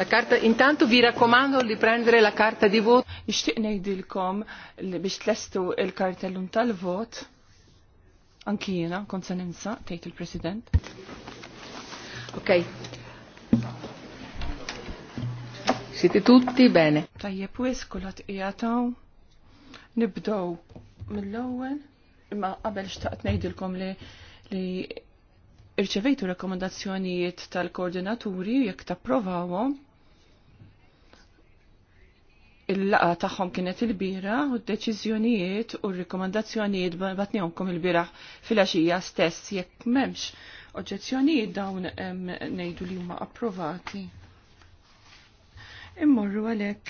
La karta, intanto vi raccomando di prendere la karta di voto. Ixtiq nejdilkom biex tlestu il-kartellum tal-vot. Anki konsenenza, kont se tejt il-President. Ok. Siete tutti bene. Tajjeb wis kulat ijataw. Nibdow mill-ewwel. Imma qabel xtaqt ngħidilkom li li irċevejtu rekomendazzjonijiet tal-koordinaturi jekk tapprovawhom il-laqa tagħhom kienet il-bira u d-deċiżjonijiet u r-rikomandazzjonijiet batnihomkom il-bira fil axija stess jekk m'hemmx oġġezzjonijiet dawn ngħidu li huma approvati. Immorru għalhekk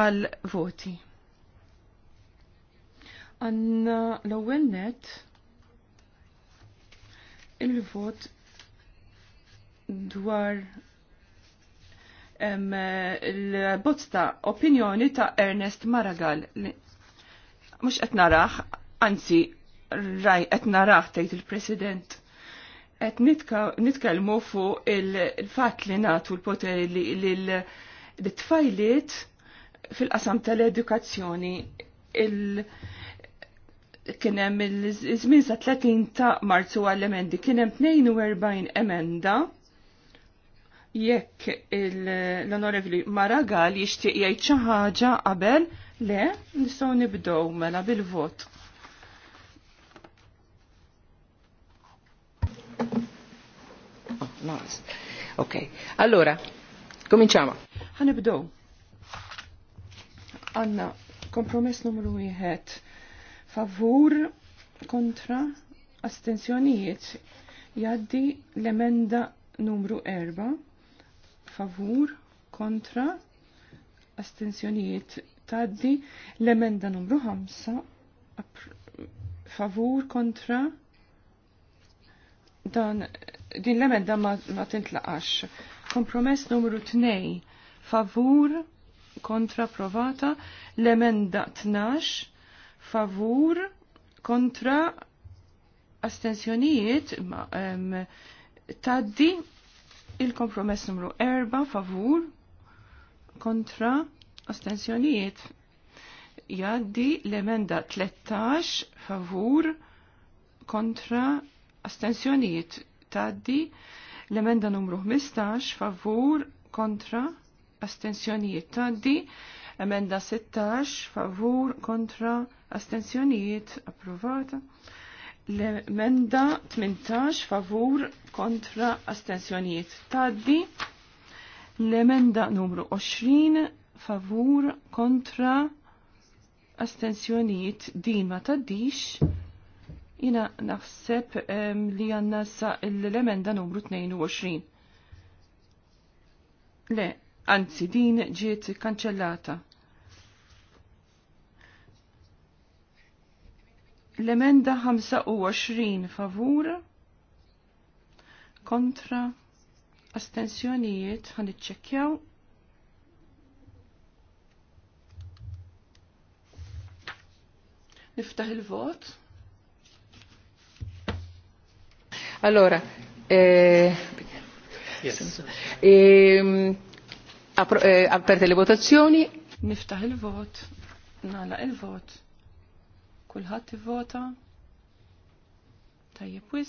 għal voti. Għanna l-ewwel net il-vot dwar l il ta' opinjoni ta' Ernest Maragall. Mux qed naraħ, anzi, raj qed tgħid il-President. Et nitkellmu fuq il-fatt li nagħtu l-poteri li l-tfajliet fil-qasam tal-edukazzjoni il- kien hemm iż-żmien sa 30 ta' Marzu għall-emendi kien hemm 42 emenda jekk l-onorevli Maragal jixtieq jgħid xi ħaġa qabel le nistgħu nibdew mela bil-vot. Oh, ok, allora, cominciamo. Għanibdow. Għanna, kompromess numru jħed. Favur, kontra, astensjonijiet. Jaddi l-emenda numru erba' favur kontra astensjonijiet taddi l-emenda numru 5 favur kontra dan din l-emenda ma, ma tintlaqax. Kompromess numru 2 favur kontra provata l-emenda 12 favur kontra astensjonijiet ma, em, taddi Il-kompromess numru 4 favur kontra astensjonijiet. Jaddi l-emenda 13 favur kontra astensjonijiet. Taddi l-emenda numru 15 favur kontra astensjonijiet. Taddi emenda 16 favur kontra astensjonijiet approvata. L-emenda 18 favur kontra astensjonijiet taddi. L-emenda numru 20 favur kontra astensjonijiet din ma taddix. Jina naħseb um, li għanna sa l-emenda numru 22. Le, anzi din ġiet kanċellata. L-emenda 25 favur kontra astensjonijiet għan iċċekkjaw. Niftaħ il-vot. Allora, eh, yes. Ehm, eh, aperte le votazzjoni. Niftaħ il-vot, nala il-vot. Kulħadd ivvota. Tajjeb wis.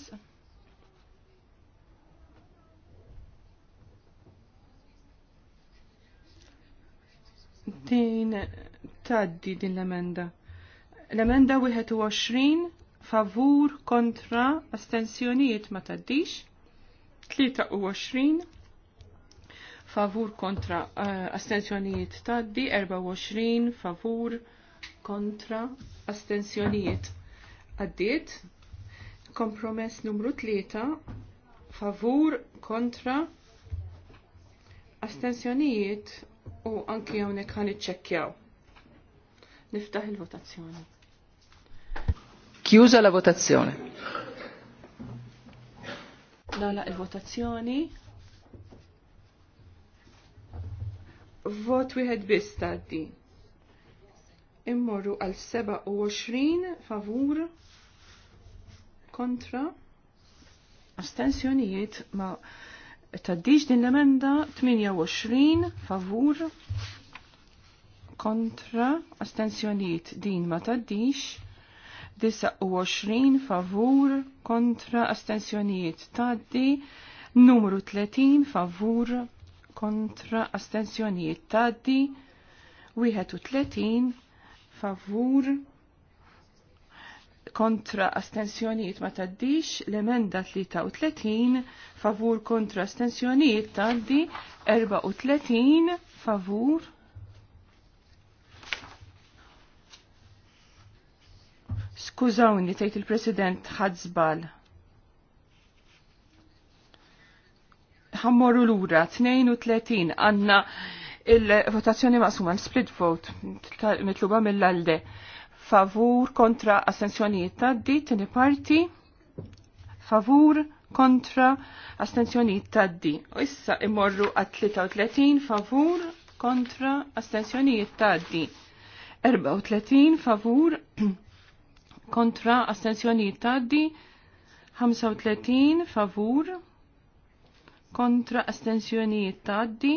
Din taddi din l-emenda. L-emenda 21 favur kontra astensjonijiet ma taddix. 23 favur kontra uh, astensjonijiet taddi, 24 favur kontra astensjonijiet għaddiet kompromess numru 3 favur kontra astensjonijiet u anki hawnhekk ħan iċċekkjaw. Niftaħ il-votazzjoni. Chiusa la votazzjoni. Nala il-votazzjoni. Vot wieħed biss ta' din immorru għal 27 favur kontra astensjonijiet ma taddiġ din l-emenda 28 favur kontra astensjonijiet din ma taddiġ 29 favur kontra astensjonijiet taddi numru 30 favur kontra astensjonijiet taddi 31 favur kontra astensjonijiet ma taddix l-emenda 33 favur kontra astensjonijiet taddi 34 favur Skużawni tgħid il-President ħadżbal. Ħammorru lura 32 għandna Il-votazzjoni maqsuma split vote mitluba mill-alde. Favur kontra astenzjonijiet taddi, tini parti. Favur kontra astenzjonijiet di. U issa imorru għat 33 favur kontra astenzjonijiet di. 34 favur kontra astenzjonijiet di. 35 favur kontra astenzjonijiet di.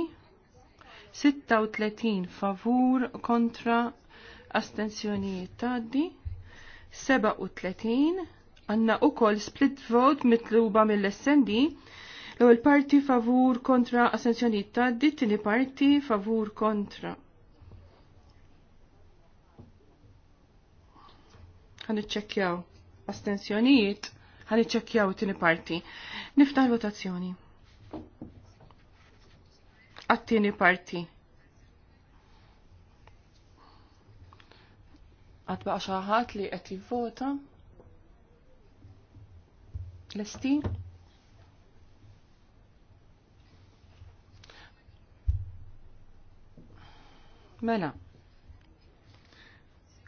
36 favur kontra astensjonijiet taddi, 37 għanna u koll split vote mitluba mill-SND, l-ewwel parti favur kontra astensjonijiet taddi, tini parti favur kontra. Għan iċċekjaw astensjonijiet, għan iċċekjaw tini parti. Niftaħ votazzjoni għattini parti. Għatbaqa xaħat li għet vota. Lesti? Mela.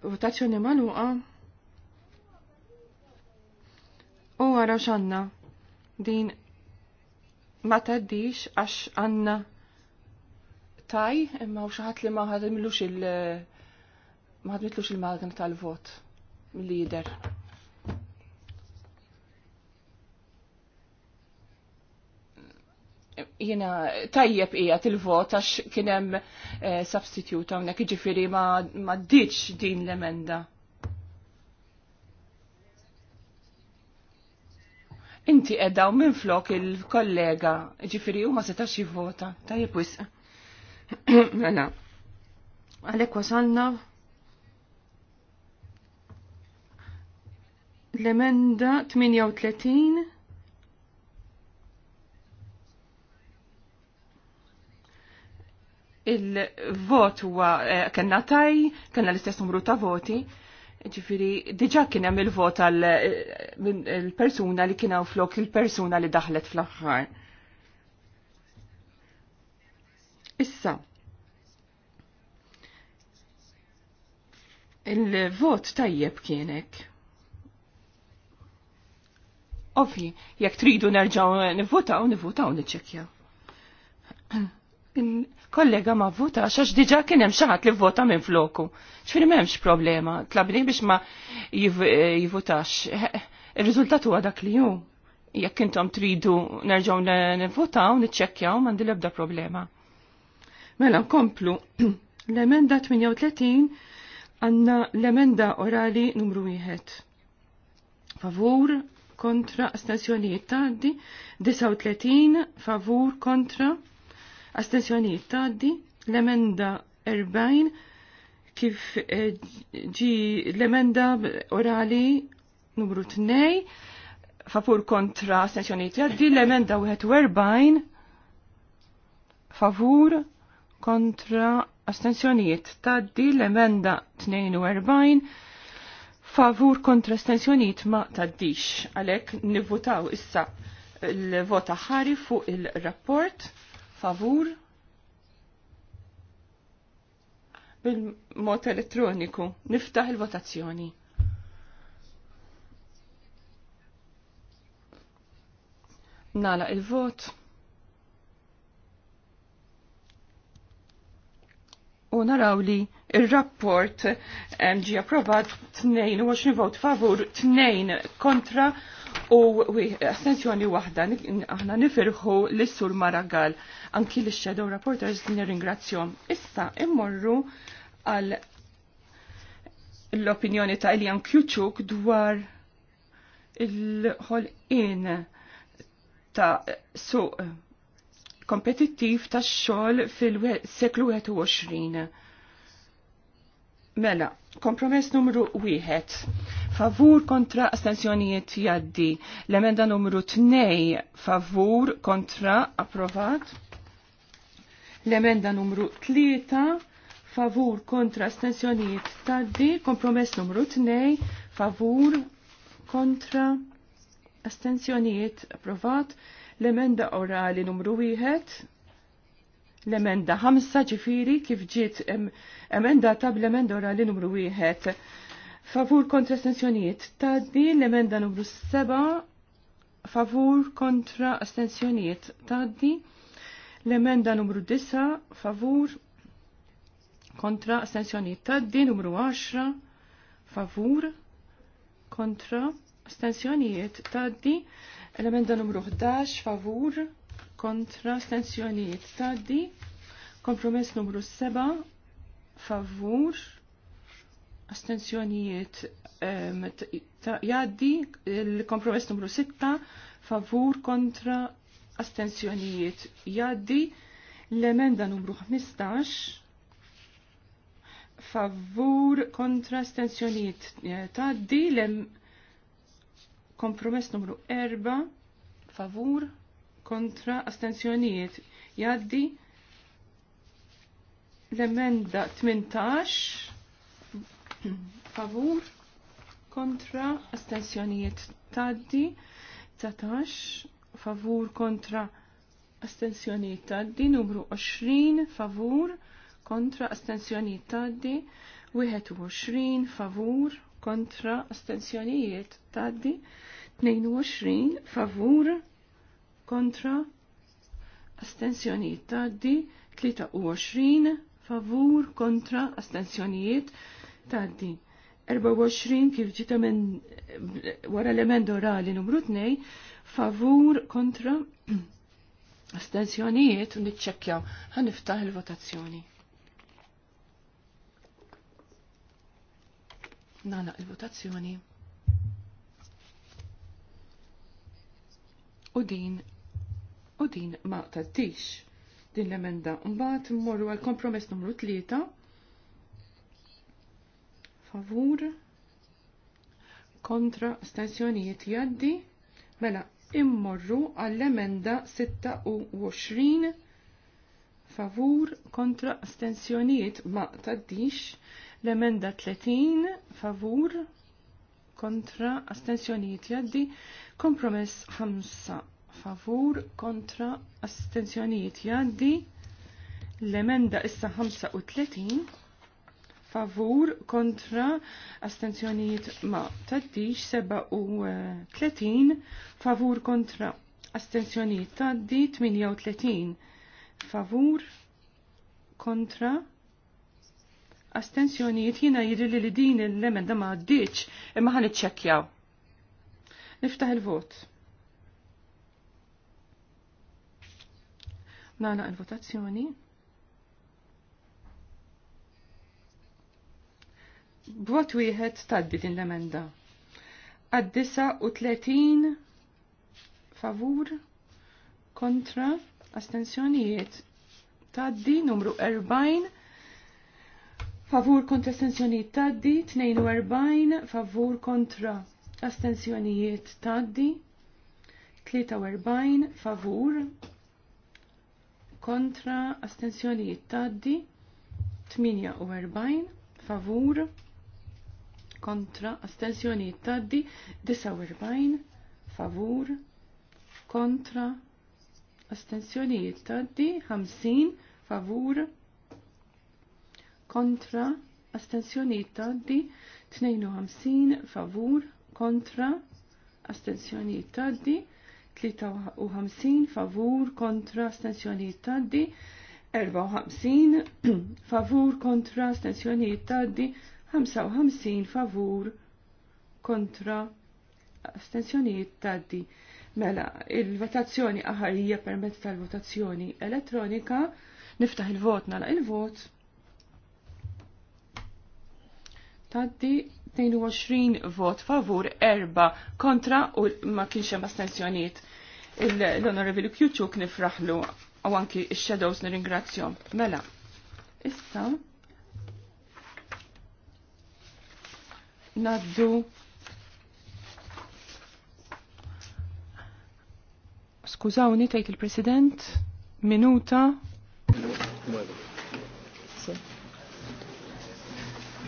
Votazzjoni maluqa. U għara xanna. Din ma taddix għax għanna taj, imma u xaħat li maħadimlux il- maħadmitlux il-magna tal-vot mill-lider. jena tajjeb ija til-vot għax kienem eh, substitute għonek ġifiri ma, ma diċ din l-emenda. Inti edda u minn il-kollega ġifiri u ma setax jivvota. Tajjeb wisq. Mela, għalek wasanna l-emenda 38 il-vot huwa eh, kena taj, kena l-istess numru ta' voti, ġifiri, diġa kien hemm il-vot għal eh, il-persuna li kienaw flok il-persuna li daħlet fl-aħħar. Issa, il-vot tajjeb kienek. Ovvi, jekk tridu nerġaw nivvotaw, nivvotaw niċċekja. kollega ma vota għax diġa kien hemm xi ħadd li vvota minn floku. X'fir m'hemmx problema, tlabni biex ma jivvotax. Ir-riżultat huwa dak li hu. Jekk intom tridu nerġgħu nivvotaw, niċċekkjaw mandi l-ebda problema. Mela, nkomplu. L-emenda 38 għanna l-emenda orali numru 1. Favur kontra astensjonijiet taddi, 39 favur kontra astensjonijiet taddi, l-emenda 40 kif eh, ġi l-emenda orali numru 2 favur kontra astensjonijiet taddi, l-emenda 41 favur kontra kontra astensjonijiet taddi l-emenda 42 favur kontra astensjonijiet ma taddix għalek nivvutaw issa l-vota ħari fuq il-rapport favur bil-mod elettroniku niftaħ il-votazzjoni. Nala il-vot. u naraw li il-rapport ġi approvat 22 vot favur, 2 kontra u astenzjoni wahda. Aħna nifirħu l-Sur Maragall, anki l-Shadow Reporters nirringrazzjom. Issa immorru għal l-opinjoni ta' Elian Kjuċuk dwar il in ta' suq kompetittiv tax-xogħol fil-seklu 21. Mela, kompromess numru 1. Favur kontra astensjonijiet jaddi. L-emenda numru 2. Favur kontra approvat. L-emenda numru 3. Favur kontra astensjonijiet taddi. Kompromess numru 2. Favur kontra astensjonijiet approvat. L-emenda orali numru wieħed, l-emenda ħamsa ġifiri kif ġiet emenda tab l-emenda orali numru wieħed. Favur kontra astensjonijiet taddi l-emenda numru 7 favur kontra astensjonijiet taddi l-emenda numru 9 favur kontra astensjonijiet taddi numru 10 favur kontra astensjonijiet taddi Elementa numru 11, favur, kontra, stenzjonijiet taddi. Kompromess numru 7, favur, astenzjonijiet jaddi. Il-kompromess numru 6, favur, kontra, astenzjonijiet jaddi. L-emenda numru 15, favur, kontra, astenzjonijiet taddi. L-emenda Kompromess numru 4 favur kontra astensjonijiet jaddi l-emenda 18 favur kontra astensjonijiet taddi 19 favur kontra astensjonijiet taddi numru 20 favur kontra astenzjonijiet taddi 21 favur kontra astensjonijiet taddi 22 favur kontra astensjonijiet taddi 23 favur kontra astensjonijiet taddi 24 kif ġita minn wara l-emend orali numru 2 favur kontra astensjonijiet u niċċekkjaw ħaniftaħ il-votazzjoni. Nana il-votazzjoni. U din, u din ma tattix din l-emenda. Mbagħad mmorru għal kompromess numru 3. Favur kontra stazzjonijiet jaddi. Mela, immorru għall-emenda 26 favur kontra astensjonijiet ma taddix L-emenda 30 favur kontra astenzjonijiet jaddi. Kompromess 5 favur kontra astensjonijiet jaddi. L-emenda issa 35 favur kontra astenzjonijiet ma taddix 37 eh, favur kontra astenzjonijiet taddi 38 favur kontra Astenzjonijiet, jina jidri li din l-emenda ma għaddiċ imma ħan iċċekjaw. Niftaħ il-vot. Nagħlaq il-votazzjoni. B'vot wieħed taddi din l-emenda. Għaddisa u 30 favur kontra astensjonijiet taddi numru 40 favur kontra astensjonijiet taddi, 42 favur kontra astensjonijiet taddi, 43 favur kontra astensjonijiet taddi, 48 favur kontra astensjonijiet taddi, 49 favur kontra astensjonijiet taddi, 50 favur kontra kontra astensjonijiet taddi 52 favur kontra astensjonijiet taddi 53 favur kontra astensjonijiet taddi 54 favur kontra astensjonijiet taddi 55 favur kontra astensjonijiet taddi. Mela, il-votazzjoni aħarija permezz tal-votazzjoni elettronika, niftaħ il-vot nala il-vot. il vot il vot nala il vot Taddi 22 vot favur, 4 kontra u ma kienx hemm astensjonijiet. L-Onorevoli Kjuċuk nifraħlu u anki x-Shadows nirringrazzjom. Mela, issa naddu Skużawni, tgħid il-President, minuta.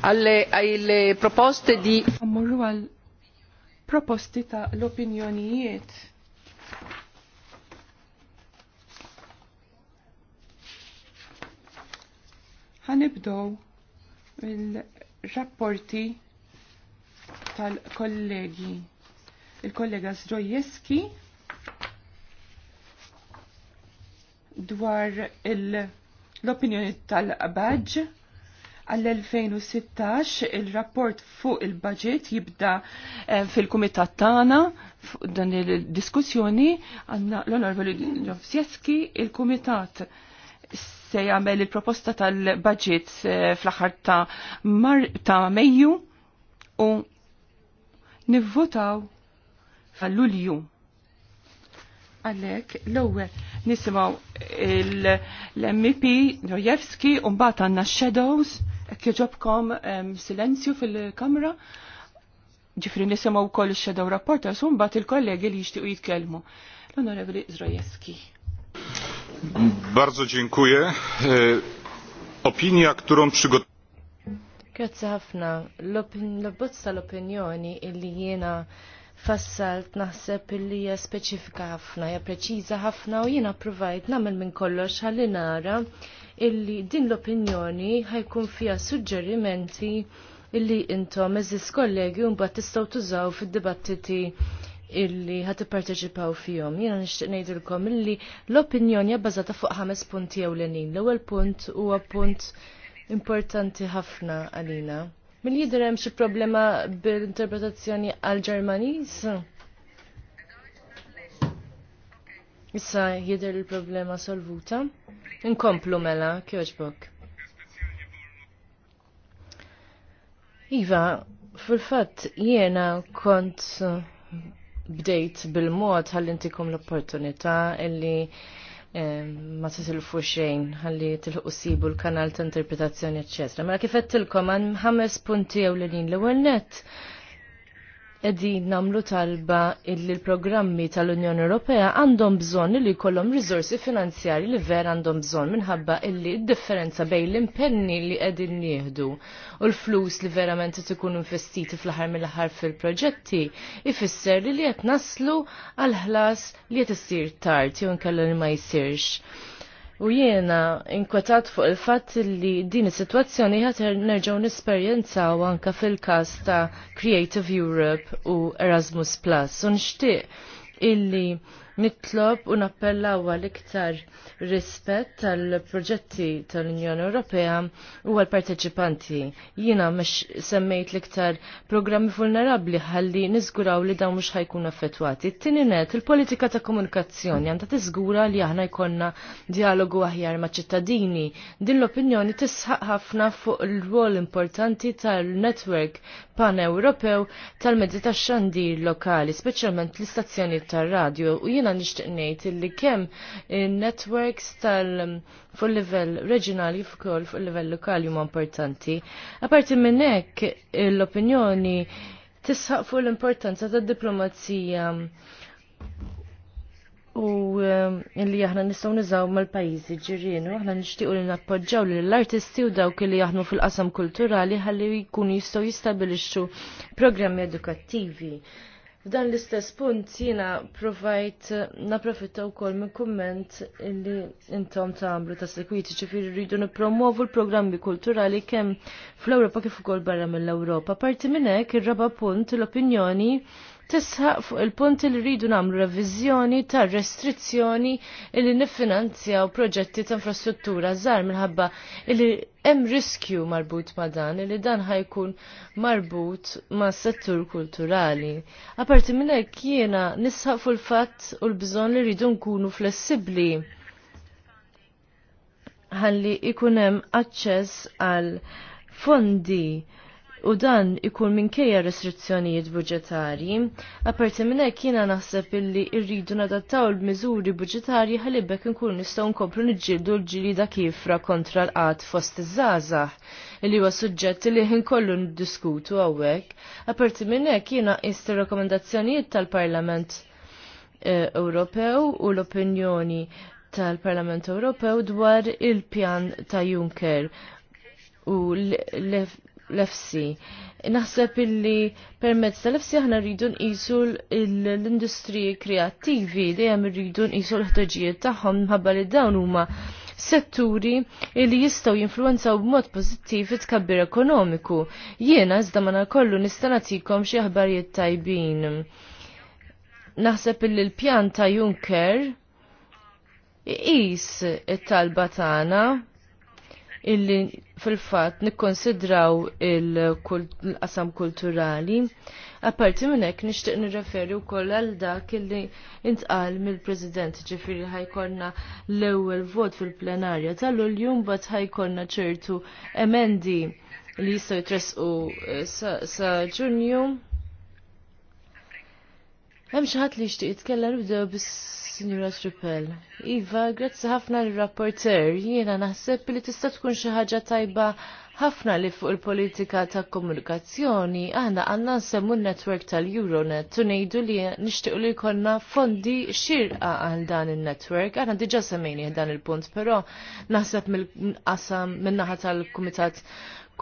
alle, alle proposte di... proposti ta' l-opinjonijiet. Ħanibdow il-rapporti tal-kollegi. Il-kollega Zdrojewski dwar l-opinjoni tal-Abadġ għall-2016 il-rapport fuq il-budget jibda eh, fil-kumitat tagħna dan il-diskussjoni għandna l-onorevoli Ġovsjeski il-kumitat se jagħmel il-proposta tal-budget eh, fl-aħħar ta' mar ta' Mejju u nivvotaw fal-Lulju. Għalek, l-ewwel nisimgħu l-MP Rojewski u mbagħad għandna Shadows kieġobkom silenzju fil-kamra ġifri nisema u koll xedaw rapporta bat il-kollegi li jishtiqu jitkelmu. L-Onorevoli Zrojewski. Bardzo dziękuję. E, opinia, którą przygotowałem. Grazie ħafna. L-abbozz tal-opinjoni illi jiena fassalt naħseb li hija speċifika ħafna, hija preċiża ħafna u jiena provajt nagħmel minn kollox ħalli nara illi din l-opinjoni ħajkun fiha suġġerimenti illi intom eżis kollegi u mbagħad tistaw tużaw fid-dibattiti illi ħat ipparteċipaw fihom. Jiena nixtieq ngħidilkom illi l-opinjoni hija bbażata fuq ħames punti ewlenin. L-ewwel punt huwa punt importanti ħafna għalina Mill jidher hemm xi problema bil-interpretazzjoni għal-Ġermaniż? Issa jidher il-problema solvuta. Inkomplu mela, kjoġbok. Iva, fil fat jiena kont bdejt bil-mod ħallintikom l-opportunità illi ma tisilfu xejn ħalli tilħu sibu l-kanal ta' interpretazzjoni eccetera. Mela kif il-koman ħames punti għu l-ewwel net edin namlu talba illi l-programmi tal-Unjoni Ewropea għandhom bżonn li jkollhom riżorsi finanzjari li vera għandhom bżonn minħabba illi d-differenza bejn l-impenni li qegħdin nieħdu u l-flus li verament qed ikunu investiti fl-aħħar mill-aħħar fil-proġetti ifisser li li qed naslu għal ħlas li qed issir tard jew inkella li ma jsirx. U jiena inkwetat fuq il-fatt li din is-sitwazzjoni ħad nerġgħu nesperjenzaw anke fil-każ ta' Creative Europe u Erasmus Plus. U nixtieq illi nitlob u nappellaw għal iktar rispett tal-proġetti tal-Unjoni Ewropea u għal parteċipanti. Jina mux semmejt l-iktar programmi vulnerabli ħalli nizguraw li dawn mux ħajkun affettwati. Tininet, il-politika ta' komunikazzjoni għanda tiżgura li aħna jkonna dialogu aħjar ma' ċittadini. Din l-opinjoni tisħaq ħafna fuq il-rol importanti tal-network pan-Ewropew tal medita tax-xandir lokali, speċjalment l-istazzjoni tar-radio u jina jiena nixtieq ngħid illi kemm networks tal fuq livell reġjonali f'kol fuq livell lokali huma importanti. Aparti minn hekk l-opinjoni tisħaq fuq l-importanza tad-diplomazija u ehm, li aħna nistgħu niżaw mal-pajjiżi ġirien u aħna nixtiequ li nappoġġaw lill artisti u dawk li jaħdmu fil-qasam kulturali ħalli jkunu jistgħu jistabilixxu programmi edukattivi. F'dan l-istess punt jina provajt eh, naprofittaw wkoll minn komment illi intom ta' għamlu ta' sekwiti ġifieri rridu nippromovu l-programmi kulturali kemm fl-Ewropa kif ukoll barra mill-Ewropa. Parti minn hekk ir-raba' punt l-opinjoni tisħaq fuq il-punt li rridu nagħmlu revizjoni ta' restrizzjoni li niffinanzjaw proġetti ta' infrastruttura żgħar minħabba li hemm riskju marbut ma' dan li dan ħajkun marbut ma' settur kulturali. Aparti minn hekk jiena nisħaq fuq il-fatt u l-bżonn li rridu nkunu flessibbli ħalli ikun hemm aċċess għal fondi u dan ikun minkejja restrizzjonijiet budġetarji. Aparti minn hekk jiena naħseb illi rridu nadattaw l miżuri budġetarji ħalibek nkun nistgħu nkomplu niġġieldu l-ġilida kifra kontra l-qatt fost iż-żgħażagħ li huwa suġġett li ħin kollu niddiskutu hawnhekk. Aparti minn hekk jiena qist ir-rakkomandazzjonijiet tal-Parlament eh, Ewropew u l-opinjoni tal-Parlament Ewropew dwar il-pjan ta' Juncker u l Naħseb illi permezz tal-EFSI aħna rridu nqisu l-industriji kreattivi dejjem rridu nqisu l-ħtoġijiet tagħhom minħabba li dawn huma setturi li jistgħu jinfluwenzaw b'mod pożittiv it-tkabbir ekonomiku. Jiena iżda ma kollu nista' nagħtikom xi aħbarijiet tajbin. Naħseb illi l-pjan ta' Juncker iqis it-talba tagħna illi fil-fat nikkonsidraw il-qasam kulturali. Apparti minn hekk nixtieq nirreferi wkoll għal dak illi intqal mill-President ġifieri ħajkorna l-ewwel vot fil-plenarja tal-Ulju bat ħajkorna ċertu emendi li jistgħu jitresqu sa Ġunju. Hemm xi ħadd li jixtieq jitkellem bdew bis-Sinjura Trippel. Iva, grazzi ħafna l rapporter Jiena naħseb li tista' tkun xi ħaġa tajba ħafna li fuq il-politika ta' komunikazzjoni aħna għandna nsemmu n-netwerk tal-Euronet u ngħidu li nixtiequ li jkollna fondi xirqa għal dan in-netwerk. Aħna diġà semmejni dan il-punt, però naħseb mill-qasam min-naħa tal-Kumitat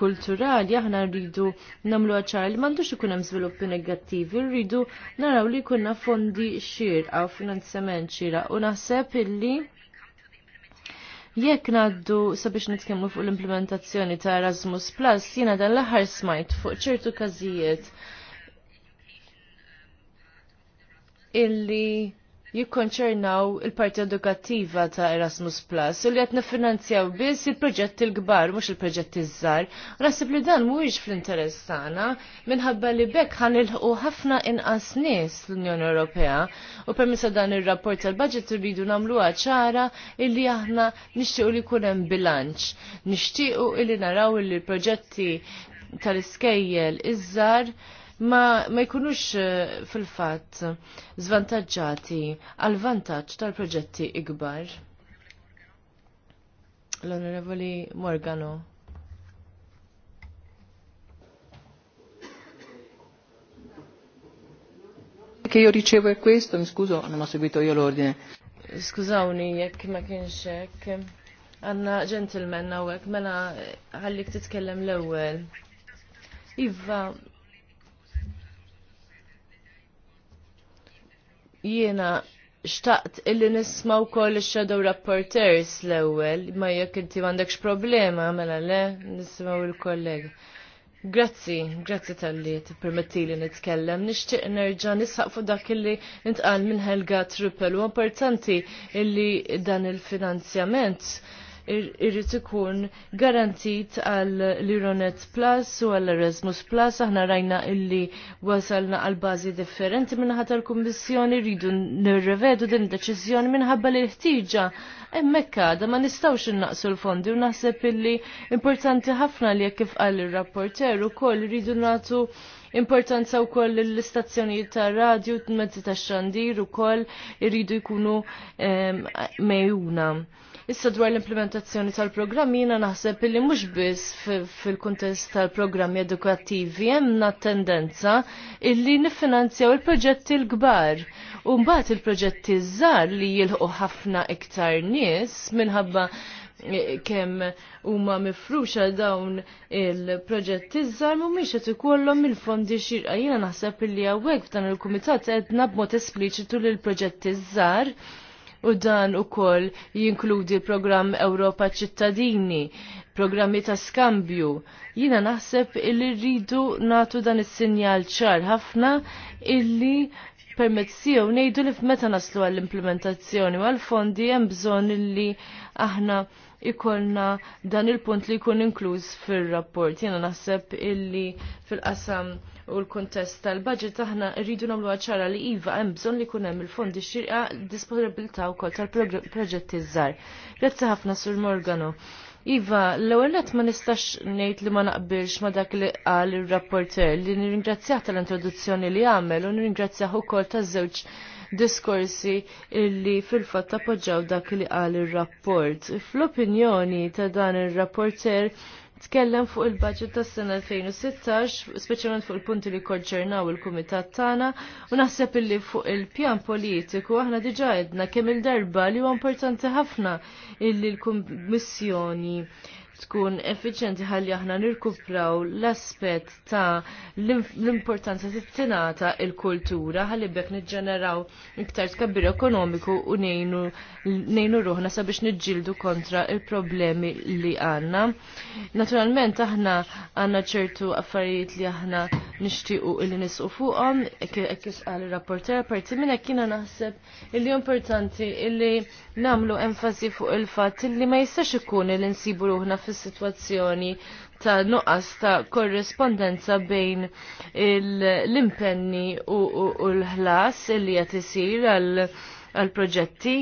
kulturali aħna rridu namlu ċar li m'għandux ikun hemm żviluppi negattivi, rridu naraw li jkunna fondi xir u finanzjament xira u naħseb illi jekk ngħaddu sabiex nitkemmu fuq l-implementazzjoni ta' Erasmus Plus, jiena dan l-aħħar smajt fuq ċertu każijiet illi jikkonċernaw il-parti edukattiva ta' Erasmus Plus u li qed niffinanzjaw biss il-proġetti l-kbar mhux il-proġetti z U naħseb li dan mhuwiex fl-interess tagħna minħabba li bekk il-ħu ħafna inqas nies l-Unjoni Ewropea u permessa dan ir-rapport tal-budget rridu nagħmluha ċara illi aħna nixtiequ li jkun hemm bilanċ. Nixtiequ illi naraw li l-proġetti tal-iskejjel iż-żgħar ma, ma jkunux eh, fil-fat zvantagġati għal vantaġġ tal-proġetti ikbar. L-Onorevoli Morgano. Che io ricevo è questo, mi scuso, non ho seguito io l'ordine. Scusawni, jekk ma kienx hekk. Għanna gentleman hawnhekk mela eh, ħallik titkellem l-ewwel. Iva, jiena xtaqt illi nisma wkoll ix-shadow rapporteurs l-ewwel, ma jekk inti m'għandekx problema mela le nismaw il-kollega. Grazzi, grazzi tal-li t-permetti li nitkellem. Nishtiq nerġa nisħaq fuq dak illi intqal minn Helga Triple. U importanti illi dan il-finanzjament irrid ikun garantit għal l-Ironet Plus u għal Erasmus Plus aħna rajna illi wasalna għal bażi differenti minħat tal-Kummissjoni rridu nirrevedu din deċiżjoni minħabba li ħtieġa hemmhekk da ma nistgħux innaqsu l-fondi u naħseb illi importanti ħafna li kif qal il rapporter ukoll rridu nagħtu importanza u koll l-istazzjonijiet ta' radio, mezzi ta' xandir u koll irridu jkunu ehm, mejuna. Issa dwar l-implementazzjoni tal-programmi jiena naħseb li mhux biss fil-kuntest tal-programmi edukattivi hemmna tendenza illi niffinanzjaw il-proġetti l-kbar. U mbagħad il-proġetti żgħar li jilħu ħafna iktar nies minħabba eh, kemm huma mifruxa dawn il-proġetti żgħar mhumiex qed ikollhom il-fondi xirqa. Jiena naħseb illi hawnhekk f'dan il-kumitat qed b'mod espliċitu lill proġetti żgħar u dan ukoll jinkludi program Ewropa ċittadini, programmi ta' skambju. Jina naħseb illi rridu natu dan is-sinjal ċar ħafna illi permezziju nejdu li f'meta naslu għall-implementazzjoni u għall-fondi hemm bżonn illi aħna ikolna dan il-punt li jkun inkluż fil-rapport. Jena naħseb illi fil-qasam u l-kontest tal-budget aħna rridu nagħmlu ċara li iva hemm bżonn li jkun hemm il-fondi xirqa disponibilità wkoll tal-proġetti żgħar. Grazzi ħafna Sur Morgano. Iva, l-ewwel ma nistax ngħid li ma naqbilx ma dak li qal ir-rapporter li nirringrazzjah tal-introduzzjoni li għamel u nirringrazzjah ukoll taż-żewġ diskorsi li fil-fatt appoġġaw dak li qal ir-rapport. Fl-opinjoni ta' dan ir-rapporter tkellem fuq il-budget tas sena 2016, speċjalment fuq il-punti li konċernaw il-kumitat tagħna, u naħseb illi fuq il-pjan politiku aħna diġa' għedna kemm il-darba li huwa importanti ħafna illi l-Kummissjoni tkun effiċenti ħalli aħna nirkupraw l-aspet ta' l-importanza t-tinata il-kultura ħalli bekk nġeneraw iktar tkabbir ekonomiku u nejnu ruħna sabiex nġildu kontra il-problemi li għanna. Naturalment aħna għanna ċertu affarijiet li aħna nishtiqu il nisqu fuqom, ekkis għal il-rapporter, parti minna kina naħseb il-li importanti il-li namlu enfasi fuq il-fat il-li ma jistax ikun il-insibu ruħna fi fi sitwazzjoni ta' nuqqas ta' korrespondenza bejn l-impenni u l-ħlas li qed isir għal proġetti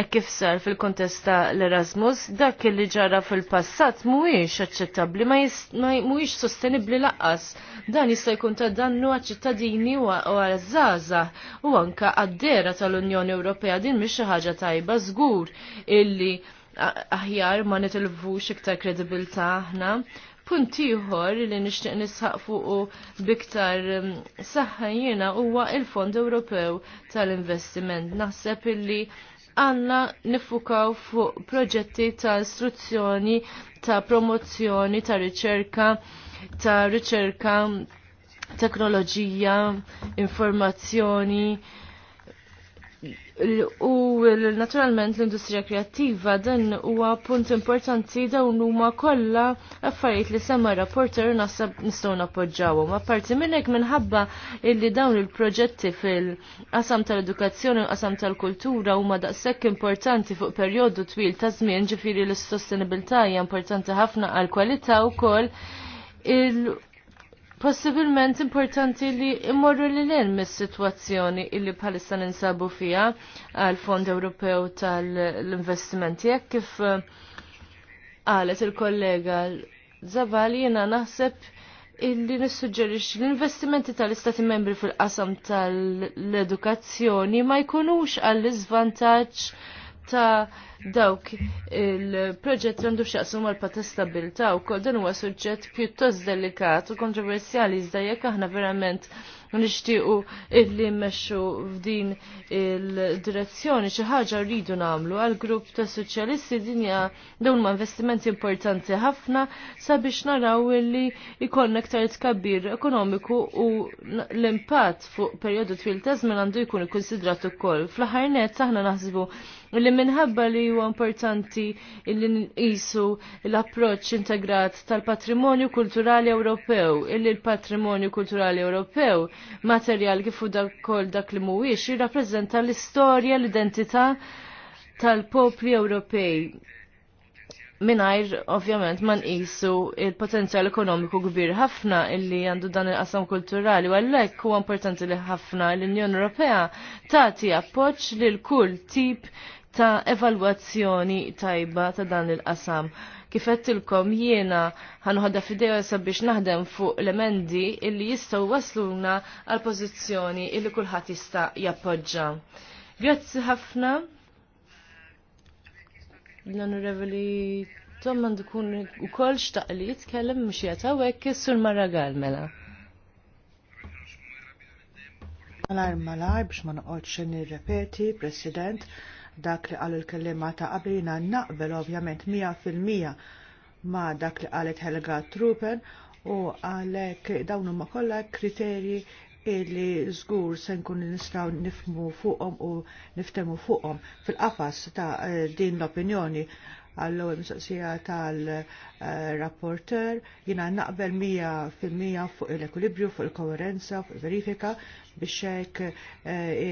e kif sar fil-kontesta l-Erasmus dak li ġara fil-passat mhuwiex aċċettabbli ma mhuwiex sostenibbli laqqas. Dan jista' jkun ta' dannu għaċ-ċittadini u għal żaza u anka għad tal-Unjoni Ewropea din mhix xi ħaġa tajba żgur illi aħjar ma nitilvux iktar kredibilta aħna. Punt ieħor li nixtieq nisħaq fuq biktar um, saħħa jiena huwa il-Fond Ewropew tal-Investiment. Naħseb illi għanna nifukaw fuq proġetti ta' istruzzjoni, ta' promozzjoni, ta' riċerka, ta' riċerka, teknoloġija, informazzjoni U naturalment l-industrija kreattiva dan huwa punt importanti dawn huma kollha affarijiet li semma rapporter nasab nistgħu nappoġġawhom. Apparti minn hekk minħabba illi dawn il-proġetti fil-qasam tal-edukazzjoni u qasam tal-kultura huma daqshekk importanti fuq perjodu twil ta' żmien ġifieri l-sostenibilità hija importanti ħafna għal kwalità wkoll il possibilment importanti li immorru li l-in mis-situazzjoni illi bħalissa ninsabu fija għal Fond Ewropew tal-investimenti jekk kif għalet eh, il-kollega Zavali jena naħseb illi nissuġġerix l-investimenti tal-istati membri fil-qasam tal-edukazzjoni ma jkunux għall-izvantaġġ ta' dawk il-proġett għandu xaqsum għal pata stabilta u kol dan huwa suġġett pjuttost delikat u kontroversjali iżda jekk aħna verament nixtiequ illi meċu f'din il-direzzjoni xi ħaġa rridu nagħmlu għal grupp ta' soċjalisti dinja dawn ma' investimenti importanti ħafna sabiex naraw illi ikollna aktar tkabbir ekonomiku u l-impatt fuq perjodu twil ta' għandu jkun ikkunsidrat ukoll. Fl-aħħar nett aħna naħsibu li minħabba li huwa importanti li nqisu l-approċċ integrat tal-patrimonju kulturali Ewropew, illi l-patrimonju kulturali Ewropew materjal kifu dakol dak li mhuwiex jirrappreżenta l-istorja, l-identità tal-popli Ewropej minajr ovvjament man nqisu il-potenzjal ekonomiku kbir ħafna illi għandu dan il-qasam kulturali u għallek huwa importanti li ħafna l-Unjoni Ewropea tagħti appoġġ lil kull tip ta' evalwazzjoni tajba ta' dan il-qasam. Kifett il-kom jiena ħanħodha fideja sabiex naħdem fuq l-emendi illi jistaw wasluna għal pożizzjoni illi kulħadd jista' jappoġġa. Grazzi ħafna. L-Onorevoli Tomman kun u kol xtaq li jitkellem mux ekk sur għal mela. Malar malar biex ma noqgħodx nirrepeti, President, dak li qalu l-kellima ta' qabrina naqbel ovvjament 100% ma' dak li qalet Helga Trupen u għalek dawn huma kollha kriterji illi żgur se nkun nistgħu nifmu fuqhom u niftemu fuqhom fil-qafas ta' eh, din l-opinjoni għall-ewwel mistoqsija tal-rapporter jiena naqbel mija fil-mija fuq l-ekwilibrju, fuq il-koherenza, fuq il-verifika biex hekk eh,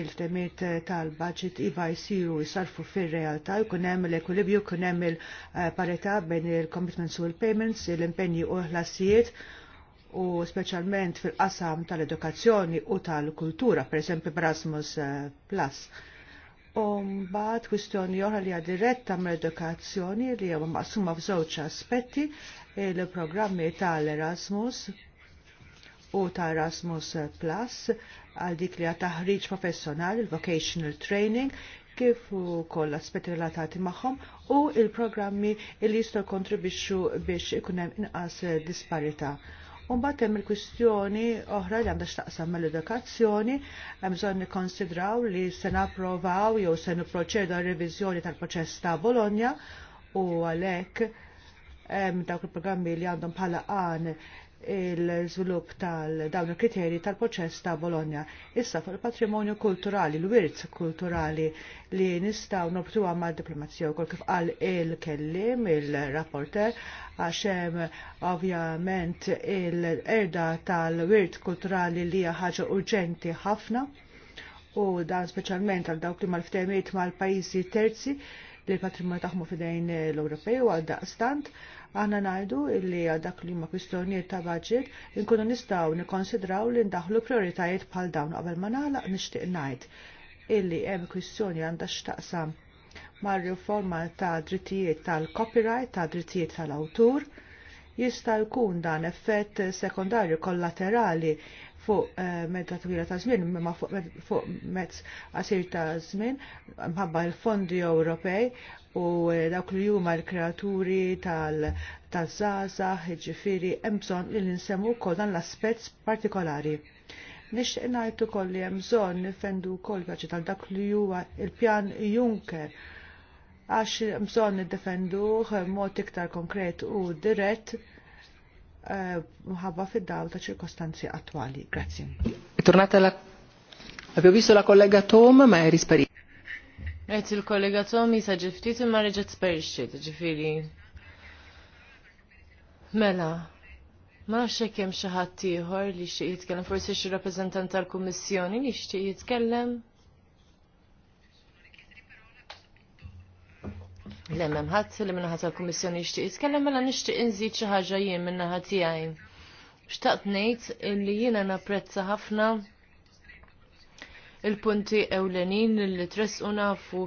il-temiet tal-budget iva jsiru jisarfu fir-realtà jkun hemm l-ekwilibrju, jkun hemm il-parità bejn il-commitments u l-payments, l-impenji u l-ħlasijiet u speċjalment fil-qasam tal-edukazzjoni u tal-kultura, per esempio Erasmus eh, Plus Umbat kwistjoni oħra li diretta mill-edukazzjoni li huma maqsuma f'żewġ aspetti il-programmi tal-Erasmus u ta' Erasmus Plus għal dik li taħriġ professjonali, il-vocational training, kif u koll aspetti relatati magħhom u il-programmi li jistgħu kontribixxu biex ikun hemm inqas disparità Mbagħad hemm il-kwistjoni oħra li għandha x'taqsam mal-edukazzjoni, hemm bżonn nikkonsidraw li se napprovaw jew se nipproċedu reviżjoni tal-proċess ta' Bologna u għalhekk dawk il-programmi li għandhom bħala għan il-żvilupp tal-dawn il-kriterji tal-proċess ta' Bologna. Issa fuq il-patrimonju kulturali, l-wirt kulturali li nistgħu nobtu għamma diplomazija wkoll kif qal il-kellim, il-rapporter, għax hemm ovvjament il-erda tal-wirt kulturali li hija ħaġa urġenti ħafna u dan speċjalment għal dawk li mal-ftehmiet mal-pajjiżi terzi li l-patrimonju taħmu fidejn l-Ewropej u għal daqstant. stant Aħna ngħidu illi għal dak li huma kwistjonijiet ta' budget inkunu nistgħu nikkonsidraw li ndaħlu prioritajiet bħal dawn qabel ma nagħlaq nixtieq ngħid illi hemm kwistjoni għandha x'taqsam mar-riforma ta' drittijiet tal-copyright, ta' drittijiet tal-awtur, jista' jkun dan effett sekondarju kollaterali fuq eh, medda twila ta' zmin, imma fuq mezz qasir ta' żmien, mħabba l-fondi Ewropej u eh, dawk li huma l-kreaturi tal-żaza, ġifiri, hemm bżonn li nsemmu wkoll dan l-aspett partikolari. Nixtieq ngħid ukoll li hemm bżonn nifendu wkoll għaxi tal dak li huwa il-pjan Juncker għax bżonn niddefenduh mod iktar konkret u dirett Eh, muħabba fid-daw ta' ċirkostanzi attuali. Grazie. Tornata la... Abbiamo visto la collega Tom, ma è risparita. Grazie il collega Tom mi sa ġiftitu ma reġet sparisċet, ġifiri. Mela, ma nafx hemm xaħat tiħor li xtieq jitkellem, forse xi rappresentant tal kommissjoni li xtieq jitkellem. L-emmem ħadd li minna ħat tal-Kummissjoni jixtieq iskellem mela nixtieq inżid xi ħaġa jien minna ħat tiegħi. Xtaqt ngħid illi jiena napprezza ħafna il-punti ewlenin li tresqu nafu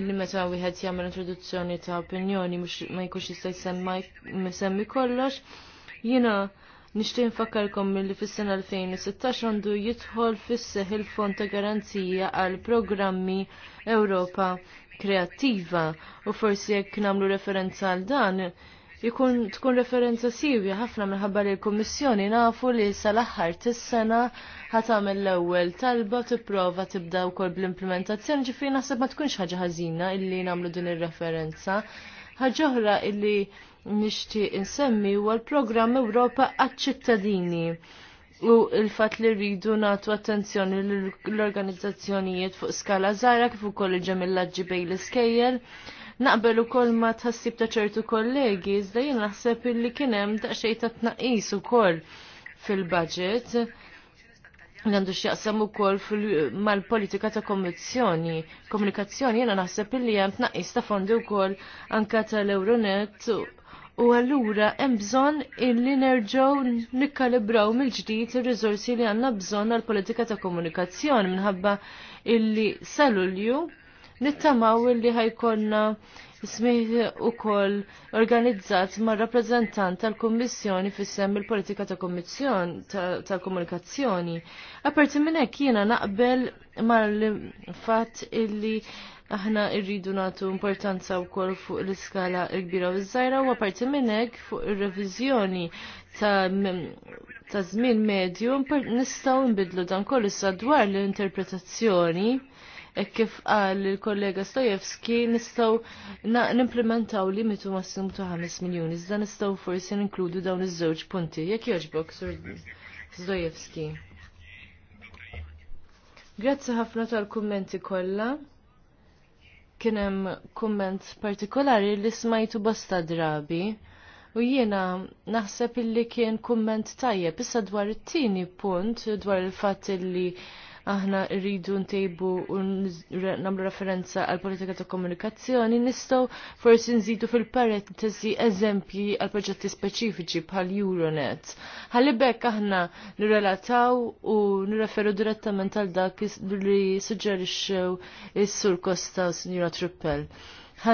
illi meta wieħed jagħmel introduzzjoni ta' opinjoni mhux ma jkunx jista' semmi kollox. Jiena nixtieq nfakkarkom milli fis-sena 2016 għandu jidħol fis-seħ il-Fond ta' Garanzija għal Programmi Ewropa kreattiva u forsi jekk namlu referenza għal dan jikun tkun referenza sirja ħafna minħabba li l-Kummissjoni nafu li sal-aħħar tis-sena ħatamel l-ewwel talba tipprova tibda wkoll bl-implementazzjoni ġifieri naħseb ma tkunx ħaġa ħażina illi nagħmlu din ir-referenza. Ħaġa oħra illi nixtieq insemmi huwa l-programm Ewropa għaċ-ċittadini u il-fat li rridu natu attenzjoni l-organizzazzjonijiet fuq skala zara kif ukoll il-ġemillaġġi bej l-iskejjel. Naqbel ukoll ma tħassib ta' ċertu kollegi, iżda jien naħseb illi kien hemm daqsxejn ta' tnaqqis ukoll fil-budget għandu xjaqsam ukoll mal-politika ta' kommissjoni. Komunikazzjoni jiena naħseb illi hemm tnaqqis ta' fondi wkoll anka tal-Euronet u allura hemm bżonn illi nerġgħu nikkalibraw mill-ġdid ir-riżorsi li għandna bżonn għall-politika ta' komunikazzjoni minħabba illi salulju nittamaw illi ħajkonna u ukoll organizzat ma' rappreżentant tal-Kummissjoni fis-sem il-politika ta' Kommissjoni tal-komunikazzjoni. Aperti minn hekk jiena naqbel mal-fatt illi aħna irridu nagħtu importanza wkoll fuq l-iskala l gbira u żgħira u apparti minn hekk fuq ir-reviżjoni ta' żmien medju nistgħu nbidlu dan kollu issa dwar l-interpretazzjoni E kif għal il-kollega Stojewski nistgħu li limitu massimu ta' 5 miljuni. Iżda nistgħu forsi ninkludu dawn iż-żewġ punti. Jekk jogħġbok, Sur Stojewski. Grazzi ħafna tal-kummenti kollha. Kien hemm kumment partikolari li smajtu bosta drabi. U jiena naħseb illi kien kumment tajjeb issa dwar it-tieni punt dwar il-fatt illi aħna rridu ntejbu u namlu referenza għal politika ta' komunikazzjoni, nistgħu forsi nżidu fil-parentesi eżempji għal proġetti speċifiċi bħal Euronet. Ħalli aħna nirrelataw u nirreferu direttament għal dak li suġġerixxew is-Sur Kosta u Sinjura Trippel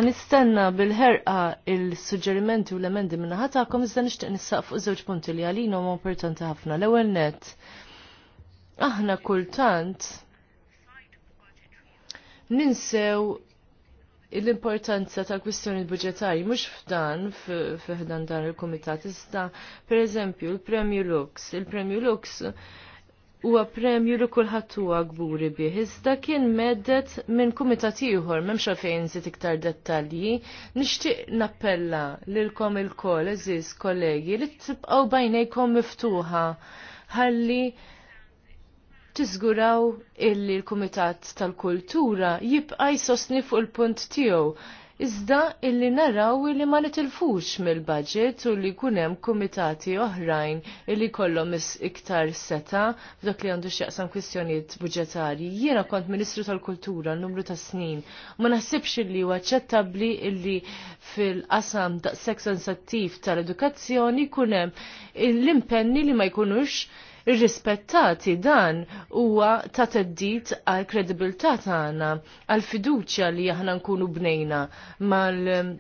istenna bil-ħerqa il-suġġerimenti u l-emendi minna ħatakom iżda nixtieq nissaq fuq żewġ punti li għalino huma importanti ħafna. L-ewwel net aħna kultant ninsew l-importanza tal kwistjoni budġetarji mhux f'dan f'ħdan dan il-kumitat iżda pereżempju il-Premju Lux. Il-Premju Lux huwa premju li kulħadd huwa gburi bih. Iżda kien medet minn kumitat ieħor m'hemmx għalfejn nżid iktar dettalji. Nixtieq nappella lilkom ilkoll eżiż kollegi li tibqgħu bajnejkom miftuħa ħalli tiżguraw illi l-Kumitat tal-Kultura jibqa' jsostni fuq il-punt tiegħu iżda illi naraw illi ma nitilfux mill-budget u li kunem kumitati oħrajn illi kollom iktar seta f'dak li għandu x-jaqsam kwistjonijiet budġetari. Jiena kont Ministru tal-Kultura numru ta' snin. Ma naħsibx illi huwa aċċettabbli illi fil-qasam daqshekk sensattiv tal-edukazzjoni kunem l-impenni li ma jkunux irrispettati dan huwa ta' teddit għal kredibilità tagħna, għal fiduċja li aħna nkunu bnejna mal um,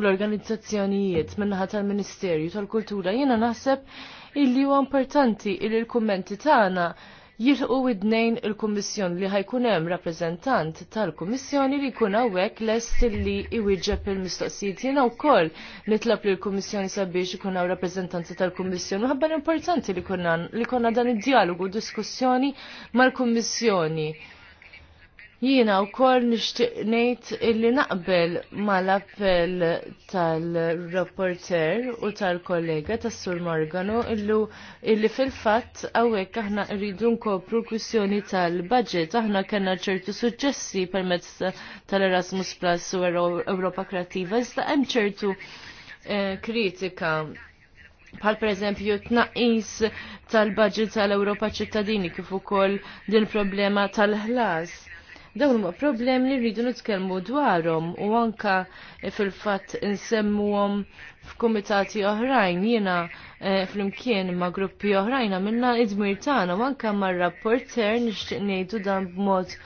l-organizzazzjonijiet minnaħa tal-Ministerju tal-Kultura jiena naħseb illi huwa importanti il l-kummenti tagħna jilħu id-nejn il-Kummissjon li ħajkun hemm rappreżentant tal-Kummissjoni li jkun hawnhekk lest li iwieġeb il-mistoqsijiet. Jiena wkoll nitlab li l-Kummissjoni sabiex ikun hawn rappreżentanti tal-Kummissjoni. ħabban importanti li konna dan id-dialogu diskussjoni mal-Kummissjoni Jiena u kol nishtiq nejt illi naqbel mal-appell tal reporter u tal-kollega tas sur Morgano illu illi fil-fatt għawek aħna rridu nkopru prokussjoni tal-budget. Aħna kena ċertu suċessi permezz tal-Erasmus Plus u Europa Kreativa. Iżda hemm ċertu eh, kritika bħal per eżempju tnaqis tal-budget tal-Europa ċittadini kif ukoll din problema tal-ħlas Dawn huma problemi li rridu nitkellmu dwarhom u anka fil-fatt insemmuhom f'kumitati oħrajn jiena eh, flimkien ma' gruppi oħrajn għamilna id-dmir tagħna u anka mar-rapporter nixtieq ngħidu dan b'mod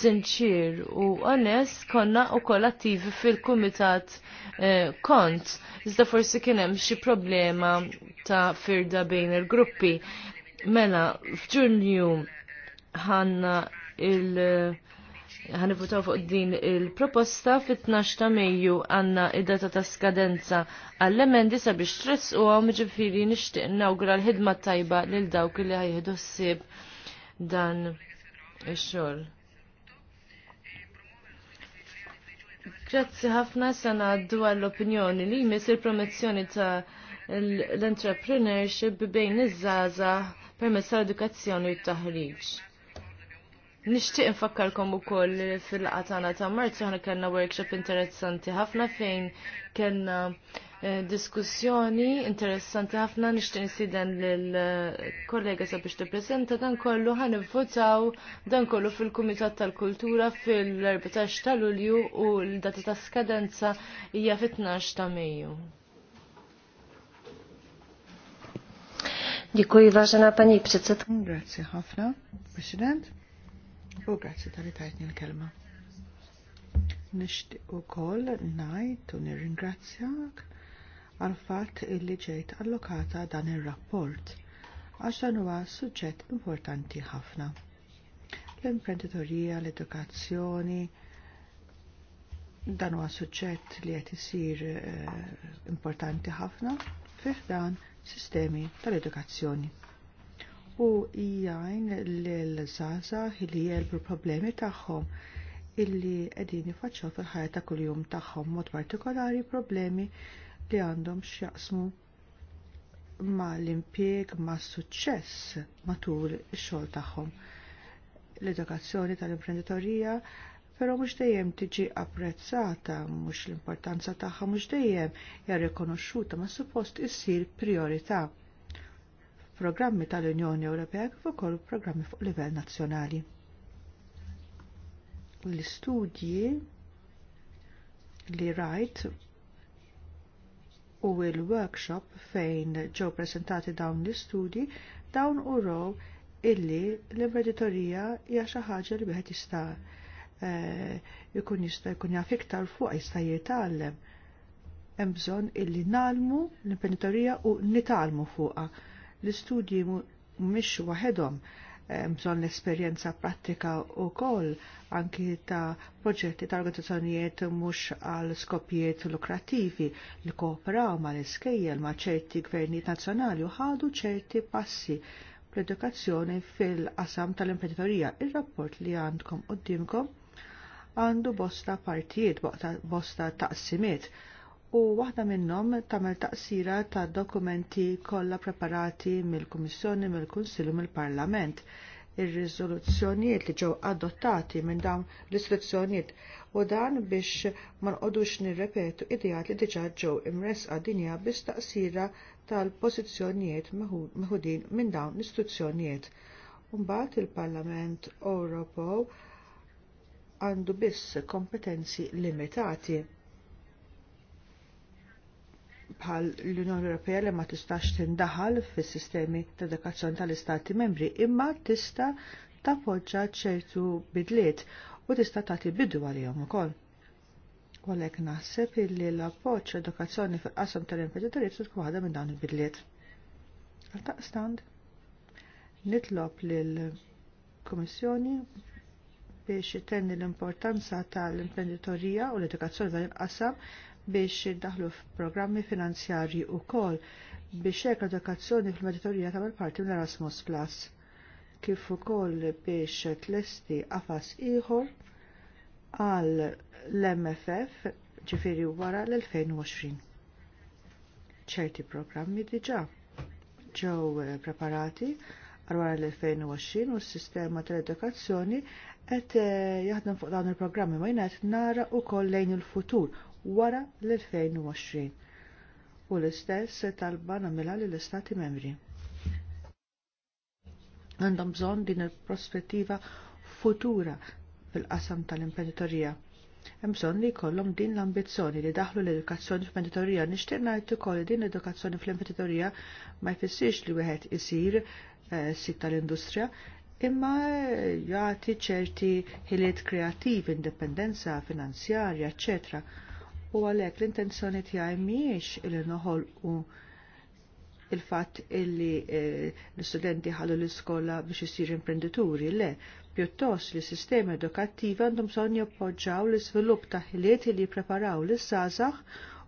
sinċir u onest konna u attivi fil-kumitat eh, kont. Iżda forsi kien hemm xi problema ta' firda bejn il-gruppi. Mela, f'ġunju ħanna il- ħanivutaw fuq din il-proposta fit-12 ta' Mejju għanna id-data ta' skadenza għall-emendi sabiex tress u għom ġifiri nishtiq nawgura l-ħidma tajba lil dawk li ħajħidu s-sib dan ix-xogħol. Grazzi ħafna sana għaddu għall opinjoni li jmiss il-promozzjoni ta' l-entrepreneurship bejn iż-żaza permezz tal-edukazzjoni u t-taħriġ. Nishtiq nfakkarkom u koll fil-qatana ta' marzu ħana kellna workshop interessanti ħafna fejn kellna eh, diskussjoni interessanti ħafna nishtiq nsidan l-kollega sabiex tippreżenta dan kollu ħan votaw dan kollu fil-Kumitat tal-Kultura fil-14 ta' Lulju u l-data ta' skadenza hija fit-12 ta' Mejju. Dziękuję, ważna pani przedsednicząca. Grazie, Hafna. Prezydent u grazzi tal-li tajtni l-kelma. Nishti u kol najt u nirringrazzjak għal-fat illi ġejt allokata dan il-rapport għax dan huwa suġġett importanti ħafna. L-imprenditorija, l-edukazzjoni, dan huwa suġġett li qed isir eh, importanti ħafna fih dan sistemi tal-edukazzjoni u jgħin l-żaza li jelbu problemi tagħhom illi qegħdin jifaċċaw fil-ħajja ta' kuljum tagħhom mod partikolari problemi li għandhom x'jaqsmu ma' l impieg ma' suċċess matul ix-xogħol tagħhom. L-edukazzjoni tal-imprenditorija però mhux dejjem tiġi apprezzata, mhux l-importanza tagħha mhux dejjem hija rikonoxxuta ma' suppost issir priorità programmi tal-Unjoni Ewropea kif ukoll programmi fuq livell nazzjonali. L-istudji li rajt u l-workshop fejn ġew presentati dawn l-istudji dawn u row illi l-imprenditorija hija xi ħaġa li wieħed jista' jkun eh, jista' jkun jaf iktar fuq jista' jitgħallem. Hemm bżonn illi nalmu l-imprenditorija u nitalmu fuqha L-istudji mhumiex waħedhom eh, bżon l-esperienza pratika u anki ta' proġetti ta' organizzazzjonijiet mux għal skopijiet lukrativi li kooperaw ma' l-iskejjel ma' ċerti gvernijiet nazzjonali u ħadu ċerti passi l-edukazzjoni fil-qasam tal-imprenditorija. Il-rapport li għandkom qoddimkom għandu bosta partijiet, bosta taqsimiet. Ta u waħda minnhom tagħmel taqsira ta' dokumenti kollha preparati mill-Kummissjoni, mill-Kunsill u mill-Parlament ir-riżoluzzjonijiet li ġew adottati minn dawn l-istruzzjonijiet u dan biex ma nqodux nirrepetu idejat li diġà ġew imresqa dinja biex taqsira tal-pożizzjonijiet meħudin minn dawn l-istruzzjonijiet. Mbagħad il-Parlament Ewropew għandu biss kompetenzi limitati bħal l-Unjoni Ewropea li ma tistax tindaħal fis-sistemi ta' edukazzjoni tal-Istati membri imma tista' tappoġġa ċertu bidliet u tista' tagħti bidu għalihom ukoll. Għalhekk naħseb illi l-appoġġ edukazzjoni fil-qasam tal impeditorijiet tkun waħda minn dawn il-bidliet. Għal taqstand, nitlob lill-Kummissjoni biex jitenni l-importanza tal-imprenditorija u l-edukazzjoni tal-inqasam biex f-programmi f'programmi finanzjarji wkoll biex hekk edukazzjoni fil-meditorija mal parti minn Erasmus Plus kif ukoll biex tlesti għafas ieħor għal l-MFF ġifiri wara l-2020. ċerti programmi diġà ġew preparati għal wara l-2020 u s-sistema tal-edukazzjoni qed jaħdem fuq dawn il-programmi ma jingħad nara wkoll lejn il-futur wara l-2020 u l-istess se talba namela lill-Istati membri. Għandhom bżonn din il-prospettiva futura fil-qasam tal-imprenditorija. Hemm bżonn li jkollhom din l-ambizzjoni li daħlu l-edukazzjoni fil-imprenditorija Nixtieq ngħid ukoll din l-edukazzjoni fl-imprenditorija ma jfissirx li wieħed isir eh, sit tal-industrija, imma eh, jagħti ċerti ħiliet kreattivi, indipendenza finanzjarja, eccetera. U għalhekk l-intenzjoni tiegħi mhijiex li noħolqu il-fatt illi e, l-istudenti ħallu l-iskola biex isiru imprendituri, le, pjuttost li sistema edukattiva għandhom bżonn jappoġġaw l-iżvilupp ta' ħiliet li jippreparaw lis-sażaħ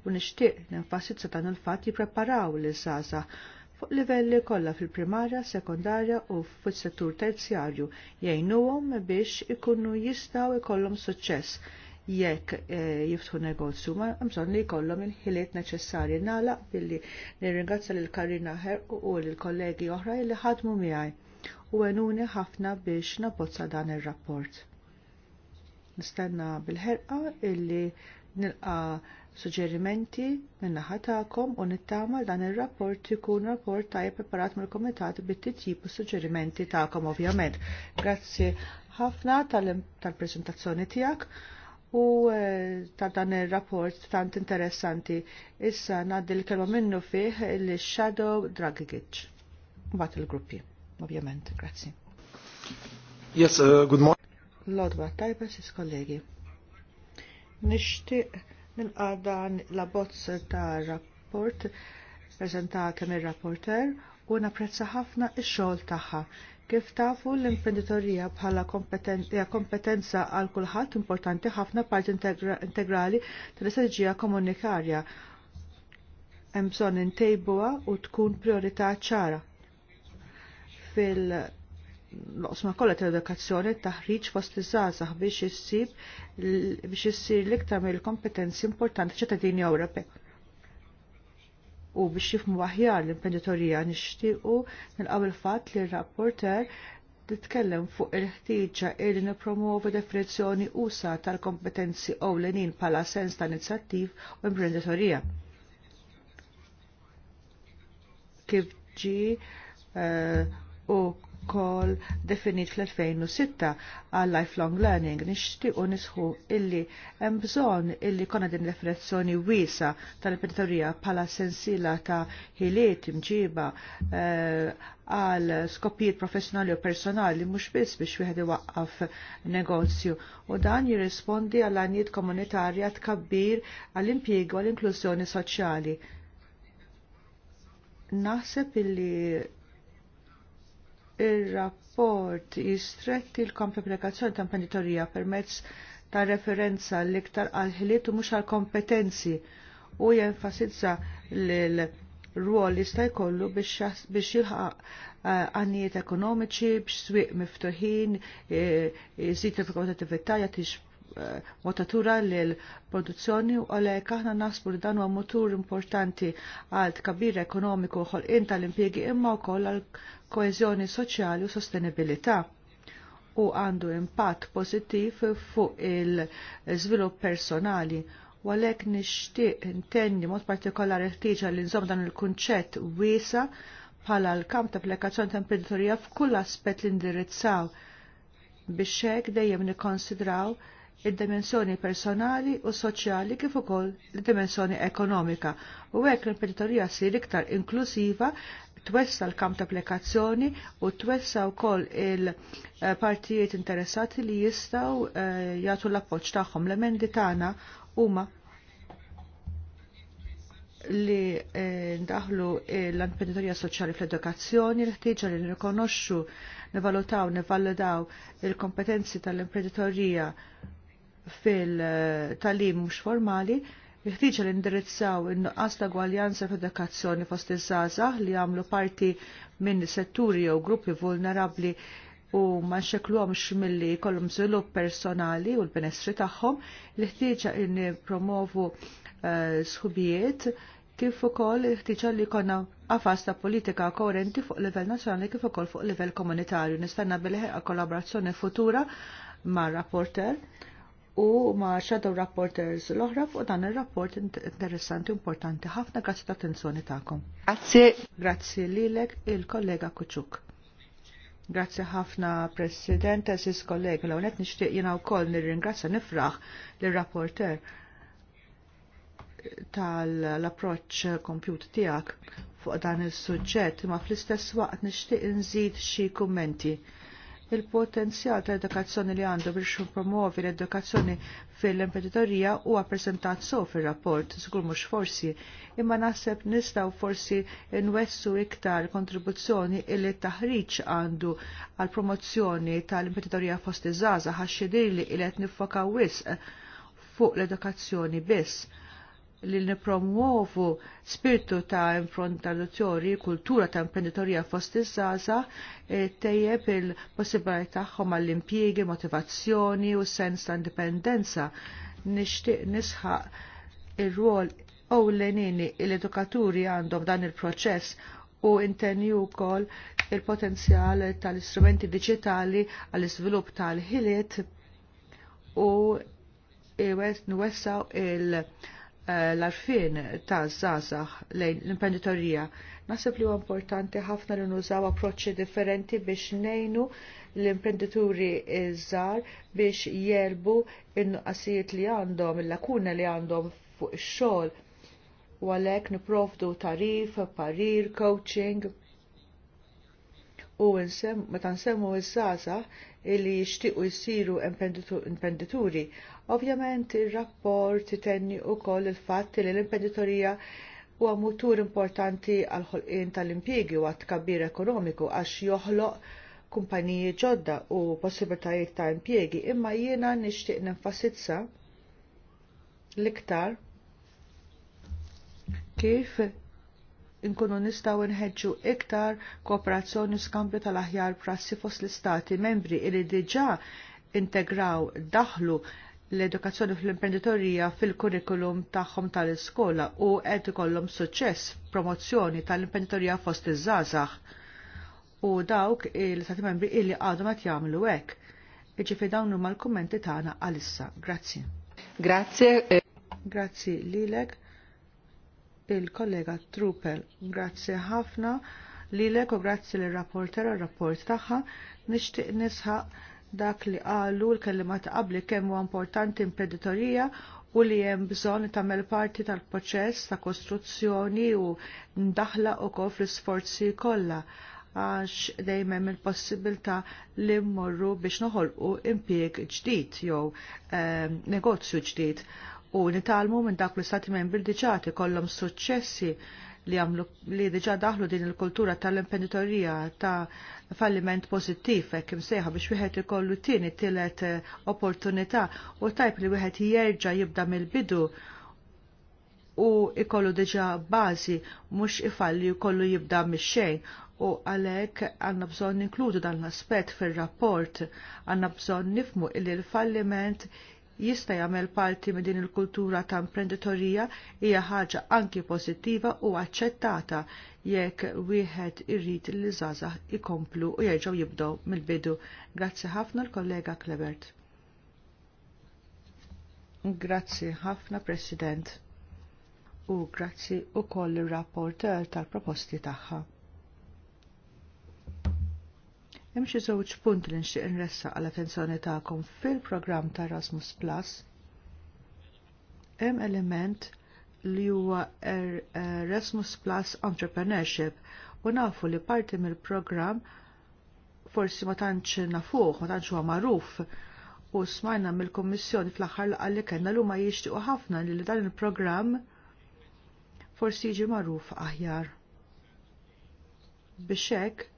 u nixtieq nenfasizza dan il-fatt jippreparaw lis-sażaħ fuq livelli kollha fil-primarja, sekondarja u fis-settur terzjarju jgħinuhom biex ikunu jistgħu jkollhom suċċess jekk eh, jiftħu negozju, ma mżon li jkollhom il-ħiliet neċessarji. Nala billi nirringrazzja l Karina Her u l kollegi oħra li ħadmu miħaj u għenuni ħafna biex nabbozza dan ir-rapport. Nistenna bil-ħerqa illi nilqa suġġerimenti min-naħa tagħkom u nittama dan ir-rapport ikun rapport tajjeb preparat mill-Komitat bit-titjib u suġġerimenti tagħkom ovvjament. Grazzi ħafna tal-presentazzjoni tiegħek u eh, ta' dan il-rapport tant interessanti. Issa naddi l-kelma minnu fih li shadow Dragigic. Bat il-gruppi, ovvjament, grazzi. Yes, uh, good morning. Lodba tajba sis kollegi. Nishtiq nil dan la bozz ta' rapport prezentata mir rapporter u napprezza ħafna ix-xogħol tagħha. Kif tafu l-imprenditorija bħala kompetenza għal kulħadd importanti ħafna parti integrali tal-istraġija komunikarja. Hemm bżonn intejbuha u tkun priorità ċara fil- l kollha tal-edukazzjoni taħriġ fost iż-żgħażagħ biex issib biex issir l-iktar mill-kompetenzi importanti ċittadini Ewropej u biex jifmu aħjar l-imprenditorija nixtiequ nilqaw il-fatt li r-rapporter titkellem fuq il-ħtieġa li nippromuovu definizzjoni usa tal-kompetenzi ewlenin bħala sens ta' inizjattiv u imprenditorija. Kif ġi eh, u ukoll definit fl-2006 għal lifelong learning nixtiequ nisħu illi hemm bżonn illi konna din reflessjoni wiesa tal-imprenditorija bħala sensila ta' ħiliet imġiba eh, għal e, skopijiet professjonali u personali mhux biss biex wieħed iwaqqaf negozju u dan jirrispondi għal għanijiet komunitarja tkabbir għall-impjiegu għall-inklużjoni soċjali. Naħseb illi Il-rapport jistretti l-komplikazzjoni ta' penitorija permezz ta' referenza l-iktar għal-ħiliet u mhux għal-kompetenzi u jenfasizza l-rwol li sta' jkollu biex jilħaq eh, għannijiet ekonomiċi biex swieq miftuħin, eh, jżid il-fakultativita jagħtix Eh, motatura l-produzzjoni u għalek aħna nasbu li dan huwa motur importanti għal kabir ekonomiku u ħolqien tal-impjegi imma wkoll għal koeżjoni soċjali u sostenibilità u għandu impatt pożittiv fuq il-żvilupp personali u għalhekk nixtieq intenni mod partikolari ħtieġa li nżomm dan il-kunċett wiesa bħala l-kamp ta' applikazzjoni ta' imprenditorija f'kull aspett li indirizzaw biex hekk dejjem nikkonsidraw id-dimensjoni personali u soċjali kif ukoll id-dimensjoni ekonomika u hekk l-imprenditorija sir iktar inklusiva twessa l-kamp ta' applikazzjoni u twessa wkoll il-partijiet interessati li jistgħu eh, jagħtu l-appoġġ tagħhom l-emendi tagħna huma li eh, ndaħlu l-imprenditorija soċjali fl-edukazzjoni, l-ħtieġa li nirrikonoxxu, nivalutaw, nivalidaw il-kompetenzi tal-imprenditorija fil-talim mhux formali Jeħtieġ li indirizzaw in-nuqqas ta' gwaljanza f'edukazzjoni fost iż-żgħażagħ li jagħmlu parti minn setturi jew gruppi vulnerabbli u ma nxekluhom milli jkollhom żvilupp personali u l-benessri tagħhom, li ħtieġa inni promovu eh, sħubijiet kif ukoll ħtieġa li jkollna qafas ta' politika koerenti fuq livell nazzjonali kif ukoll fuq livell komunitarju. Nistenna ħeqa kollaborazzjoni futura ma' rapporter u ma' Shadow Reporters l-oħra fuq dan il-rapport interessanti importanti ħafna grazzi ta' attenzjoni ta'kom. Grazzi. Grazzi lilek il-kollega Kuċuk. Grazzi ħafna President, eżis kollega, l-għonet nishtiq jina u koll nir-ringrazza nifraħ l-rapporter tal-approċ kompjut tijak fuq dan il-sujġet, ma fl-istess waqt nishtiq nżid xie kummenti il-potenzjal ta' edukazzjoni li għandu biex promuovi l-edukazzjoni fil-imprenditorija huwa preżentat so fil-rapport, żgur mhux forsi, imma naħseb nistgħu forsi nwessu iktar kontribuzzjoni illi taħriġ għandu għal promozzjoni tal-imprenditorija fost iż-żgħażagħ illi li qed nifokaw wisq fuq l-edukazzjoni biss li nipromuovu spiritu ta' improntaluzzjoni, kultura ta' imprenditorija fost iż-żaza, e, tejjeb il-possibilità tagħhom għall-impjiegi, motivazzjoni u sens ta' indipendenza. Nixtieq nisħaq ir-rwol ewlenini l-edukaturi għandhom dan il-proċess u intenju wkoll il-potenzjal tal-istrumenti diġitali għall-iżvilupp tal-ħiliet u e, nwessaw il- Eh, l-arfin ta' zazax lejn l-imprenditorija. Nasib li huwa importanti ħafna li nużaw approċċi differenti biex nejnu l-imprenditori iż-żar biex jerbu in-nuqqasijiet li għandhom, il-lakuna li għandhom fuq ix-xogħol u għalhekk niprofdu tarif, parir, coaching. U meta nsemmu iż-żaza illi jixtiequ jsiru imprenditori Ovvjament ir-rapport u wkoll il fat li l impeditorija huwa mutur importanti għal ħolqien tal-impjiegi u għat-tkabbir ekonomiku għax joħloq kumpaniji ġodda u possibilitajiet ta' impjiegi imma jiena nixtieq nenfasizza l-iktar kif inkunu nistaw nħedġu iktar kooperazzjoni skambju tal-aħjar prassi fost l-istati membri li diġa integraw daħlu l-edukazzjoni fl-imprenditorija fil-kurrikulum tagħhom tal-iskola u qed ikollhom suċċess promozzjoni tal-imprenditorija fost iż-żgħażagħ. U dawk il-stati membri illi għadhom qed jagħmlu hekk. Iġifieri dawn huma l-kummenti tagħna għalissa. Grazzi. Grazie. Eh. Grazzi lilek il-kollega Trupel. Grazzi ħafna lilek u grazzi l rapporter għar rapport tagħha. Nixtieq nisħaq dak li qalu l-kellima ta' qabli kemm huwa importanti impeditorija u li hemm bżonn tagħmel parti tal-proċess ta' kostruzzjoni u ndaħla kof fl-isforzi kollha għax dejjem il-possibilità li mmorru biex noħolqu impjieg ġdid jew ehm, negozju ġdid u nitalmu minn dak li stati membri diġati kollhom suċċessi li għamlu li diġa daħlu din il-kultura tal-imprenditorija ta' falliment pozittiv hekk imsejħa biex wieħed ikollu tieni tielet eh, opportunità u tajb li wieħed jerġa' jibda mill-bidu u ikollu diġa bażi mhux ifalli jkollu jibda mix-xejn u għalhekk għandna bżonn inkludu dan l-aspett fir-rapport għandna bżonn nifmu li l-falliment jista' jagħmel parti minn din il-kultura ta' imprenditorija hija ħaġa anki pożittiva u aċċettata jekk wieħed irrid li żgħażagħ ikomplu u jerġgħu jibdew mill-bidu. Grazzi ħafna l-kollega Klebert. Grazzi ħafna President u grazzi u koll il-rapporter tal-proposti tagħha. Hemm xi żewġ punt li nxtieq nressaq għall-attenzjoni tagħkom fil-programm ta' Erasmus Plus. Hemm element li huwa er-, Erasmus Plus Entrepreneurship u nafu li parti mill-programm forsi ma tantx nafuh, ma tantx huwa magħruf u smajna mill-Kommissjoni fl-aħħar laqgħa li kellna l huma jixtiequ ħafna li dan il-programm forsi jiġi magħruf aħjar. Biex hekk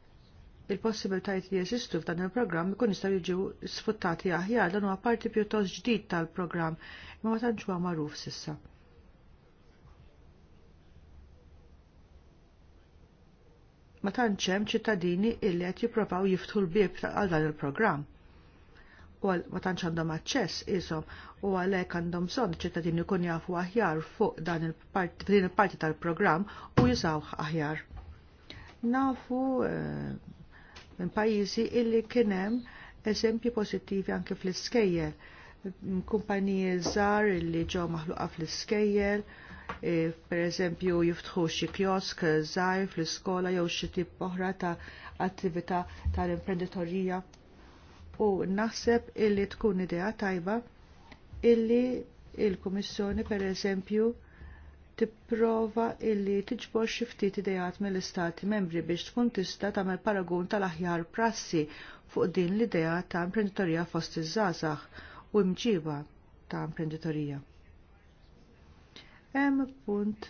il-possibilitajiet li jeżistu f'dan il-programm ikun jistgħu jiġu sfruttati aħjar dan huwa parti pjuttost ġdid tal-programm imma ma tantx huwa magħruf s'issa. Ma tantx hemm ċittadini illi qed jippruvaw jiftħu l-bieb għal dan il-programm u għal ma tantx għandhom aċċess ishom u għalhekk għandhom bżonn ċittadini jkun jafu aħjar fuq dan il-parti il-parti tal-programm u jużawh aħjar. Nafu eh, minn pajjiżi illi kien hemm eżempji pożittivi anke fl-iskejjel. Kumpaniji żgħar illi ġew maħluqa fl-iskejjel, e, pereżempju per eżempju jiftħu xi kiosk żgħar fl-iskola jew xi tip oħra ta' attività tal-imprenditorija. U naħseb illi tkun idea tajba illi il-Kummissjoni per eżempju tipprova illi tiġbor xi ftit idejat mill-istati membri biex tkun tista' tagħmel paragun tal-aħjar prassi fuq din l-idea ta' imprenditorija fost iż-żgħażagħ u mġiba ta' imprenditorija. Hemm punt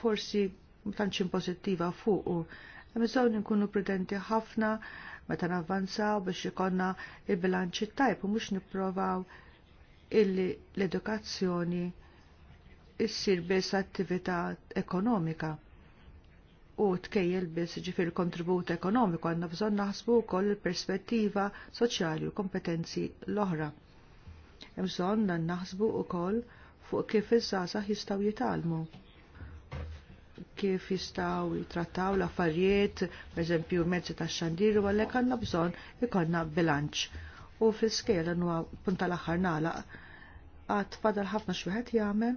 forsi tantx pozittiva fuq hemm bżonn inkunu prudenti ħafna meta navvanzaw biex ikonna il-bilanċi tajb u mhux nipprovaw illi l-edukazzjoni issir biss attività ekonomika u tkejjel biss ġifir kontribut ekonomiku għanna bżon naħsbu wkoll il-perspettiva soċjali u kompetenzi l-oħra. Imżon naħsbu wkoll fuq kif iż-żgħażagħ jistgħu jitalmu kif jistaw jitrattaw l-affarijiet, per mezzi ta' xandir, u għalek għanna bżon ikonna bilanċ. U fil-skela nwa punta l nalaq, għat fadal ħafna xwieħed jagħmel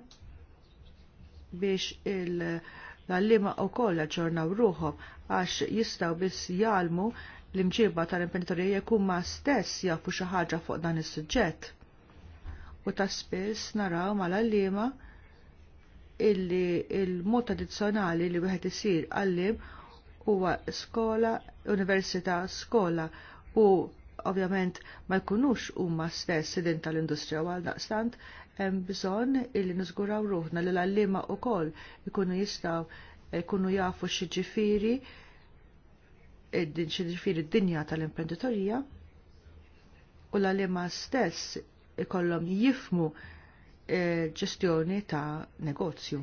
biex il- l-allima u koll ġornaw ruħom għax jistaw biss jalmu l-imġiba tal-imprenditorija jkun ma stess jafu xi ħaġa fuq dan is-suġġett. U ta' spiss naraw mal-allima illi il-mod tradizzjonali li wieħed isir għallim huwa skola, università, skola u ovvjament ma jkunux huma stess idin tal-industrija għal daqstant hemm bżonn illi niżguraw ruħna li l-allima wkoll ikunu jistgħu jkunu eh, jafu xi ġifieri xiġifieri d-dinja tal-imprenditorija u l-allima stess ikollhom jifmu eh, ġestjoni ta' negozju.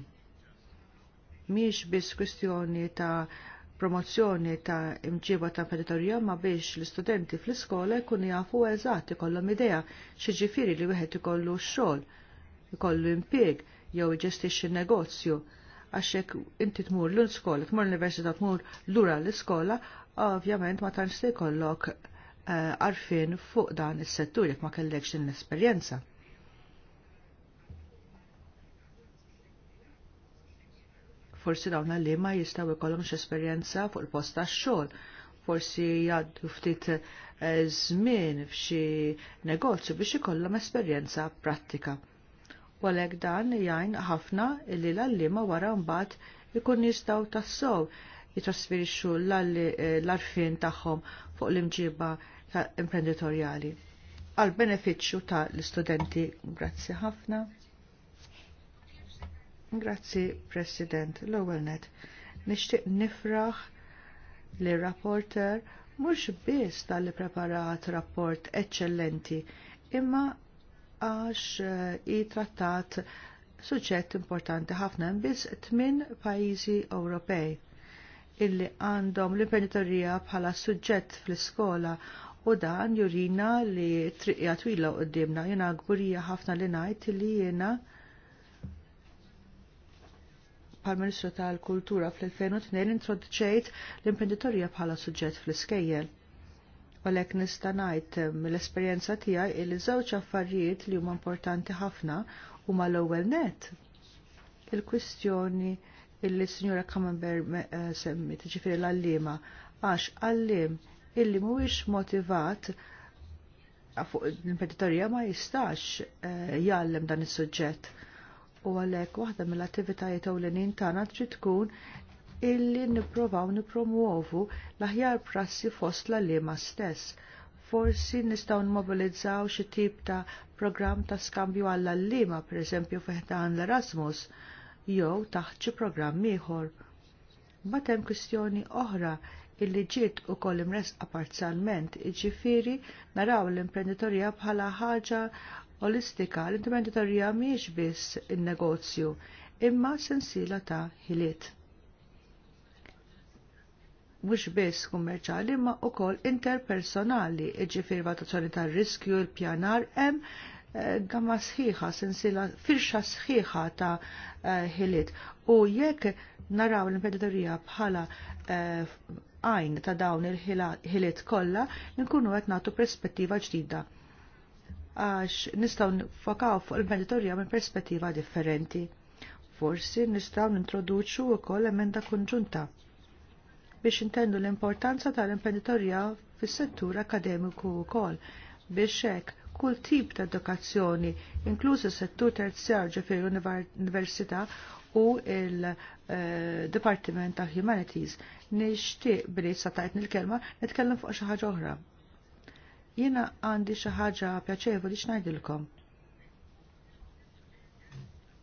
Miex biss kwestjoni ta' promozzjoni ta' imġiba ta' imprenditorija ma biex l-istudenti fl-iskola jkunu jafu eżatt ikollhom idea x'ġifieri li wieħed ikollu x-xogħol, ikollu impjieg jew iġestixxi negozju għax hekk inti tmur l-iskola, tmur l-università, tmur lura l-iskola, ovvjament ma tantx se jkollok eh, għarfien fuq dan is-settur jekk ma kellekx din l-esperjenza. forsi dawn li ma jistaw ikollhom esperjenza fuq il-post tax-xogħol forsi jgħaddu ftit eh, żmien f'xi negozju biex ikollhom esperjenza prattika. U għalhekk dan jgħin ħafna li l-allima wara mbagħad ikun jistgħu tassew jitrasferixxu eh, l-arfin tagħhom fuq l-imġiba imprenditorjali għal benefiċċju ta' l-istudenti. Grazzi ħafna. Grazzi, President, l-ewwel Nixtieq nifraħ li rapporter mhux biss tal-li preparat rapport eċċellenti, imma għax eh, i trattat suġġett importanti ħafna biss tmien pajjiżi Ewropej illi għandhom l-imprenditorija bħala suġġett fl-iskola u dan jurina li triqja twila u d-dimna jena għburija ħafna li najt li jena pal ministru tal-Kultura fl-2002 introduċejt l-imprenditorija bħala suġġett fl-iskejjel. Għalek nista' ngħid eh, mill-esperjenza il li żewġ affarijiet li huma importanti ħafna huma l-ewwel net. Il-kwistjoni illi s-Sinjura Camembert eh, semmi tiġifieri l-allima għax għallim illi mhuwiex motivat fuq l-imprenditorija ma jistax eh, jgħallem dan is-suġġett U għalhekk waħda mill-attivitajiet ewlenin tagħna trid tkun illi nippruvaw nipromuovu l-aħjar prassi fost la liema stess. Forsi nistgħu nmobilizzaw xi tip ta' programm ta' skambju għall liema pereżempju feħdan l-Erasmus, jew taħt xi programm ieħor. Batem kwistjoni oħra illi ġiet u kollim imresqa parzjalment, iġifiri naraw l-imprenditorija bħala ħaġa olistika l-imprenditorija miex biss il-negozju imma sensila ta' ħiliet. Mhux biss kummerċjali, imma wkoll interpersonali, iġifier valutazzjoni tar-riskju, l pjanar hemm eh, gamma sħiħa, sensila firxa sħiħa ta' eh, ħiliet. U jekk naraw l-imprenditorija bħala eh, għajn ta' dawn il-ħiliet kollha, nkunu qed nagħtu perspettiva ġdida għax nistaw nfakaw fuq il-meditorja minn perspettiva differenti. Forsi nistaw nintroduċu u koll emenda konġunta biex intendu l-importanza tal-imprenditorja fis-settur akademiku wkoll biex hekk kull tip ta' edukazzjoni, inkluż is-settur terzjar ġifieri università u il-Departiment eh, ta' Humanities, nixtieq billi tajtni l kelma nitkellem fuq xi ħaġa oħra Jiena għandi xi ħaġa pjaċevoli x'ngħidilkom.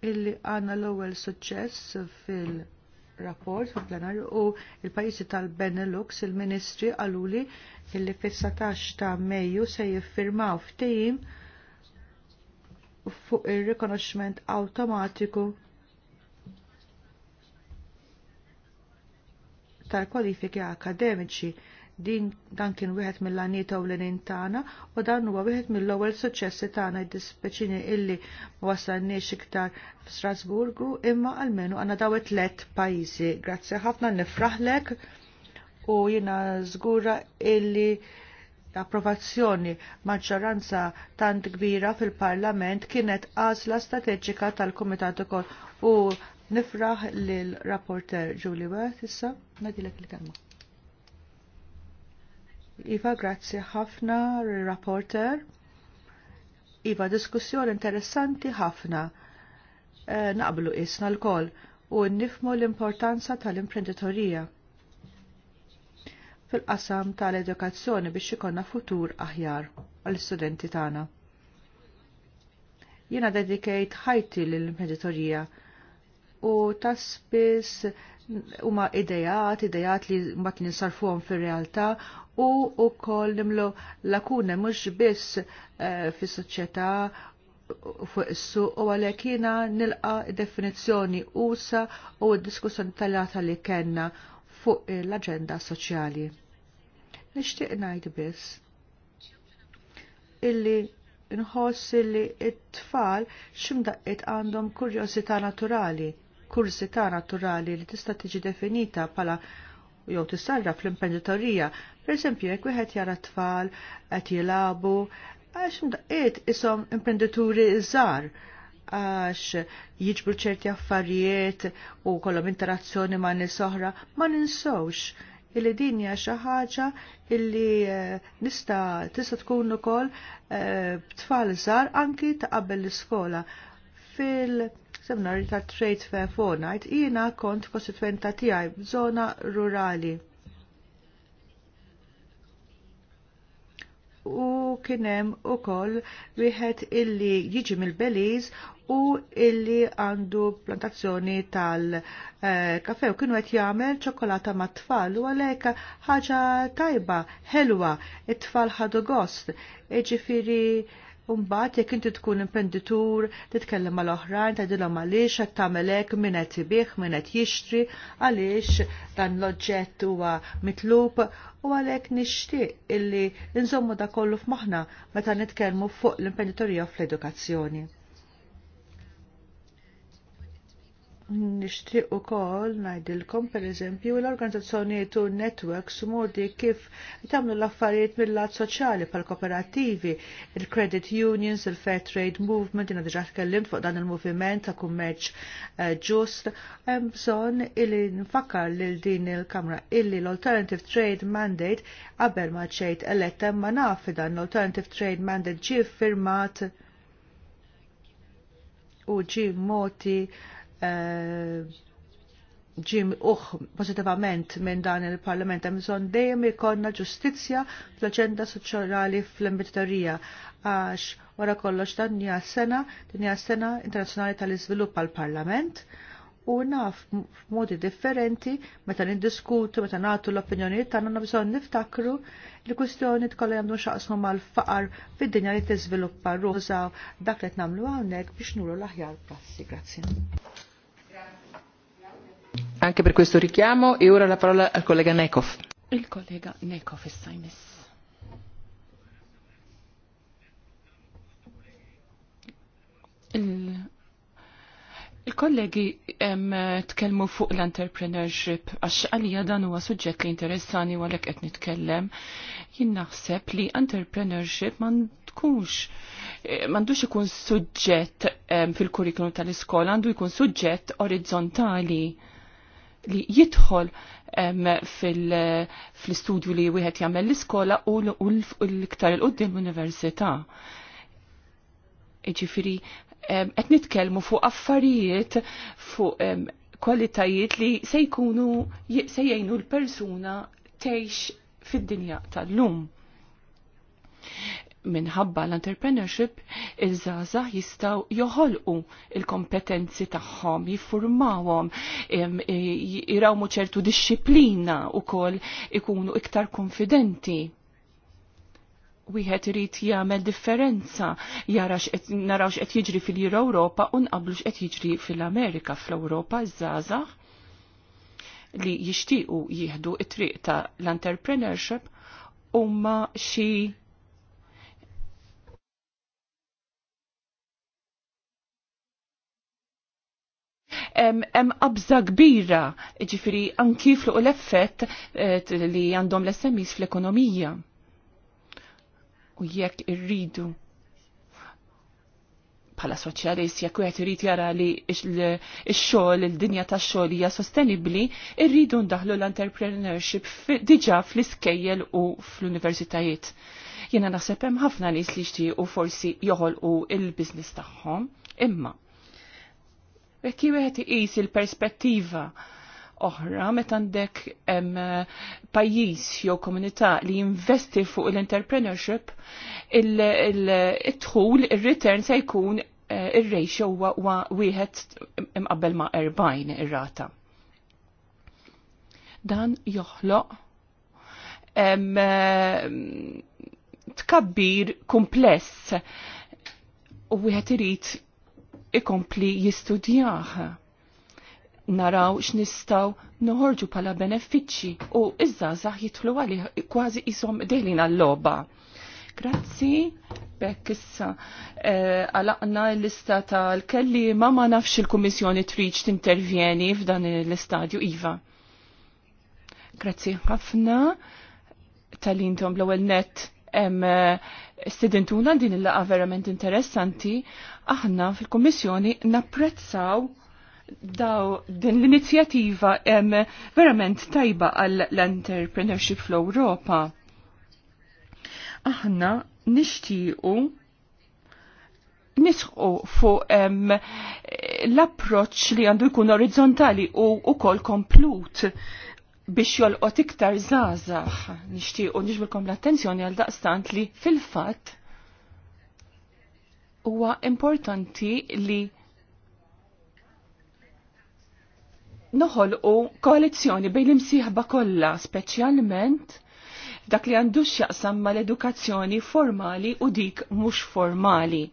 Illi għandna l-ewwel suċċess fil-rapport fil plenarju u il-pajjiżi tal-Benelux il-Ministri għaluli illi fis-17 ta' Mejju se jiffirmaw ftehim fuq ir-rikonoxximent awtomatiku tal-kwalifiki akademiċi Din dan kien wieħed mill-għanieta u l-nin tagħna u dan huwa wieħed mill-ewwel suċċessi tagħna id-dispeċini illi ma wasalniex iktar f'Strasburgu imma għalmenu għandna dawet tlet pajjiżi. Grazzi ħafna nifraħlek u jiena żgura illi approvazzjoni maġġoranza tant kbira fil-Parlament kienet għażla strateġika tal-Kumitat ukoll u nifraħ lill rapporter Julie Worth issa nadilek il-kelma. Iva, grazzi ħafna, rapporter. Iva, diskussjoni interessanti ħafna. E, naqblu isna l-kol u nifmu l-importanza tal-imprenditorija fil-qasam tal-edukazzjoni biex ikonna futur aħjar għall-studenti tagħna. Jiena dedikejt ħajti lill imprenditorija u ta' huma idejat, idejat li ma kien sarfuhom fir-realtà u wkoll nimlu lakuna mhux biss eh, fis-soċjetà fuq issu u għalhekk jiena nilqa definizzjoni usa u d-diskussjoni tal-għata li kellna fuq l-aġenda soċjali. Nixtieq ngħid biss illi nħoss illi t tfal x'imdaqqiet għandhom kurjosità naturali kursità naturali li tista' tiġi definita bħala jew tisarra fl-imprenditorija. Per eżempju, jekk wieħed jara tfal qed jilagħbu, għax mdaqqiet ishom imprendituri żgħar għax jiġbru ċerti affarijiet u kollhom interazzjoni ma' nies oħra, ma ninsowx illi din hija xi ħaġa illi eh, nista' tista' tkun ukoll eh, b'tfal żgħar anki ta' qabel l-iskola fil- Seminari ta' Trade Fair for Night, jina kont kostituenta tijaj b'żona rurali. U kienem u koll wieħed illi jiġi mill-Belize u illi għandu plantazzjoni tal-kafe u kienu għet jagħmel ċokolata ma' tfal u għalhekk ħaġa tajba, helwa, it-tfal ħadu gost, ġifiri e Umbat, jek inti tkun impenditur, titkellem mal oħrajn tajdilhom għaliex qed tagħmel hekk min qed ibih, min qed jixtri, għaliex dan l-oġġett huwa mitlub u għalhekk nixtieq illi nżommu da kollu f'moħħna meta nitkellmu fuq l-imprenditorija fl-edukazzjoni. nixtieq ukoll ngħidilkom pereżempju l-organizzazzjonijiet u networks u modi kif tagħmlu l-affarijiet mill-lat soċjali pal kooperativi il-credit unions, il-fair trade movement, jiena diġa' tkellimt fuq dan il-moviment ta' kummeċ eh, ġust, hemm bżonn illi nfakkar lil din il-Kamra illi l-Alternative Trade Mandate qabel ma ċejt eletta ma naf dan l-Alternative Trade Mandate ġie firmat u ġie moti Eh, ġim uħ pozitivament minn dan il-parlament hemm bżonn dejjem ikollna ġustizzja fl-aġenda soċjali fl-imbitterija għax wara kollox dan hija sena din hija sena internazzjonali tal-iżvilupp għall-Parlament u naf f'modi differenti meta niddiskutu, meta nagħtu l-opinjonijiet tagħna bżonn niftakru li kwistjoni tkollha jagħmlu xaqsmu mal-faqar fid-dinja li tiżviluppa ruża dak li qed nagħmlu hawnhekk biex nuru l-aħjar prassi. Grazzi anche per questo richiamo e ora la parola al collega Nekov. Il collega Nekov è Saimis. Il-kollegi il tkellmu fuq l-entrepreneurship għax għalija dan huwa suġġett li interessani u għalhekk qed nitkellem. Jien naħseb li entrepreneurship man tkunx m'għandux ikun suġġett fil-kurrikulum tal-iskola, għandu jkun suġġett orizzontali li jidħol fil-studju li wieħed jagħmel l-iskola u l-iktar il-qudiem l-università. Jiġifieri qed nitkellmu fuq affarijiet fuq kwalitajiet li se jkunu se jgħinu l-persuna tgħix fid-dinja tal-lum minħabba l-entrepreneurship il żazah jistaw joħolqu il-kompetenzi tagħhom, jiffurmawhom, jirawmu ċertu disċiplina wkoll ikunu iktar konfidenti wieħed irid jagħmel differenza jara naraw qed jiġri fil ewropa u nqablux qed jiġri fil-Amerika fl-Ewropa żgħażagħ li jixtiequ jieħdu it-triq ta' l-entrepreneurship huma xi hemm qabża kbira, ġifiri anki fluq l-effett eh, li għandhom l-SMEs fl-ekonomija. U jekk irridu bħala soċjalist jekk qed irid jara li x-xogħol il-dinja tax-xogħol hija sostenibbli, irridu ndaħlu l-entrepreneurship diġà fl-iskejjel u fl-universitajiet. Jiena naħseb hemm ħafna nies li jixtiequ forsi joħolqu il business tagħhom, imma Ekki wieħed iqis il-perspettiva oħra meta għandek pajjiż jew komunità li jinvesti fuq l-entrepreneurship il-dħul ir-return se jkun e, ir-ratio huwa wieħed imqabbel ma' erbajn ir-rata. Dan joħloq e, tkabbir kumpless u wieħed irid ikompli jistudjah. Naraw x'nistgħu noħorġu pala benefiċċji u iż-żgħażagħ jidħlu għali kważi ishom dejlin għall-logħba. Grazzi, bekk issa eh, għalaqna e, l-lista tal-kelli ma ma nafx il-Kummissjoni trid tintervjeni f'dan l-istadju iva. Grazzi ħafna tal-intom l-ewwel net hemm eh, studentuna din il-laqa verament interessanti Aħna fil-Kommissjoni napprezzaw daw din l-inizjattiva verament tajba għall-entrepreneurship fl-Europa. Aħna nixtiequ nisħu fuq l-approċ li għandu jkun orizzontali u ukoll komplut biex jolqot iktar zazax. Nixtiequ nixbilkom l-attenzjoni għal daqstant li fil-fatt huwa importanti li noħolqu koalizzjoni bejn l-imsieħba kollha, speċjalment dak li għandu x'jaqsam mal-edukazzjoni formali u dik mhux formali.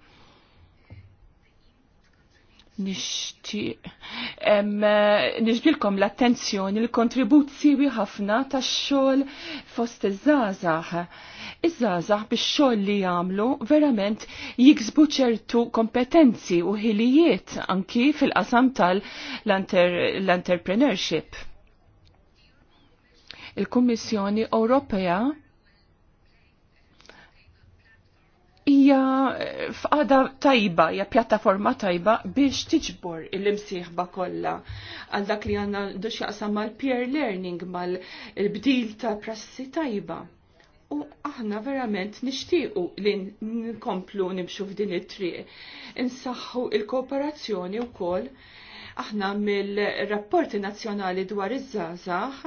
Nixtieq Eh, nixbilkom l-attenzjoni l-kontribut siwi ħafna tax-xogħol fost iż-żgħażagħ. Iż-żgħażagħ biex xogħol li jagħmlu verament jiksbu ċertu kompetenzi u ħilijiet anki fil-qasam tal-entrepreneurship. Il-Kummissjoni Ewropea hija fqada tajba, hija pjattaforma tajba biex tiġbor il-imsieħba kollha għal dak li għandna dux jaqsam mal-peer learning mal-bdil ta' prassi tajba. U aħna verament nixtiequ li nkomplu nimxu f'din it-triq. Insaħħu il-kooperazzjoni wkoll aħna mill-rapporti nazzjonali dwar iż-żgħażagħ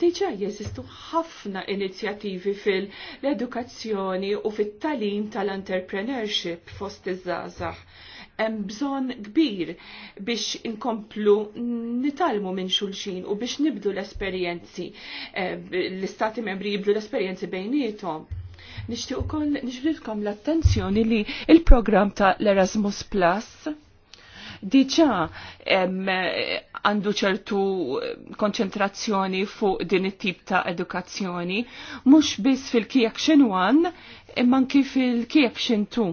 Diġa jeżistu ħafna inizjattivi fil-edukazzjoni u fit-talim tal-entrepreneurship fost iż-żgħażagħ. Hemm bżonn kbir biex inkomplu nitalmu minn xulxin u biex nibdu l-esperjenzi eh, l-istati membri jibdu l-esperjenzi bejnietom. Nixtieq ukoll nixbrilkom l-attenzjoni li il-programm ta' l-Erasmus Plus diġa għandu ċertu konċentrazzjoni fuq din it-tip ta' edukazzjoni, mhux biss fil-Kiekxin 1 imma anki fil-Kiekxin 2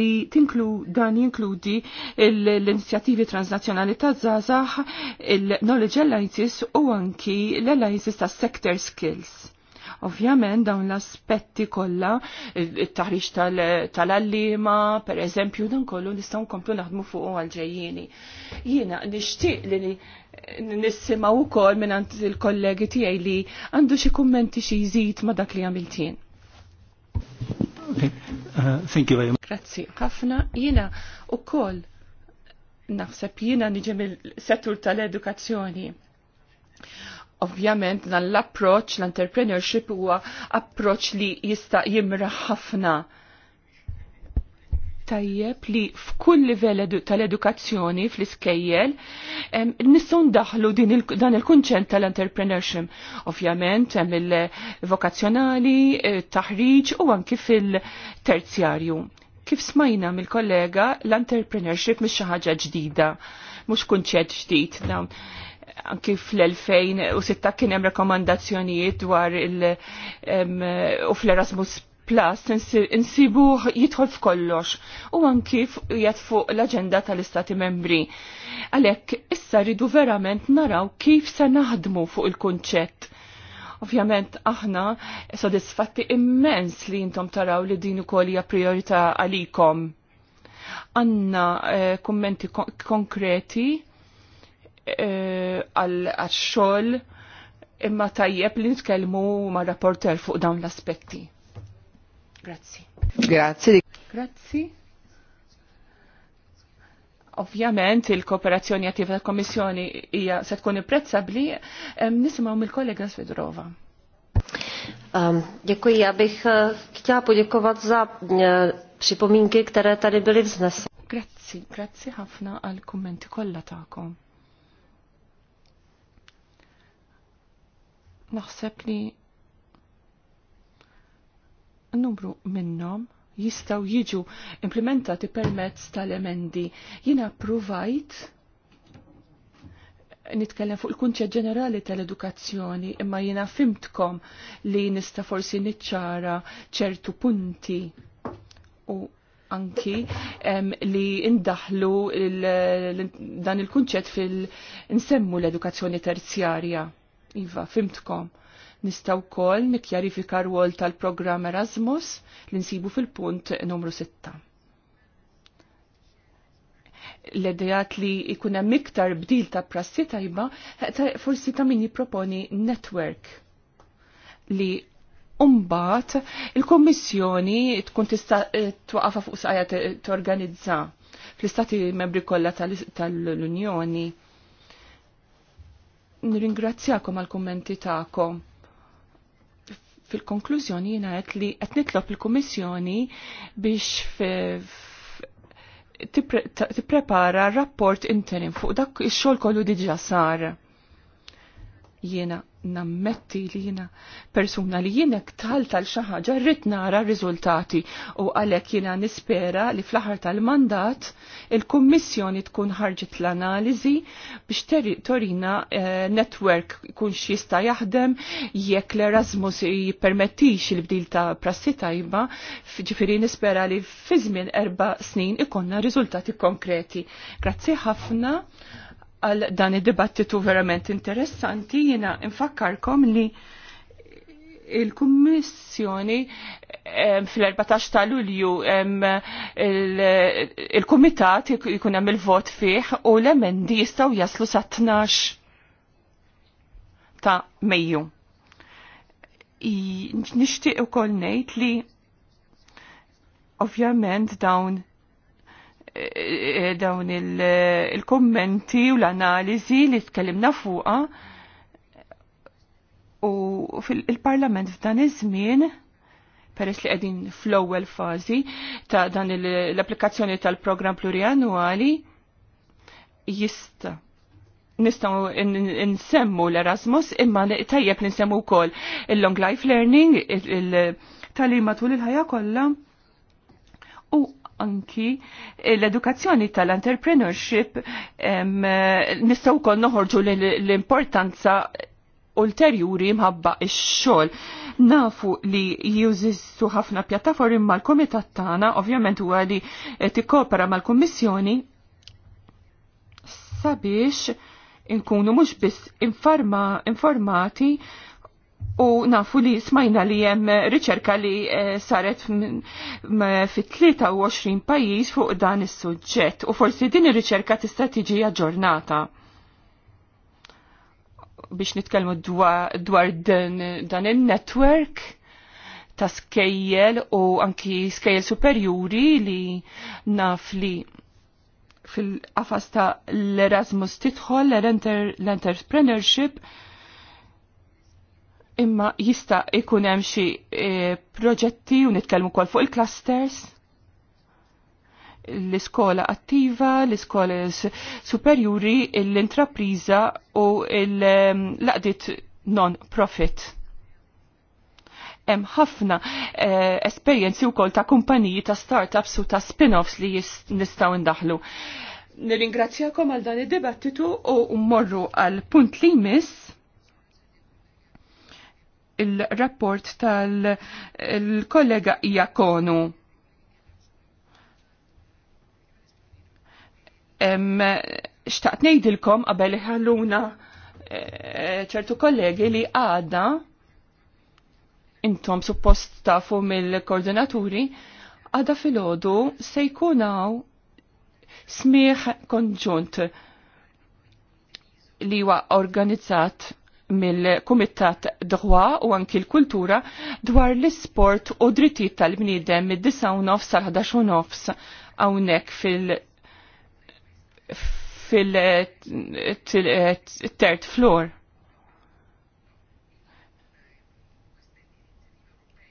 li tinklu dan jinkludi l-inizjattivi transnazjonali ta' Zazax, il-Knowledge Alliances u anki l-Alliances ta' Sector Skills. Ovvjament dawn l-aspetti kollha, it-taħriġ tal-allima, per eżempju, dan kollu nistgħu nkomplu naħdmu fuq għal-ġejjieni. Jiena nixtieq li nissimgħu wkoll minn il-kollegi tiegħi li għandu xi kummenti xi jżid ma' dak li għamiltin. Okay. Uh, thank you very much. Grazzi. Ħafna jiena wkoll naħseb jiena niġi mill-settur tal-edukazzjoni. Ovvjament dan l-approċ, l-entrepreneurship huwa approċ li jista' jimra ħafna. Tajjeb li f'kull livell tal-edukazzjoni fl-iskejjel nistgħu ndaħlu dan il-kunċent tal-entrepreneurship. Ovvjament hemm il-vokazzjonali, eh, taħriġ u anki fil-terzjarju kif smajna mill-kollega l-entrepreneurship mhix xi ħaġa ġdida, mhux kunċett ġdid dawn anki fl-2006 kien hemm rekomandazzjonijiet dwar il- u fl-Erasmus Plus insibu jidħol f'kollox u anki jgħat fuq l-agenda tal-Istati membri. Għalek, issa ridu verament naraw kif se naħdmu fuq il-kunċett. Ovvjament aħna sodisfatti immens li jintom taraw li din ukoll hija priorità għalikom. Għanna eh, kummenti kon konkreti għal xogħol imma tajjeb li nitkellmu ma' rapporter fuq dawn l-aspetti. Grazzi. Grazzi. Grazzi. Ovvjament il-kooperazzjoni attiva tal kommissjoni hija se tkun imprezzabbli nisimgħu mill-kollega Svedrova. Um, ja já bych uh, chtěla za uh, připomínky, které tady byly vzneseny. Grazzi, grazie ħafna al kummenti kollha tagħkom. naħseb li numru minnom jistaw jiġu implementati permezz tal-emendi. Jina provajt nitkellem fuq il-kunċett ġenerali tal-edukazzjoni, imma jina fimtkom li nista forsi niċċara ċertu punti u anki em, li indaħlu il, dan il-kunċett fil-nsemmu l-edukazzjoni terzjarja Iva, fimtkom. Nistaw kol nikjarifika rwol tal-programm Erasmus li nsibu fil-punt numru 6. L-edajat li ikuna miktar bdil ta' prassi tajba, forsi ta' min jiproponi network li Umbat, il-Kommissjoni tkun tista' t-waqafa fuq sajja torganizza fl-istati membri kollha tal-Unjoni. Tal nirringrazzjakom għal kummenti ta'kom. Fil-konklużjoni jiena għet li qed nitlob il-Kummissjoni biex tipprepara rapport interim fuq dak il xogħol kollu diġà sar. Jiena nammetti li jina persuna li jina ktal tal xaħġa rrit nara riżultati u għalek jina nispera li fl-aħar tal-mandat il-kommissjoni tkun ħarġet l-analizi biex torina eh, network kun jista jaħdem jekk l-Erasmus jippermettix il-bdil ta' prassi tajba ġifiri nispera li fizmin erba snin ikonna rizultati konkreti. Grazzi ħafna għal dan id-dibattitu verament interessanti. Jina infakkarkom li il-Kummissjoni fil-14 ta' Lulju il-Kumitat jkun hemm il-vot fih u l-emendi jistgħu jaslu sa' 12 ta' Mejju. Nixtieq ukoll ngħid li ovvjament dawn dawn il-kommenti u l-analizi li tkellimna fuqa u fil-parlament f'dan iż-żmien peress li qegħdin fl-ewwel fażi ta' dan l-applikazzjoni tal-programm plurianwali jista' nistgħu nsemmu l-Erasmus imma tajjeb nsemmu wkoll il-long life learning, il-talima tul il-ħajja kollha u anki l-edukazzjoni tal-entrepreneurship nistaw kol noħorġu l-importanza ulterjuri mħabba ix-xogħol. Nafu li jużistu ħafna pjattaformi mal-komitat tagħna, ovvjament huwa li tikkopera mal-Kummissjoni sabiex inkunu mhux biss informati U nafu li smajna li jem riċerka li eh, saret fit 23 pajis fuq dan is suġġett u forsi din ir-riċerka tista' tiġi aġġornata biex nitkellmu dwar dan il-network ta' skejjel u anki skejjel superjuri li naf li fil-qafas ta' l-Erasmus titħol l-entrepreneurship -enter, imma jista' ikun hemm xi e, proġetti u nitkellmu wkoll fuq il-clusters l-iskola attiva, l-iskola superjuri, l-intrapriża u l-laqdiet non-profit. Hemm ħafna eh, esperjenzi wkoll ta' kumpaniji ta' startups u ta' spin-offs li nistgħu ndaħlu. Nirringrazzjakom għal dan id-dibattitu u mmorru għal punt li jmiss il-rapport tal-kollega Iakonu. Xtaqt nejdilkom qabel ħalluna eh, ċertu kollegi li għada intom suppost tafu mill-koordinaturi għada fil-ħodu se jkunaw smieħ konġunt li huwa organizzat mill-Kumitat Dħwa u anki l-Kultura dwar l-sport u drittijiet tal-bniedem mid 19 nofs sal 11 nofs hawnhekk fil- fil-third eh, floor.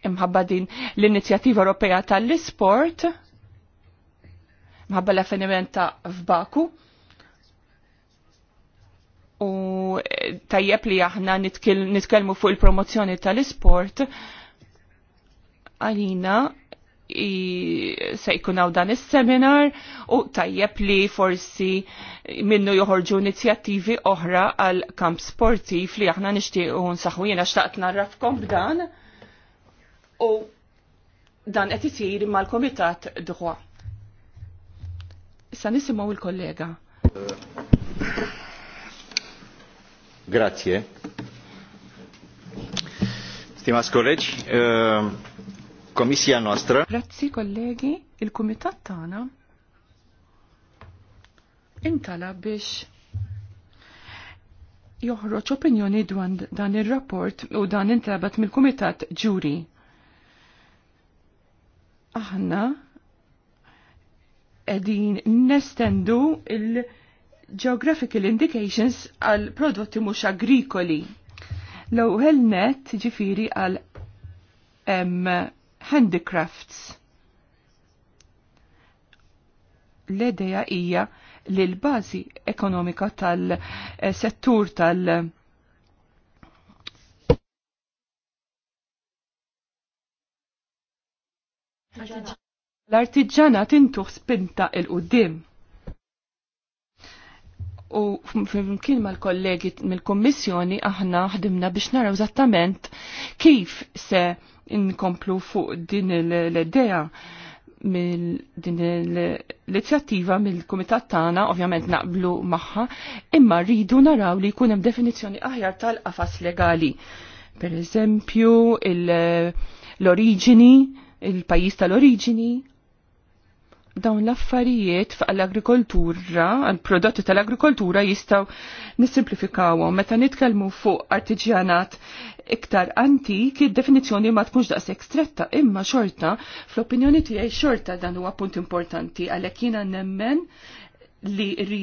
Imħabba din l-Inizjattiva Ewropea tal-Isport, mħabba l avvenimenta ta' f'Baku, u eh, tajjeb li aħna nitkellmu fuq il-promozzjoni tal-isport għalina se jkun hawn dan is-seminar u tajjeb li forsi minnu joħorġu inizjattivi oħra għal kamp sportiv li aħna nixtiequ nsaħħu jiena xtaqt narrafkom b'dan u dan qed isir mal-Kumitat Dħwa. Issa nisimgħu il-kollega. Grazie. Stimați colegi, eh, comisia noastră... Grazie, colleghi. Il Comitat tana intala biex joħroġ opinjoni dwan dan il-rapport u dan intrabat mill-Kumitat Ġuri. Aħna edin nestendu il- geographical indications għal prodotti mhux agrikoli. L-ewwel net ġifiri għal handicrafts. L-idea hija li l-bażi ekonomika tal-settur tal-, -settur tal l-artiġana tintuħ spinta il-qoddim u flimkien mal-kollegi mill-Kommissjoni aħna ħdimna biex naraw eżattament kif se inkomplu fuq din l-idea mill din l-inizjattiva mill-Kumitat tagħna ovvjament naqblu magħha, imma rridu naraw li jkun hemm definizzjoni aħjar tal-qafas legali. Per eżempju, l-oriġini, il-pajjiż tal-oriġini, dawn l-affarijiet għall-agrikoltura, għall-prodotti tal-agrikoltura jistaw nisimplifikawhom. Meta nitkellmu fuq artiġjanat iktar antik, id-definizzjoni ma tkunx daqshekk stretta, imma xorta, fl-opinjoni tiegħi xorta dan huwa punt importanti għalhekk jiena nemmen li ri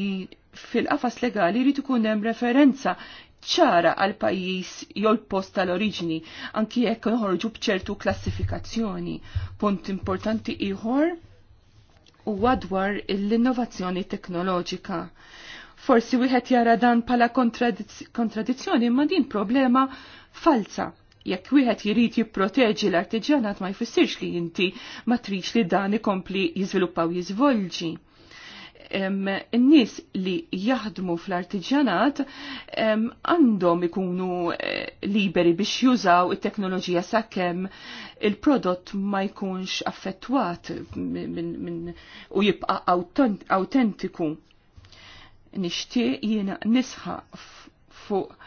fil-qafas legali jrid ikun hemm referenza ċara għal pajjiż jew l-post tal-oriġini anki jekk noħorġu b'ċertu klassifikazzjoni. Punt importanti ieħor huwa dwar l-innovazzjoni teknoloġika. Forsi wieħed jara dan pala kontradizzjoni imma din problema falsa. Jekk wieħed jirid jipproteġi l-artiġjanat ma jfissirx li inti ma trix li dan ikompli jiżviluppaw jiżvolġi n-nis li jaħdmu fl-artiġanat għandhom ikunu eh, liberi biex jużaw it-teknoloġija sakemm il-prodott ma jkunx affettwat u jibqa' autentiku. Nixtieq jiena nisħaq fuq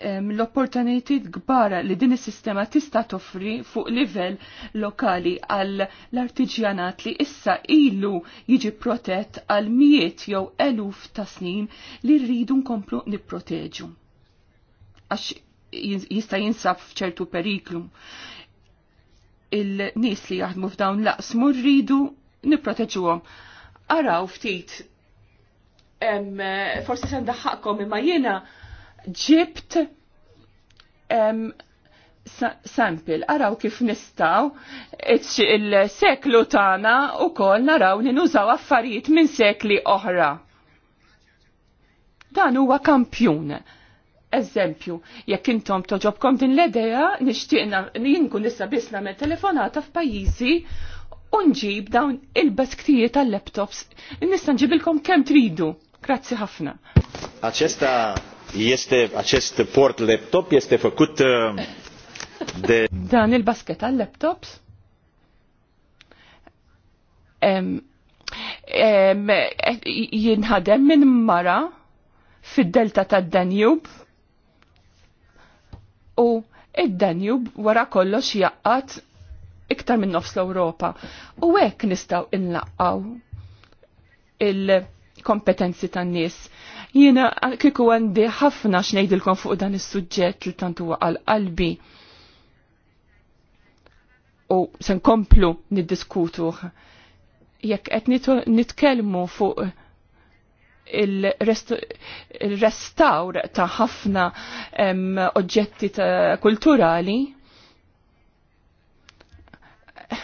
l-opportunitiet kbar li din is-sistema tista' toffri fuq livell lokali għal l-artiġjanat li issa ilu jiġi protett għal miet jew eluf ta' snin li rridu nkomplu nipproteġu. Għax jista' jinsab f'ċertu periklu il nies li jaħdmu f'dawn mur rridu nipproteġuhom. Araw ftit, forsi se ndaħħaqkom imma jiena ġibt sample, araw kif nistaw il-seklu tana u kol naraw li nużaw affarijiet minn sekli oħra. Dan huwa kampjun. Eżempju, jekk intom toġobkom din l-idea, nixtieqna jinkun issa biss nagħmel telefonata f'pajjiżi u nġib dawn il-basktijiet tal-laptops. Nista' nġibilkom kemm tridu. Grazzi ħafna. Aċesta este acest port laptop este făcut uh, de... Dan il-basket għal-laptops? jinħadem minn mara fid-delta tad danjub u id-Danjub wara kollox jaqqat iktar minn nofs l-Ewropa. U hekk nistgħu inlaqqaw il-kompetenzi tan-nies Jiena kieku għandi ħafna xnejdilkom fuq dan is-suġġett li tantu għal qalbi. U se nkomplu niddiskutuh. Jekk qed nitkellmu fuq il-restawr ta' ħafna oġġetti kulturali,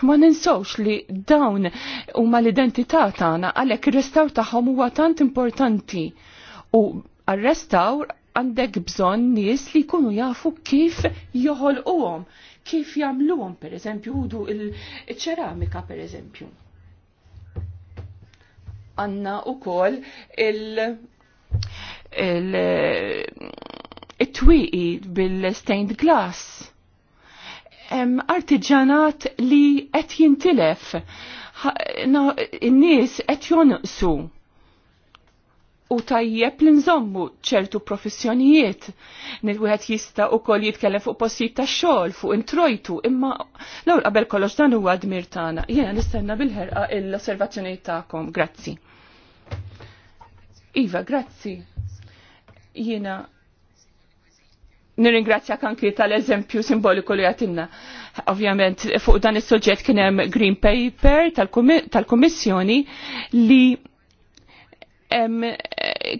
ma ninsawx li dawn huma l-identità tagħna għalhekk ir-restawr tagħhom huwa tant importanti u arrestaw għandek bżon nies li jkunu jafu kif joħolquhom, kif jagħmluhom pereżempju udu il-ċeramika pereżempju. Għanna u kol il- il-twiqi bil-stained glass. Artiġanat li qed jintilef, in-nies qed jonqsu u tajjeb li nżommu ċertu professjonijiet. Nil-wieħed jista' ukoll jitkellem fuq postijiet ta' xogħol, fuq introjtu, imma l-ewwel qabel kollox dan huwa dmir tagħna. Jiena nistenna bil-ħerqa l-osservazzjonijiet tagħkom. Grazzi. Iva, grazzi. Jiena nirringrazzja anki tal-eżempju simboliku li għatinna. Ovvjament fuq dan is-soġġett kien hemm Green Paper tal-Kummissjoni tal li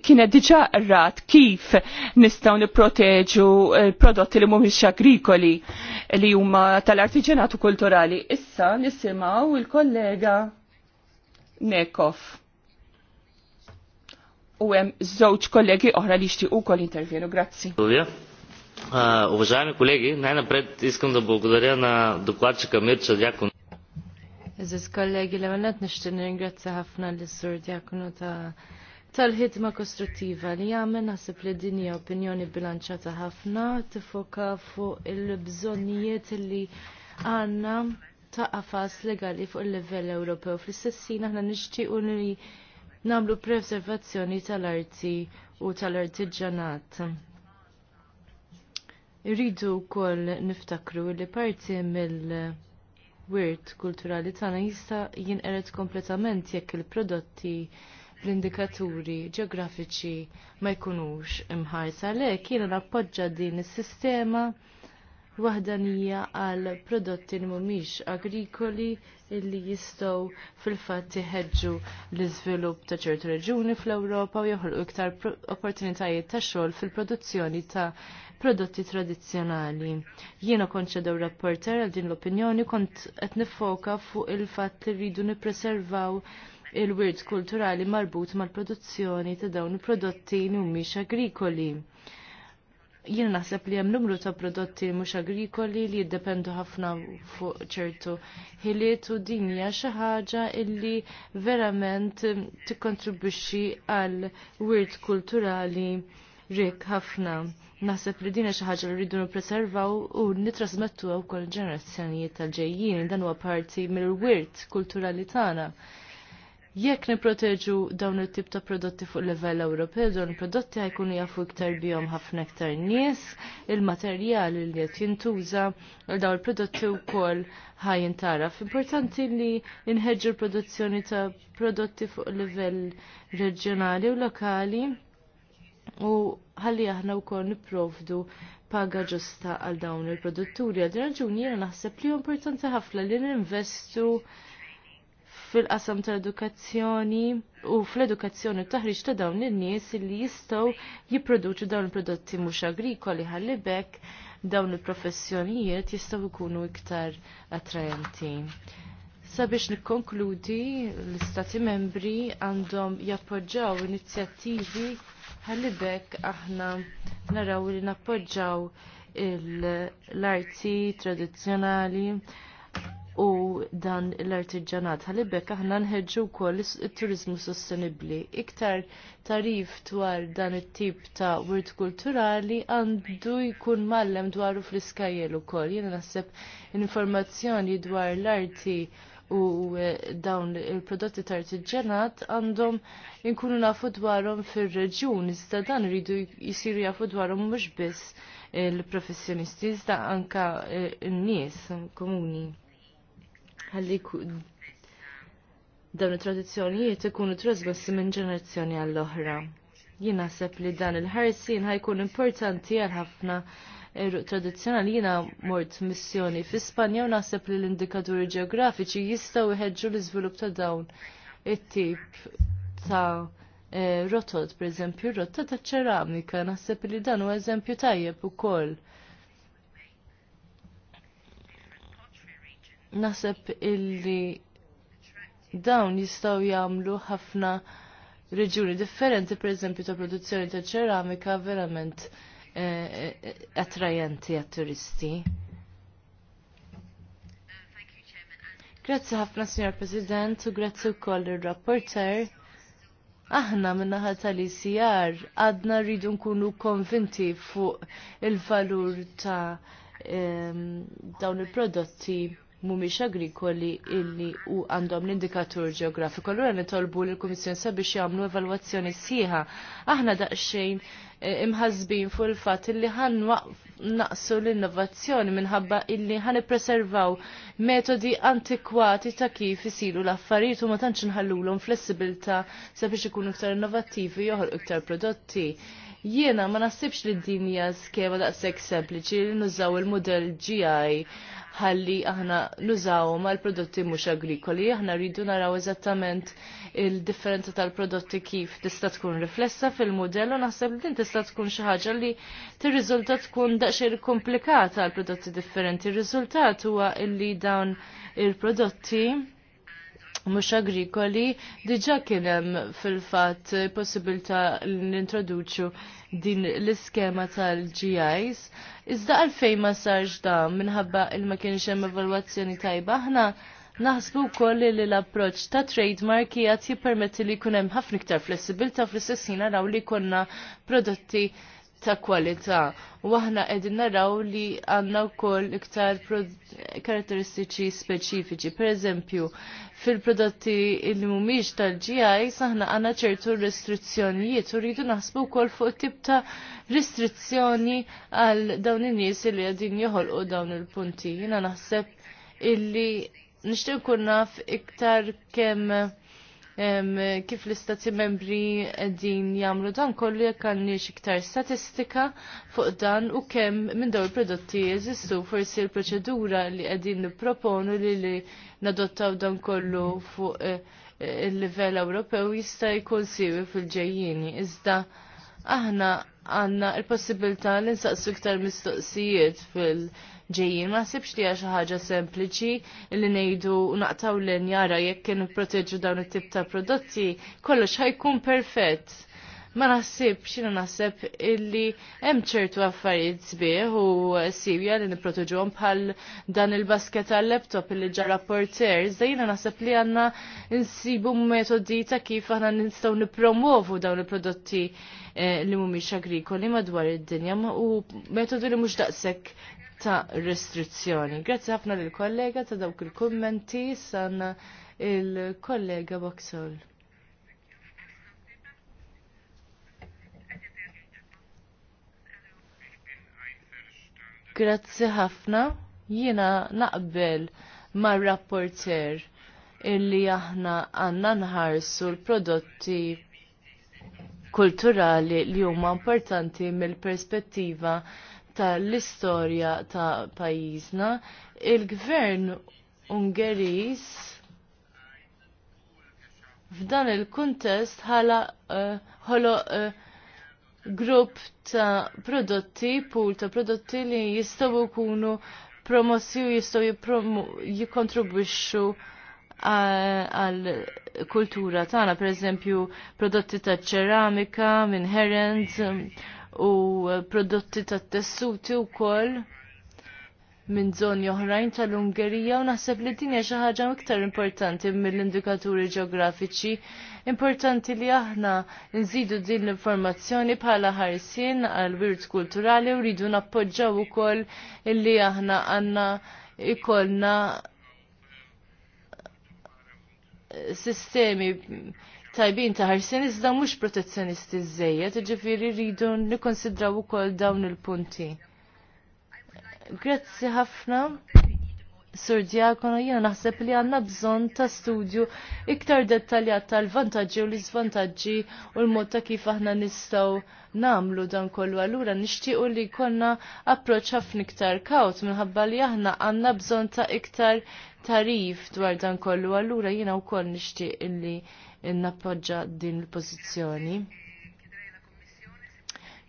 kienet diġa rrat kif nistaw niproteġu eh, prodotti li mhumiex agrikoli li huma tal-artiġenatu kulturali. Issa nisimaw il-kollega Nekov. U hemm żewġ kollegi oħra li jixtiequ wkoll intervjenu. Grazzi. Ah, уважаеми kollegi, najna pred iskam da благодаря na докладчика Мирча Дякон. Iżis kollegi li għannet nishtin ringrazzja ħafna l-sur diakunu ta' tal-ħidma kostruttiva li għamen għasib li dinja opinjoni bilanċata ħafna tifoka fuq il-bżonnijiet li għanna ta' għafas legali fuq il-livell Ewropew. Fl-istessin aħna nixtiequ li namlu preservazzjoni tal-arti u tal-artiġanat. Irridu kol niftakru li parti mill- wirt kulturali tagħna jista' jinqered kompletament jekk il-prodotti l-indikaturi ġeografiċi ma jkunux imħarsa le kienu nappoġġa din is-sistema waħdanija għal prodotti li mhumiex agrikoli illi jistgħu fil-fatt iħeġġu l-iżvilupp ta' ċertu reġuni fl-Ewropa u joħolqu iktar opportunitajiet ta' xogħol fil-produzzjoni ta' prodotti tradizzjonali. Jiena konċedew rapporter għal din l-opinjoni kont qed nifoka fuq il-fatt li rridu nippreservaw il-wirt kulturali marbut mal-produzzjoni ta' dawn il-prodotti li mhumiex agrikoli jien naħseb li hemm numru ta' prodotti mhux agrikoli li jiddependu ħafna fuq ċertu ħiliet u din hija xi ħaġa illi verament tikkontribwixxi għal wirt kulturali rik ħafna. Naħseb li dina xi ħaġa li rridu nippreservaw u nittrasmettu wkoll ġenerazzjonijiet tal-ġejjin dan huwa parti mill-wirt kulturali tagħna. Jekk niproteġu dawn it-tip ta' prodotti fuq livell Ewropew, dawn il-prodotti ħajkunu jafu iktar bihom ħafna iktar nies, il-materjali li qed jintuża għal dawn il-prodotti wkoll ħajn taraf. Importanti li nħeġġu l-produzzjoni ta' prodotti fuq livell reġjonali u lokali u ħalli aħna wkoll nipprovdu paga ġusta għal dawn il-produtturi. Għal raġuni jiena naħseb li importanti ħafna li ninvestu fil-qasam tal-edukazzjoni u fl-edukazzjoni u taħriġ ta' dawn in-nies li jistgħu jipproduċu dawn il-prodotti mhux agrikoli ħalli bekk dawn il-professjonijiet jistgħu jkunu iktar attrajenti. Sabiex nikkonkludi l-Istati membri għandhom jappoġġaw inizjattivi ħalli bekk aħna naraw li nappoġġaw l-arti tradizzjonali u dan l-artiġanat. Ħalli bekk aħna nħeġġu wkoll it-turizmu sostenibbli. Iktar tarif dwar dan it-tip ta' wirt kulturali għandu jkun mallem dwaru fl-iskajjel ukoll. Jiena naħseb informazzjoni dwar l-arti u eh, dawn il-prodotti ta' ġenat għandhom inkunu nafu dwarhom fir-reġjun, iżda dan iridu jisiru jafu dwarhom mhux biss il-professjonisti, iżda anka eh, n-nies komuni. Għalli dawn it-tradizzjonijiet ikunu trasmessi minn ġenerazzjoni għall-oħra. Jien naħseb li dan il-ħarsin ħajkun importanti għal ħafna tradizjonali tradizzjonali jiena mort missjoni fi Spanja u naħseb li l-indikaturi ġeografiċi jistgħu iħedġu l-iżvilupp ta' dawn it-tip ta' e, rotot, pereżempju rotta ta' ċeramika, naħseb li dan huwa eżempju tajjeb ukoll. Naħseb illi dawn jistaw jagħmlu ħafna reġuni differenti, per eżempju, ta' produzzjoni ta' ċeramika verament Eh, eh, attrajenti għat-turisti. Uh, grazzi ħafna, Signor President, u grazzi u koll il-rapporter. Aħna minnaħa tal-ICR għadna rridu nkunu konvinti fuq il-valur ta' dawn il-prodotti mumiex agrikoli illi u għandhom l-indikatur ġeografiku. Allura nitolbu l-Kummissjoni sabiex jagħmlu evalwazzjoni sieħa. Aħna daqsxejn imħazbin fuq il-fatt illi ħan naqsu l-innovazzjoni minħabba illi ħan preservaw metodi antikwati ta' kif isilu l-affarijiet u ma tantx nħallulhom flessibilta sabiex ikunu iktar innovattivi joħol iktar prodotti. Jiena ma nasibx li din hija skema daqshekk sempliċi li nużaw il model GI ħalli aħna ma l prodotti mhux agrikoli, aħna rridu naraw eżattament il-differenza tal-prodotti kif tista' tkun riflessa fil-modell u naħseb li tista' tista' tkun xi ħaġa li tirriżulta tkun daqsxejn komplikata għal prodotti differenti. Ir-riżultat huwa li dawn il-prodotti mhux agrikoli diġà kien hemm fil-fatt possibilità li nintroduċu din l-iskema tal-GIs. Iżda għalfejn ma sarx dan minħabba il ma kienx hemm evalwazzjoni tajba aħna Naħsbu wkoll li l-approċċ ta' trademark qiegħed jippermetti li jkun hemm ħafna iktar flessibilta fl istessin naraw li jkollna prodotti ta' kwalità. U aħna qegħdin naraw li għandna wkoll iktar karatteristiċi speċifiċi. Pereżempju, fil-prodotti li mhumiex tal-GI saħna għandna ċertu restrizzjonijiet u rridu naħsbu wkoll fuq tip ta' restrizzjoni għal dawn in-nies li qegħdin joħolqu dawn il-punti. Jiena naħseb illi Nishtiq kun naf iktar kemm kif l-istati membri din jamlu dan kollu jekk għandniex iktar statistika fuq dan u kemm minn dawn il-prodotti jeżistu forsi l-proċedura li qegħdin nipproponu li li nadottaw dan kollu fuq eh, il-livell Ewropew jista' jkun siwi fil ġejjini Iżda aħna għandna l possibilità li nsaqsu iktar mistoqsijiet fil- ġejjin. Ma sibx li xi ħaġa sempliċi li ngħidu naqtaw l jara jekk kien proteġu dawn it-tip ta' prodotti, kollox ħajkun perfett. Ma nasib, xina naħseb illi hemm ċertu affarijiet sbieħ u Sirja li nipproteġuhom bħal dan il-basket tal-laptop illi ġar rapporter, iżda nasib naħseb li għandna insibu metodi ta' kif aħna nistgħu nippromovu dawn il-prodotti eh, li mhumiex agrikoli madwar id-dinja u metodi li mhux daqshekk ta' restrizzjoni. Grazzi ħafna lill kollega ta' dawk il-kummenti sanna il-kollega Boxol. Grazzi ħafna, jiena naqbel mar rapporter illi aħna għanna nħarsu l-prodotti kulturali li huma importanti mill-perspettiva tal-istorja ta' pajjiżna, il-gvern Ungeris f'dan il-kuntest ħala eh, ħolo uh, uh, grupp ta' prodotti, pool ta' prodotti li jistaw kunu promossi u jistaw jikontribwixxu eh, għal kultura tagħna, per eżempju, prodotti ta' ċeramika minn herend, u prodotti tat tessuti wkoll minn żoni oħrajn tal-Ungerija u naħseb li din hija xi ħaġa iktar importanti mill-indikaturi ġeografiċi. Importanti li aħna nżidu din l-informazzjoni bħala ħarsien għal wirt kulturali u rridu nappoġġaw ukoll illi aħna għandna ikollna sistemi tajbin ta' ħarsien iżda mhux protezzjonisti żejjed, jiġifieri rridu nikkonsidraw ukoll dawn il-punti. Grazzi ħafna. Sur Diakono, jena naħseb li għanna bżon ta' studju iktar dettaljat tal-vantagġi u l-izvantagġi u l-mod ta' kif aħna nistaw namlu dan kollu għallura nishtiqu li konna approċ ħafna iktar kaut minħabba li aħna għanna bżon ta' iktar tarif dwar dan kollu, allura jina u koll nishtiq illi nappoġġa din il-pozizjoni.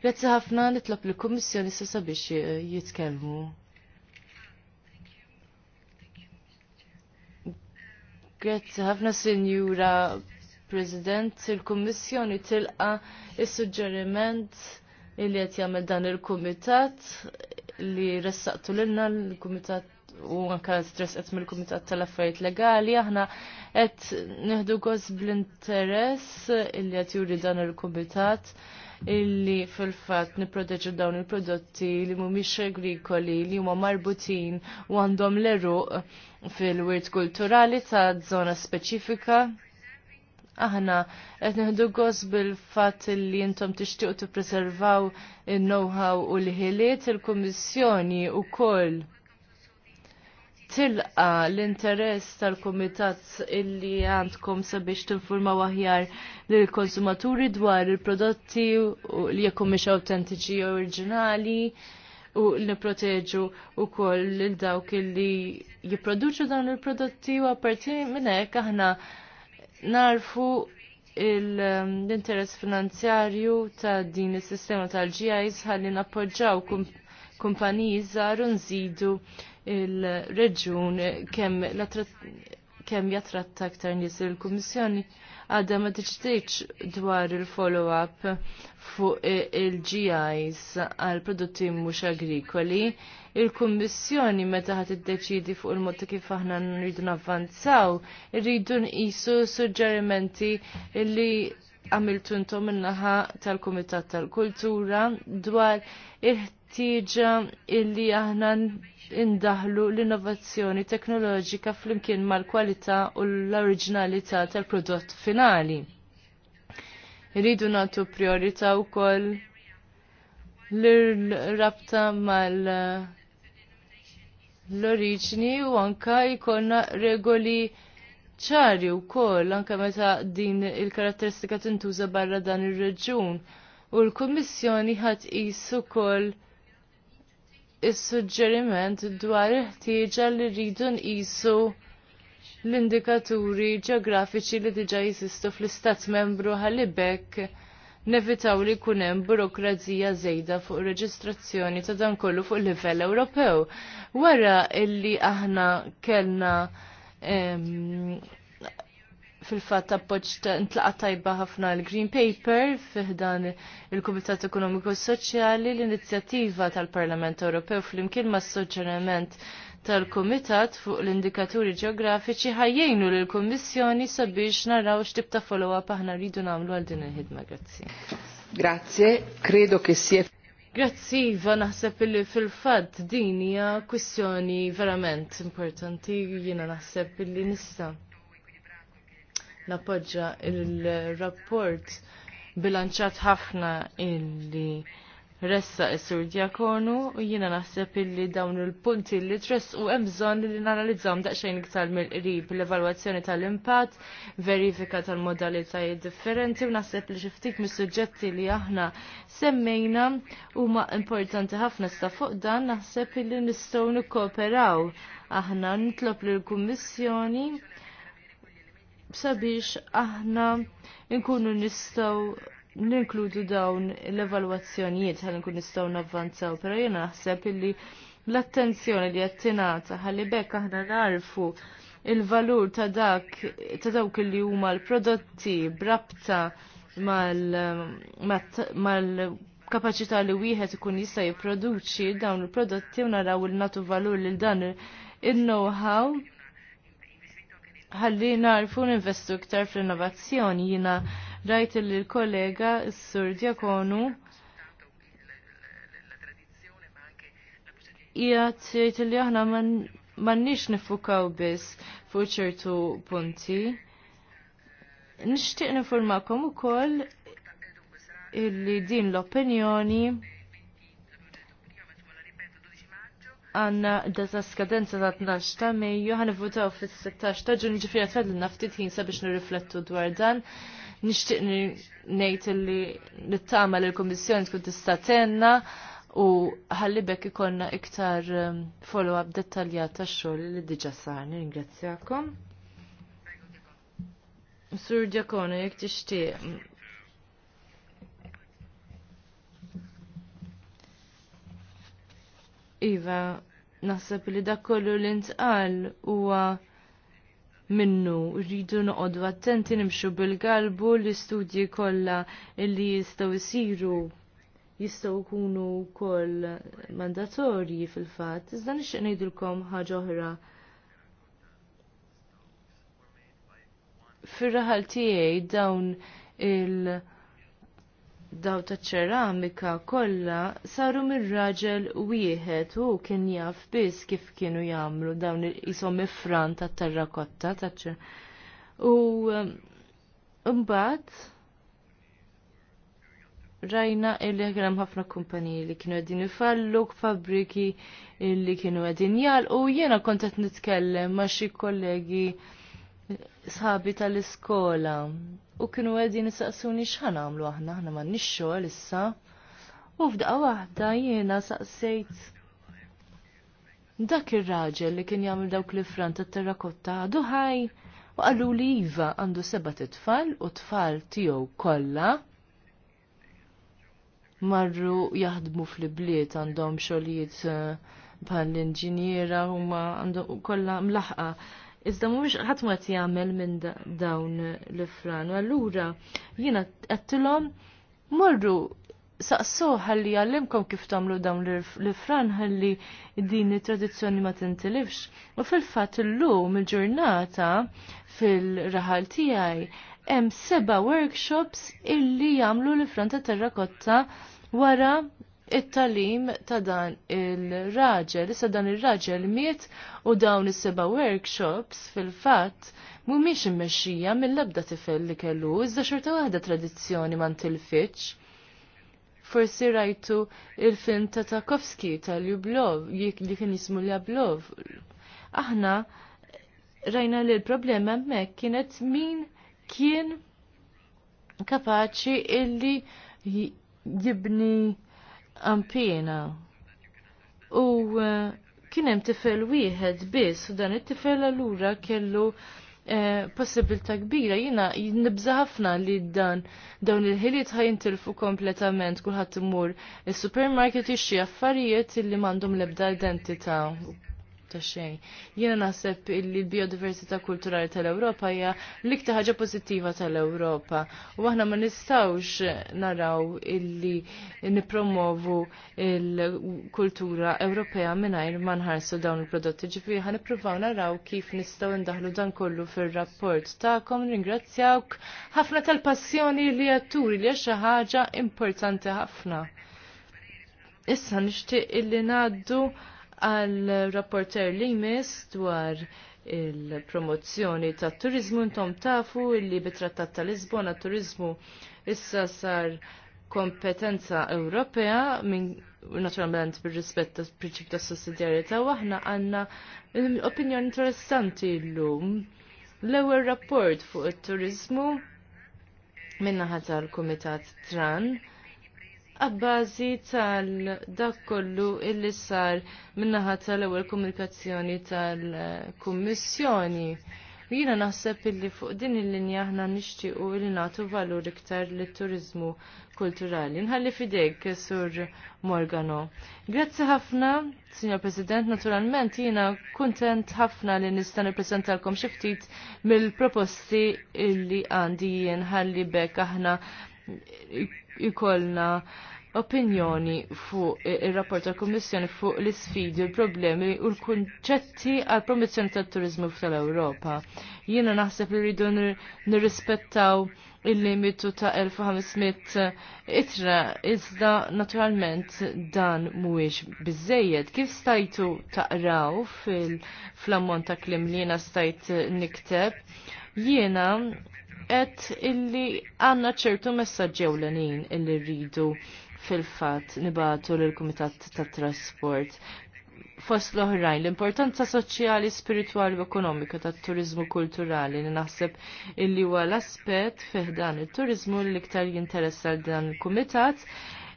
Grazzi ħafna li tlop l-Kommissjoni sa sabiex eh, jitkellmu. Grazzi ħafna Sinjura President, il-Kommissjoni tilqa is-suġġeriment il li qed jagħmel dan il-Kumitat li ressaqtu l-inna l-Kumitat u anka stress qed mill-Kumitat tal-Affarijiet Legali aħna qed neħdu gost bl-interess illi qed juri dan il-Kumitat illi fil-fatt nipproteġu dawn il-prodotti li mhumiex agrikoli li huma marbutin u għandhom l-eruq fil-wirt kulturali ta' zona speċifika aħna qed neħdu gos bil-fatt li intom tixtiequ tippreservaw in-know-how u l-ħiliet il-Kummissjoni wkoll tilqa l-interess tal-komitat illi għandkom sabiex tinformaw aħjar lill-konsumaturi dwar il-prodotti li jekk mhix autentiċi oriġinali u l-proteġu u koll il-dawk illi jiproduċu dawn il-prodotti u għaparti minnek aħna narfu l-interess finanzjarju ta' din is sistema tal-GIs ħalli nappoġġaw kumpaniji żgħar nżidu il-reġun kemm kemm jatratta aktar nies il-Kummissjoni għadha ma tiġtiex dwar il-follow-up fuq il-GIs għal prodotti mhux agrikoli. Il-Kummissjoni meta ħadd iddeċidi fuq il-mod kif aħna nridu navvanzaw, irridu nqisu suġġerimenti li għamiltu intom minnaħa tal-Kumitat tal-Kultura dwar il-ħtieġa illi aħna indaħlu l-innovazzjoni teknoloġika flimkien mal-kwalità u l-oriġinalità tal-prodott finali. Rridu nagħtu priorità wkoll l-rabta mal- l-oriġini u anka jkollna regoli ċari wkoll anke meta din il-karatteristika tintuża barra dan ir-reġun u l-Kummissjoni ħadd qis ukoll is-suġġeriment dwar il-ħtieġa li rridun nqisu l-indikaturi ġeografiċi li diġa jisistu fl-istat membru ħalibek nevitaw li kunem burokrazija zejda fuq reġistrazzjoni ta' dan kollu fuq livell Ewropew. Wara illi aħna kellna fil-fat appoġġ ntlaqa tajba ħafna l-Green Paper fiħdan il-Kumitat Ekonomiku Soċjali l-inizjattiva tal-Parlament Ewropew fl-imkien ma' soġġerament tal-Kumitat fuq l-indikaturi ġeografiċi ħajjejnu l kummissjoni sabiex naraw x'tib ta' follow-up aħna rridu nagħmlu għal din il-ħidma. Grazzi. Grazie, credo che sia Grazzi, Iva, naħseb li fil-fat din hija kwistjoni verament importanti jiena naħseb li nista' napoġġa il-rapport bilanċat ħafna illi ressa s-sur Diakonu u jina naħseb illi dawn il-punti li tress u emżon li nanalizzom daqxajn iktar mill-qrib l-evalwazzjoni tal-impatt, verifika tal-modalitajiet differenti u naħseb li xiftik mis-suġġetti li aħna semmejna u ma importanti ħafna sta fuq dan naħseb illi nistgħu nikkooperaw aħna nitlob lill-Kummissjoni sabiex aħna nkunu nistgħu ninkludu dawn l-evalwazzjonijiet ħalli nkun nistgħu navvanzaw, però jiena naħseb illi l-attenzjoni li qed tingħata ħalli bekk aħna narfu il-valur ta' dak ta' dawk illi huma l-prodotti brabta mal-kapaċità li wieħed ikun jista' jipproduċi dawn il-prodotti u naraw il-natu valur lil dan il-know-how ħalli narfu ninvestu iktar fl-innovazzjoni jina rajt li l-kollega s-sur Diakonu jgħat jgħat li aħna mannix nifukaw biss fuq ċertu punti. Nishtiq nifurmakom u koll illi din l-opinjoni għanna data skadenza ta' 12 ta' Mejju ħanivutaw fis-16 ta' Ġunju ġifieri tfedlilna ftit ħin sabiex nirriflettu dwar dan nixtieq ngħid li nittama li l-Kummissjoni tkun tista' tenna u ħallibek ikonna iktar ehm, follow-up dettaljat tax-xogħol li diġà sarni ringrazzjakom. Sur Djakonu, jek tixtieq Iva, naħseb li dak kollu li ntqal huwa minnu. Rridu noqogħdu attenti nimxu bil-galbu l-istudji kollha li jistgħu jsiru jistgħu jkunu wkoll mandatorji fil-fatt. Iżda nixtieq ngħidulkom ħaġa oħra. Fir-raħal tiegħi dawn il- daw ta' ċeramika kollha saru mir-raġel wieħed u kien jaf biss kif kienu jagħmlu dawn isom ifran ta' terrakotta ta' U um, mbagħad rajna illi kien hemm ħafna kumpaniji li kienu qegħdin ifallu fabbriki illi kienu qegħdin U jiena kont qed nitkellem ma' xi kollegi sħabi tal-iskola u kienu għedin nisaqsuni xħan għamlu aħna, aħna ma nixxol issa. U f'daqqa waħda jiena saqsejt dak ir-raġel li kien jagħmel dawk li fran tat-terrakotta għadu ħaj u għallu li iva għandu seba' tit-tfal u tfal tiegħu kollha marru jaħdmu fl-bliet għandhom xogħlijiet eh, bħal l-inġiniera huma għandhom kollha mlaħqa Iżda mhumiex ħadd ma qed jagħmel minn dawn l-ifran. Allura jiena qedtilhom morru saqsu ħalli għallimkom kif tagħmlu dawn l-ifran ħalli din it-tradizzjoni ma tintilifx. U fil-fatt illum il-ġurnata fil-raħal tiegħi hemm seba' workshops illi jagħmlu l-ifran ta' terrakotta wara it-talim ta' dan il-raġel, issa dan il-raġel miet u dawn is-seba workshops fil-fatt mhumiex immexxija mill-ebda tifel li kellu, iżda xorta waħda tradizzjoni man til-fitx. Forsi rajtu il-film ta' Tarkovski tal-Jublov, li kien jismu Ljublov. Aħna rajna li l-problema hemmhekk kienet min kien kapaċi illi jibni ampina. U eh, kien hemm tifel wieħed biss u dan it-tifel allura kellu E, eh, possibilta kbira jina nibza ħafna li dan dawn il-ħiliet ħajintilfu kompletament kulħadd imur is-supermarket ixxi affarijiet li m'għandhom l-ebda identità ta' xejn. Jiena naħseb li l-biodiversità kulturali tal-Ewropa hija l-iktar ħaġa pożittiva tal-Ewropa. U aħna ma nistgħux naraw illi nippromovu l-kultura Ewropea mingħajr ma nħarsu dawn il-prodotti. Ġifieri ħa nippruvaw naraw kif nistgħu ndaħlu dan kollu fir-rapport tagħkom. Ringrazzjawk ħafna tal-passjoni li għatturi li xi ħaġa importanti ħafna. Issa nixtieq illi ngħaddu għal rapporter li jmess dwar il-promozzjoni ta' turizmu intom tafu li bitrattat ta' Lisbona turizmu issa sar kompetenza Ewropea minn naturalment bir rispett ta' prinċip ta' sussidjarjetà waħna għandna opinjoni interessanti llum. L-ewwel rapport fuq it-turizmu minnaħa tal-Kumitat Tran għabbażi tal-dak kollu illi sar minnaħa tal-ewwel komunikazzjoni tal-Kummissjoni. Jina naħseb illi fuq din il-linja aħna nixtiequ li nagħtu valur iktar li turiżmu kulturali. Nħalli fidejk, Sur Morgano. Grazzi ħafna, Signor President, naturalment jina kuntent ħafna li nista' nippresentalkom xi ftit mill-proposti illi għandi jien ħalli bekk aħna ikollna opinjoni fuq il-rapport tal kummissjoni fuq l-isfidi, il-problemi u l-kunċetti għal promozzjoni tal-turizmu fl-Ewropa. Jiena naħseb li rridu nirrispettaw il-limitu ta' 1500 itra, iżda naturalment dan mhuwiex biżejjed. Kif stajtu taqraw fil-flammon ta' klim li jiena stajt nikteb? Jiena et illi għanna ċertu messagġew l-għanin illi rridu fil-fat nibatu l-Komitat ta' Trasport. Fost l-oħrajn, l-importanza soċjali, spirituali u ekonomika ta' turizmu kulturali li naħseb illi huwa l-aspet fiħdan il-turizmu li iktar jinteressa dan il-Komitat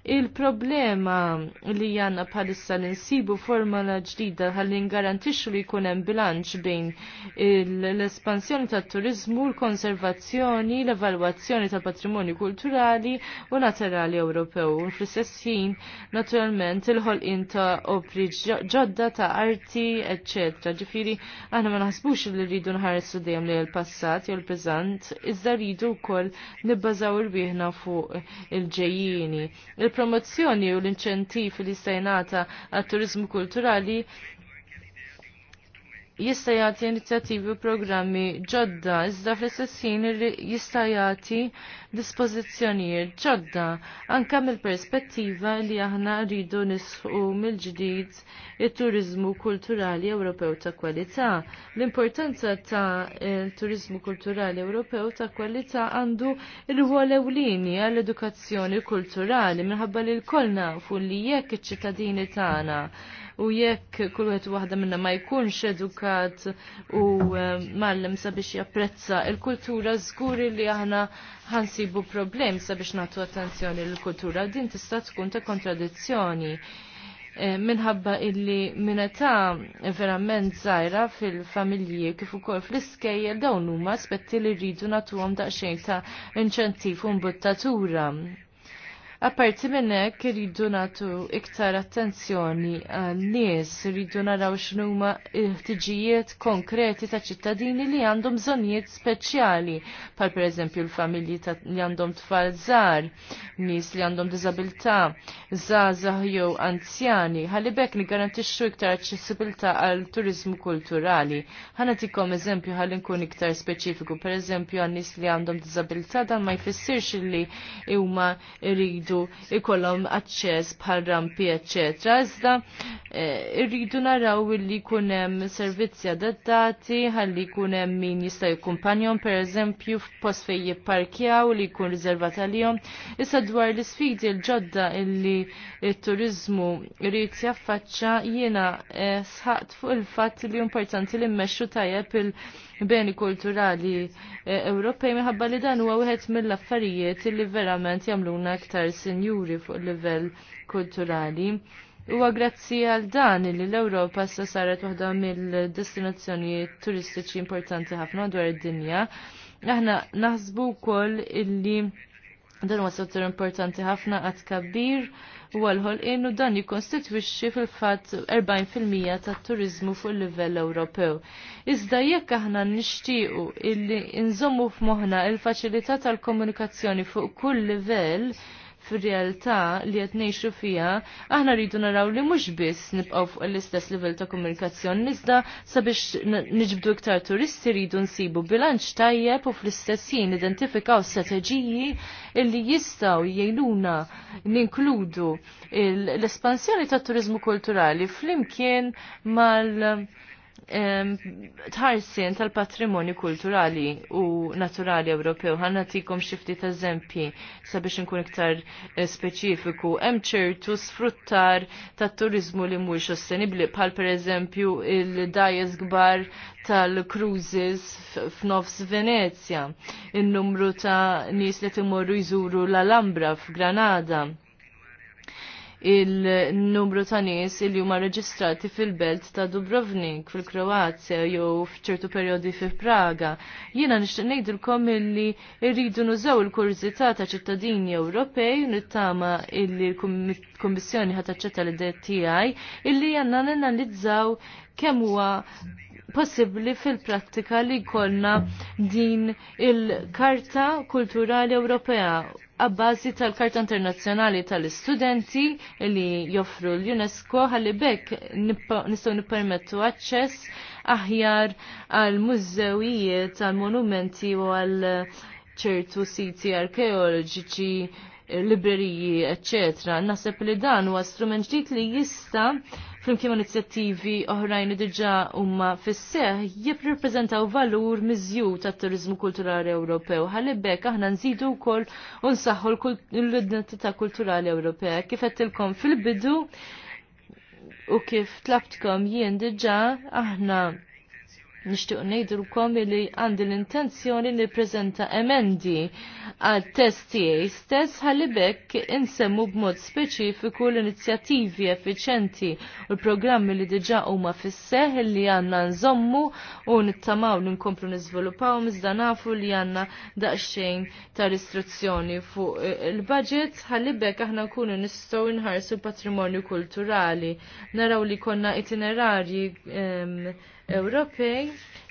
Il-problema li għanna bħalissa li nsibu formula ġdida ħalli ngarantixxu li jkun hemm bilanċ bejn l-espansjoni tat-turizmu, l-konservazzjoni, l-evalwazzjoni tal-patrimonju kulturali u naturali Ewropew. Fl-istess ħin, naturalment, il-ħolqien ta' opri ġodda ta' arti, eccetera. Ġifiri, aħna ma naħsbux li rridu nħarsu dejjem li l-passat jew l-preżant, iżda rridu wkoll nibbażaw irbieħna fuq il-ġejjini il-promozzjoni u l-inċentiv li sejnata għat-turizmu kulturali jista' jagħti inizjattivi u programmi ġodda, iżda fl istessin jista' jagħti dispożizzjonijiet ġodda anke mill-perspettiva li aħna rridu nisħu mill-ġdid it-turizmu kulturali Ewropew ta' kwalità. L-importanza ta' turizmu kulturali Ewropew ta' kwalità għandu il-ħol ewlini għall-edukazzjoni kulturali minħabba li l-kolna fu li jekk iċ-ċittadini tagħna u jekk kulħet waħda minna ma jkunx edukat u eh, mallem sabiex japprezza il-kultura żgur li aħna ħansibu problem sabiex nagħtu attenzjoni l-kultura din tista' tkun ta' kontradizzjoni eh, minħabba illi mineta verament zaħira fil-familji kif ukoll fl-iskejjel dawn huma aspetti li rridu nagħtuhom daqsxejn ta' inċentiv u mbuttatura Apparti minn hekk natu nagħtu iktar attenzjoni għan-nies, iridu naraw x'numa il ħtiġijiet konkreti ta' ċittadini li għandhom bżonnijiet speċjali, per pereżempju l-familji li għandhom tfal żgħar, nies li għandhom diżabilità, żgħażagħ jew anzjani, ħalli bekk nigarantixxu iktar aċċessibilità għal turizmu kulturali. Għanatikom eżempju ħalli nkun iktar speċifiku, pereżempju għan nies li għandhom diżabilità dan ma jfissirx li huma iridu iridu ikollom aċċess bħal rampi eccetera. Iżda eh, rridu naraw illi jkun hemm servizzi adattati ħalli jkun hemm min jista' per pereżempju f'post fejn jipparkjaw li jkun rizervat għalihom. Issa dwar l-isfidi l-ġodda illi t-turizmu irid jaffaċċa jiena eh, sħaqt fuq il-fatt li importanti li mmexxu tajjeb il- beni kulturali eh, Ewropej minħabba li dan huwa wieħed mill-affarijiet li verament jagħmluna aktar sinjuri fuq livell kulturali. Huwa grazzi għal dan li l-Ewropa sa saret waħda mill-destinazzjonijiet turistiċi importanti ħafna dwar id-dinja. Aħna naħsbu wkoll illi dan huwa settur importanti ħafna għad kabbir u għalħol innu dan jikonstitwixxi fil-fatt 40% tat-turizmu fuq il-livell Ewropew. Iżda jekk aħna nixtiequ illi nżommu f'moħħna il-faċilità tal-komunikazzjoni fuq kull livell, fir-realtà li qed ngħixu fiha, aħna rridu naraw li mhux biss nibqgħu fuq l-istess livell ta' komunikazzjoni, iżda sabiex niġbdu iktar turisti rridu nsibu bilanċ tajjeb u fl-istess jien identifikaw strateġiji illi jistgħu jgħinuna ninkludu l-espansjoni tat turiżmu kulturali flimkien mal- tħarsien tal-patrimonju kulturali u naturali Ewropew. Ħanna tikom xifti ta' eżempji sabiex nkun iktar eh, speċifiku. Hemm ċertu sfruttar ta' turizmu li mhux sostenibbli bħal pereżempju il-dajes kbar tal-cruises f'nofs Venezja, in-numru ta' nies li timorru jżuru l-Alhambra f'Granada il-numru ta' nies li huma reġistrati fil-belt ta' Dubrovnik fil-Kroazja jew f'ċertu periodi fi Praga. Jiena nixtieq ngħidilkom illi rridu nużaw il-kurzità ta' ċittadini Ewropej nittama illi l-Kummissjoni ħat taċċetta l dti tiegħi illi għandna nanalizzaw kemm huwa possibbli fil-prattika li jkollna din il-Karta Kulturali Ewropea għabbażi tal-Karta Internazzjonali tal-Istudenti li joffru l-UNESCO ħalli bekk nistgħu nippermettu aċċess aħjar għal mużewijiet, għal monumenti u għal ċertu siti arkeoloġiċi libreriji, etc. Nasib li dan huwa strument ġdid li jista flimkien inizjattivi oħrajn li diġà huma fis-seħ jippreżentaw valur mizju tat-turiżmu kulturali Ewropew. Ħalibek aħna nżidu wkoll u nsaħħu l-identità kulturali Ewropea. Kif għettilkom fil-bidu u kif tlabtkom jien diġà aħna Nishtiq nejdrukom li għandi l-intenzjoni li prezenta emendi għal testijaj stess għalibek insemmu b'mod speċifiku l-inizjativi effiċenti u l-programmi li diġa huma fisseħ li għanna nżommu u nittamaw li nkomplu nizvilupaw mizda nafu li għanna daqxejn ta' istruzzjoni fuq il-budget ħalibek aħna nkunu nistgħu nħarsu patrimonju kulturali. Naraw li konna itinerarji Ewropej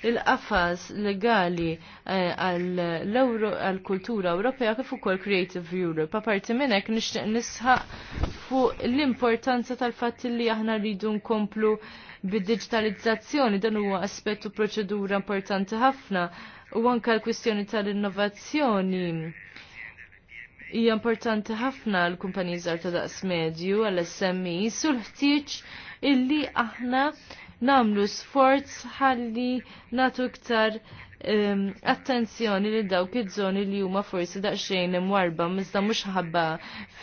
il-qafas legali eh, għal-kultura Ewropea kif ukoll Creative Europe. Aparti minn hekk nixtieq nisħaq fuq l-importanza tal-fatt li aħna rridu nkomplu bid-digitalizzazzjoni dan huwa aspett u proċedura importanti ħafna u anke l-kwistjoni tal-innovazzjoni hija importanti ħafna l kumpaniż żgħar ta' daqs medju għall-SMI sul ħtieġ illi aħna namlu sforz ħalli natu iktar attenzjoni li dawk iż-żoni li huma forsi daqsxejn imwarba iżda mhux ħabba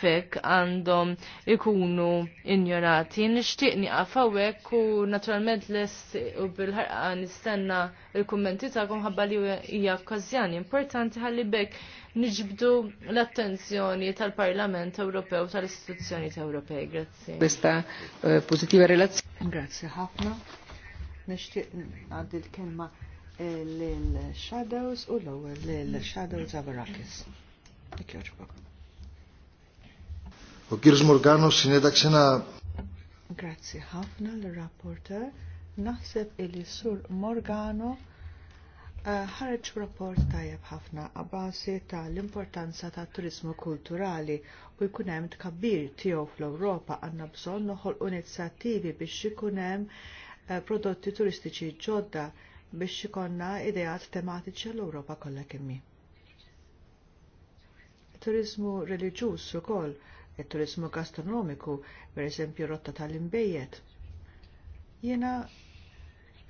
fek għandhom ikunu injorati. Nixtieq nieqaf hawnhekk u naturalment lest u bil-ħarqa nistenna l-kummenti tagħkom ħabba li hija okkażjoni importanti ħalli bekk niġbdu l-attenzjoni tal-Parlament Ewropew tal-istituzzjoni Ewropej. Grazzi. Questa eh, positiva relazzjoni. Grazzi ħafna. Nixtieq għaddi kelma l-Shadows u l-ewwel l-Shadows Avarakis. U κύριος Morgano sinedak sena. Grazie ħafna l-rapporter. Naħseb illi sur Morgano eh, ħareġ rapport tajjeb ħafna għabasi ta' l-importanza ta' turizmu kulturali u jkun hemm tkabbir tiegħu fl-Ewropa għandna bżonn noħolqu inizjattivi biex ikun hemm eh, prodotti turistiċi ġodda biex ikonna ideat tematiċi l-Ewropa kollha kemmi. Turizmu reliġjuż ukoll, it-turizmu gastronomiku, pereżempju rotta tal imbejiet Jiena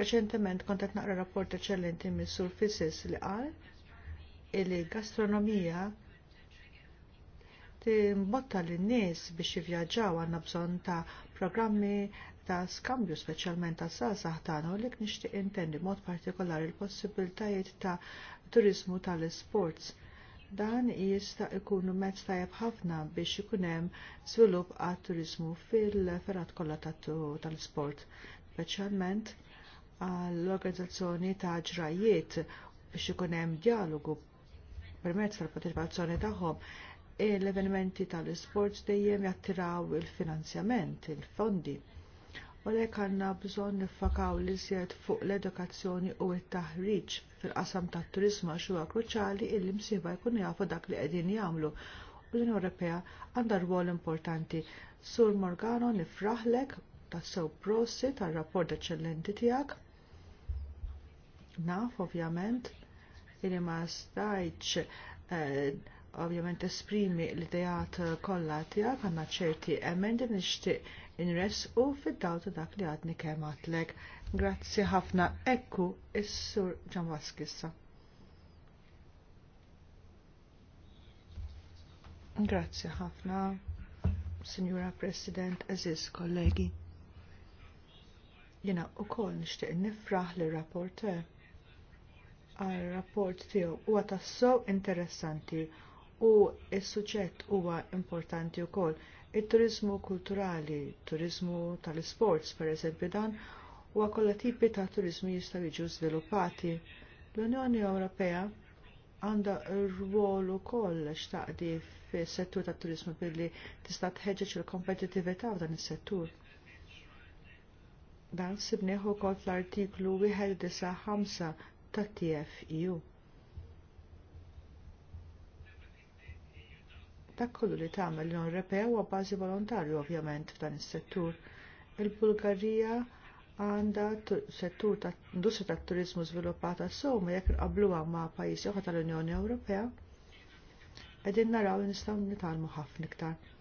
reċentement kont qed naqra rapport eċellenti mis Sur Fisis li qal li gastronomija timbotta lin nies biex jivjaġġaw għanna bżonn ta' programmi ta' skambju speċjalment ta' sa' tagħna u lek nixtieq intendi mod partikolari l-possibiltajiet ta' turizmu tal-sports. Dan jista' ikunu mezz tajjeb ħafna biex ikun hemm żvilupp għat turizmu fil-ferat kollha tal-sport, speċjalment għall-organizzazzjoni ta' ġrajiet biex ikun hemm dialogu permezz tal-partecipazzjoni tagħhom e l-evenimenti tal-isports dejjem jattiraw il-finanzjament, il-fondi u lek għanna bżon nifakaw li zjed fuq l-edukazzjoni u t-taħriġ fil-qasam tat turizmu għax huwa kruċali illi msiba jkunu jafu dak li qegħdin jagħmlu. L-Unjoni Ewropea għandha rwol importanti. Sur Morgano nifraħlek tassew prosi tar-rapport eċċellenti tiegħek. Naf ovvjament illi ma stajtx eh, ovvjament esprimi l-idejat kollha tiegħek għandna ċerti emendi nixtieq inres u fid-daw ta' dak li għadni kemm għatlek. Grazzi ħafna ekku is-sur ġamwaskissa. Grazzi ħafna, Signora President, eżis kollegi. Jena u kol nishtiq nifraħ li rapporter għal rapport tiegħu huwa tassew interessanti u s-suġġett huwa importanti wkoll il-turizmu kulturali, turizmu tal-sports per eżempju dan, u għakolla tipi ta' turizmu jistaw jiġu sviluppati. L-Unjoni Ewropea għanda r-rwol ukoll xtaqdi fis-settur tat turizmu billi tista' tħeġġeġ il-kompetitività f'dan is-settur. Dan sibniħu kol fl-artiklu 195 ta' tfeu Dak kollu li tagħmel l-Unjoni Ewropea huwa bażi volontarju ovvjament f'dan is-settur. Il-Bulgarija għandha settur ta' industrija tat-turiżmu żviluppata sew ma jekk inqabluha ma' pajjiżi oħra tal-Unjoni Ewropea qegħdin naraw li nistgħu nitalmu ħafna iktar.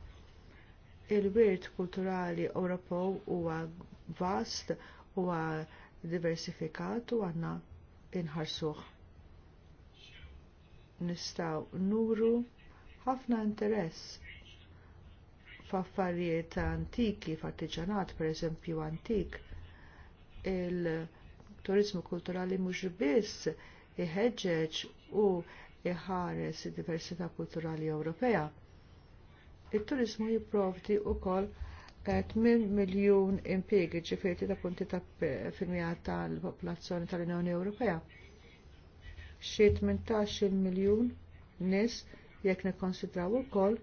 Il-wirt kulturali Ewropew huwa vast, u diversifikat u għandna inħarsuh. Nistgħu nuru ħafna interess f'affarijiet antiki, f'artiġanat pereżempju antik, il-turizmu kulturali mhux biss iħeġġeġ u iħares id-diversità kulturali Ewropea. Il-turizmu jipprovdi wkoll 8 miljun impiegi ġifieri ta' punti ta' filmija tal-popolazzjoni tal-Unjoni Ewropea. Xi 18 miljun nies jekk nikkonsidraw ukoll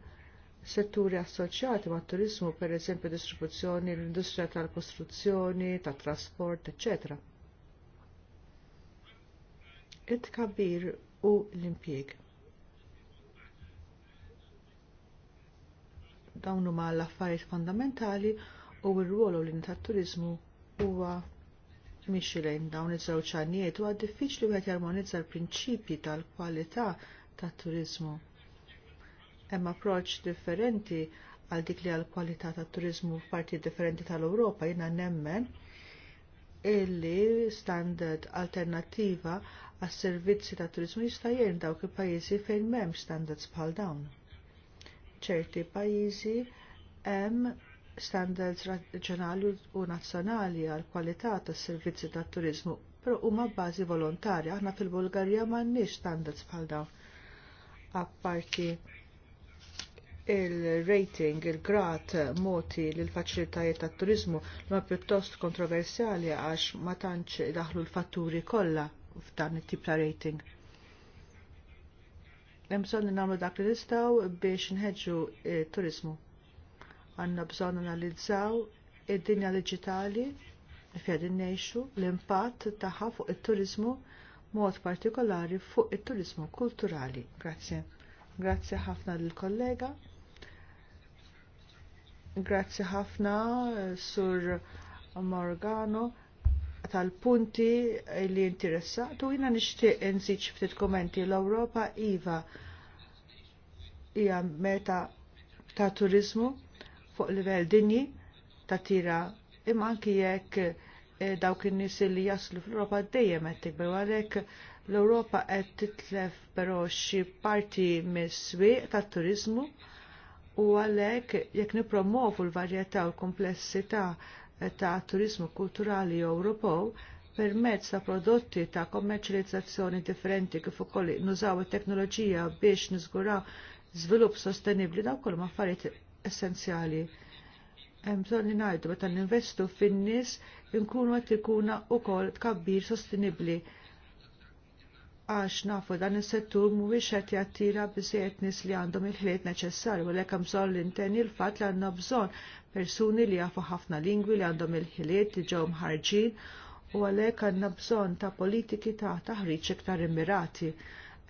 setturi assoċjati ma' turiżmu per eżempju distribuzzjoni, l-industrija tal-kostruzzjoni, tat-trasport, etc. it tkabbir u l-impjeg. Dawn huma l-affarijiet fondamentali u r-ruol l tat-turizmu huwa mixi lejn dawn iż-żewġ għannijiet huwa diffiċli wieħed jarmonizza l-prinċipji tal-kwalità tat-turizmu hemm approċċ differenti għal dik li għal kwalità tat-turiżmu f'parti differenti tal-Ewropa jiena nemmen illi standard alternattiva għas servizzi tat turiżmu jista' jgħin dawk il-pajjiżi fejn m'hemm standards bħal dawn. ċerti pajjiżi hemm standards raġjonali u nazzjonali għal kwalità tas-servizzi tat-turiżmu, però huma bbażi volontarja. Aħna fil-Bulgarija m'għandniex standards bħal dawn. Apparti il-rating, il-grat moti l faċilitajiet tat turiżmu ma pjuttost kontroversjali għax ma tantx daħlu l-fatturi kollha f'dan it-tip ta' rating. Hemm bżonn nagħmlu dak li nistgħu biex nħeġġu t-turiżmu. Għandna bżonn analizzaw id-dinja diġitali li fiha din ngħixu l-impatt tagħha fuq it-turiżmu mod partikolari fuq it-turiżmu kulturali. Grazzi. Grazzi ħafna lill kollega Grazzi ħafna, Sur Morgano, tal-punti li interessatu. Jina nishtiq nżidx ftit kommenti l-Ewropa Iva hija meta ta' turizmu fuq livell dinji ta' tira imma anki jekk eh, dawk in-nies li jaslu fl-Ewropa dejjem qed tikber għalhekk l-Ewropa qed titlef però xi parti mis-swieq tat-turiżmu U għalhekk jekk nippromovu l-varjetà u l-komplessità eh, ta' turizmu kulturali Ewropew permezz ta' prodotti ta' kommerċjalizzazzjoni differenti kif ukoll nużaw it-teknoloġija biex niżguraw żvilupp sostenibbli dawn kollhom affarijiet essenzjali. Hemm bżonn ngħidu meta ninvestu fin-nies inkunu qed ikuna wkoll tkabbir sostenibbli għax nafu dan is-settur mhuwiex qed jattira biżejjed nies li għandhom il-ħiliet neċessarju għalhekk hemm bżonn l-intenni l-fatt li għandna bżonn persuni li jafu ħafna lingwi li għandhom il-ħiliet li ġew mħarġin u għalhekk għandna bżonn ta' politiki ta' taħriġ iktar immirati.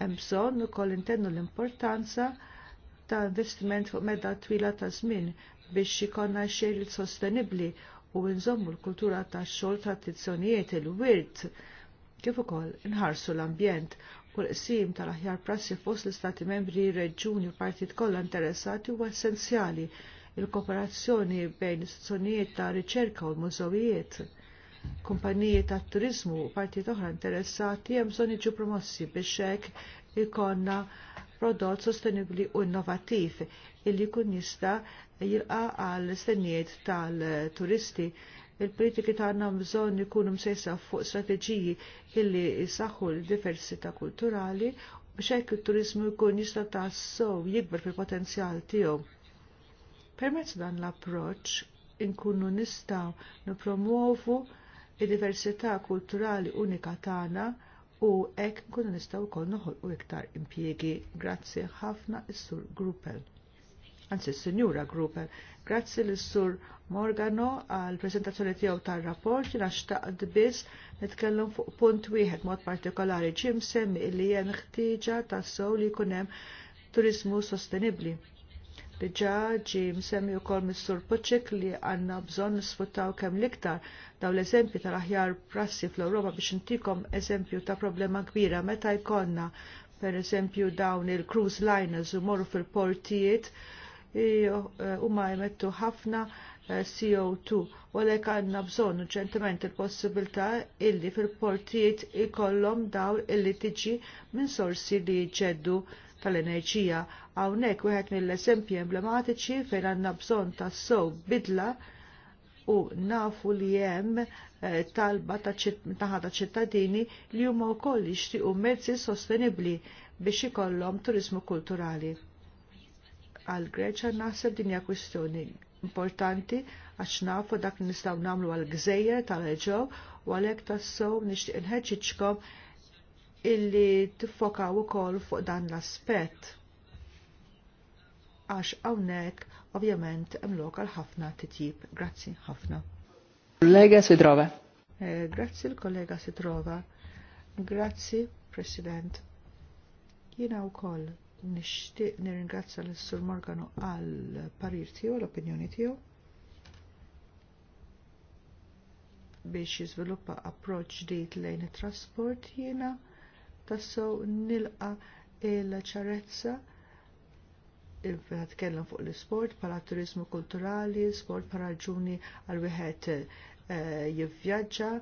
Hemm bżonn ukoll intennu l-importanza ta' investiment fuq medda twila ta' żmien biex ikonna xejn sostenibbli u nżommu l-kultura tax xogħol tradizzjonijiet il-wirt kif ukoll inħarsu l-ambjent u l-qsim tal-aħjar prassi fost l-Istati membri, reġuni u partit kollha interessati huwa essenzjali il-kooperazzjoni bejn istituzzjonijiet ta' riċerka u l-mużewijiet. Kumpaniji ta' turizmu u partit oħra interessati hemm bżonn jiġu promossi biex hekk ikonna prodott sostenibbli u innovattiv illi jkun jista' jilqa' għall istennijiet tal-turisti il-politiki tagħna bżonn ikunu msejsa fuq strateġiji illi jsaħħu l-diversità kulturali biex hekk it-turiżmu jkun jista' tassow jikber fil-potenzjal tiegħu. Permezz dan l-approċċ inkunu nistgħu nippromuovu id-diversità kulturali unika tagħna u hekk nkunu nistgħu wkoll noħolqu iktar impjiegi. Grazzi ħafna is-Sur Gruppel anzi s-Sinjura Gruber. Grazzi l-Sur Morgano għal prezentazzjoni tiegħu tar-rapport li naxtaqt biss nitkellem fuq punt wieħed mod partikolari ġim semmi illi hemm ħtieġa tas-sow li jkun hemm turizmu sostenibbli. Diġà ġi msemmi wkoll mis-Sur Poċek li għandna bżonn nisfuttaw kemm l-iktar dawn l-eżempju tal-aħjar prassi fl-Ewropa biex intikom eżempju ta' problema kbira meta jkollna per eżempju dawn il-cruise liners u morru fil-portijiet Eh, huma jmettu ħafna eh, CO2 u għalhekk għandna bżonn urġentiment il-possibilità illi fil-portijiet ikollhom dawl illi tiġi minn sorsi li jġeddu tal-enerġija. Hawnhekk wieħed mill-eżempji emblematiċi fejn għandna bżonn tas-sow bidla u nafu li hemm eh, talba taħada ċittadini li huma wkoll jixtiequ mezzi sostenibbli biex ikollhom turiżmu kulturali għal Greċa naħseb dinja kwistjoni importanti għax nafu dak li nistgħu nagħmlu għal gżejjer tal reġo u għalhekk tassow nixtieq inħeġġiġkom illi u ukoll fuq dan l-aspett. Għax hawnhekk ovvjament hemm lokal ħafna titjib. Grazzi ħafna. Kollega Sidrova. Eh, grazzi l-kollega Sidrova. Grazzi, President. Jina wkoll nixtieq nirringrazza l sur Morgano għal parir tiegħu l-opinjoni tiegħu biex jiżviluppa approċċ ġdid lejn it-trasport jiena tassew nilqa il-ċarezza il tkellem fuq l-sport bħala turizmu kulturali, sport bħala raġuni għal wieħed eh, jivvjaġġa,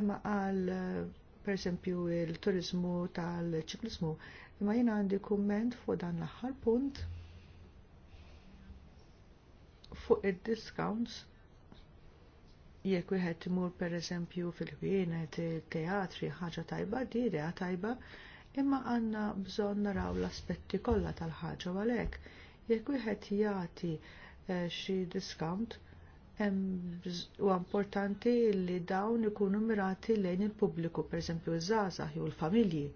imma għal pereżempju il-turizmu tal-ċiklismu Imma jien għandi kumment fuq dan l-aħħar punt fuq id-discounts jekk wieħed imur pereżempju fil-ħwienet teatri ħaġa tajba di idea tajba imma għandna bżonn naraw l-aspetti kollha tal-ħaġa għalhekk jekk wieħed jagħti eh, xi discount huwa importanti li dawn ikunu mirati lejn il-pubbliku, pereżempju iż-żgħażagħ jew l-familji.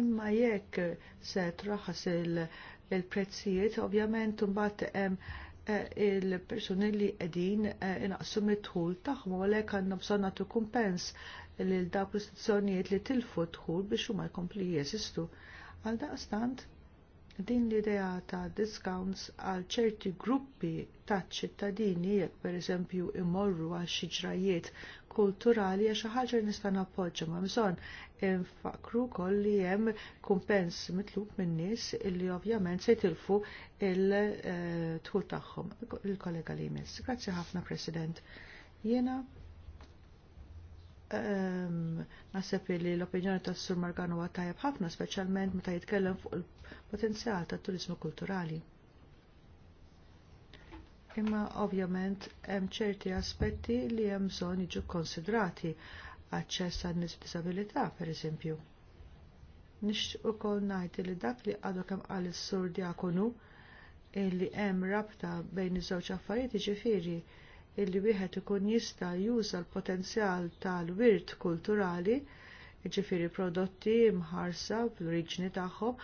Imma jekk se traħas il-prezzijiet, il ovvjament mbagħad hemm eh, il-persuni li qegħdin eh, inaqsu mit-tħul tagħhom għalhekk għandhom bżonn nagħtu kumpens lil dawk l-istituzzjonijiet li tilfu tħul biex huma jkompli jeżistu. Għal daqstant, din l-idea ta' discounts għal ċerti gruppi ta' ċittadini jekk pereżempju imorru għal xi ġrajiet kulturali għax ħaġa nista' nappoġġa ma' bżonn infakru wkoll li hemm kumpens mitlub minn nies illi ovvjament se tilfu il-tħul eh, tagħhom il-kollega li jmiss. Grazzi ħafna President. Jena Ehm, nasib li l-opinjoni tas Sur Marganu huwa tajjeb ħafna, speċjalment meta jitkellem fuq il-potenzjal tat turismu kulturali. Imma ovvjament hemm ċerti aspetti li hemm bżonn jiġu konsidrati aċċess għan nies b'disabilità, pereżempju. Nixtieq ukoll ngħid li dak li għadu kemm qal is-sur diakonu illi hemm rabta bejn iż-żewġ affarijiet jiġifieri illi wieħed ikun jista' juża l-potenzjal tal-wirt kulturali, ġifiri prodotti mħarsa fl-oriġini tagħhom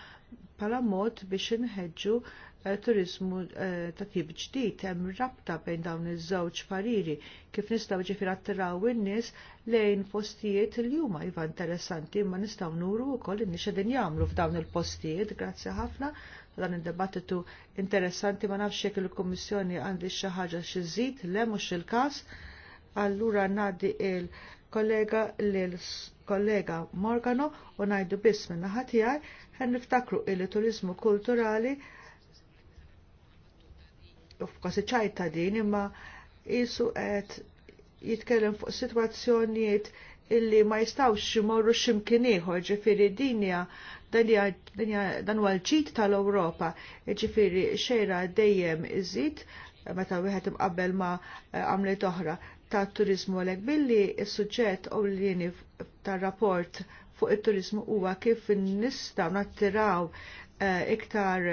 bħala mod biex inħeġġu eh, turizmu eh, ta' tip ġdid hemm rabta bejn dawn iż-żewġ pariri kif nistgħu ġifier attiraw in-nies lejn postijiet li huma iva interessanti imma nistgħu nuru wkoll in nies qegħdin jagħmlu f'dawn il-postijiet. Grazzi ħafna dan id-debattitu interessanti ma nafx jekk il-Kummissjoni għandi xi ħaġa xi żid le mhux il-każ. Allura ngħaddi il-kollega lil kollega Morgano u ngħidu biss minn naħa tiegħi ħen niftakru il-turizmu kulturali f'kosi ċajta din imma jisu qed jitkellem fuq sitwazzjonijiet illi ma jistawx jmorru x'imkien ieħor ġifieri dinja dan huwa l-ġid tal-Ewropa, ġifieri xejra dejjem iżid meta wieħed imqabbel ma għamlet oħra ta' turizmu għalhekk billi s-suġġett u l-lini tar-rapport fuq it-turizmu huwa kif nistgħu nattiraw eh, iktar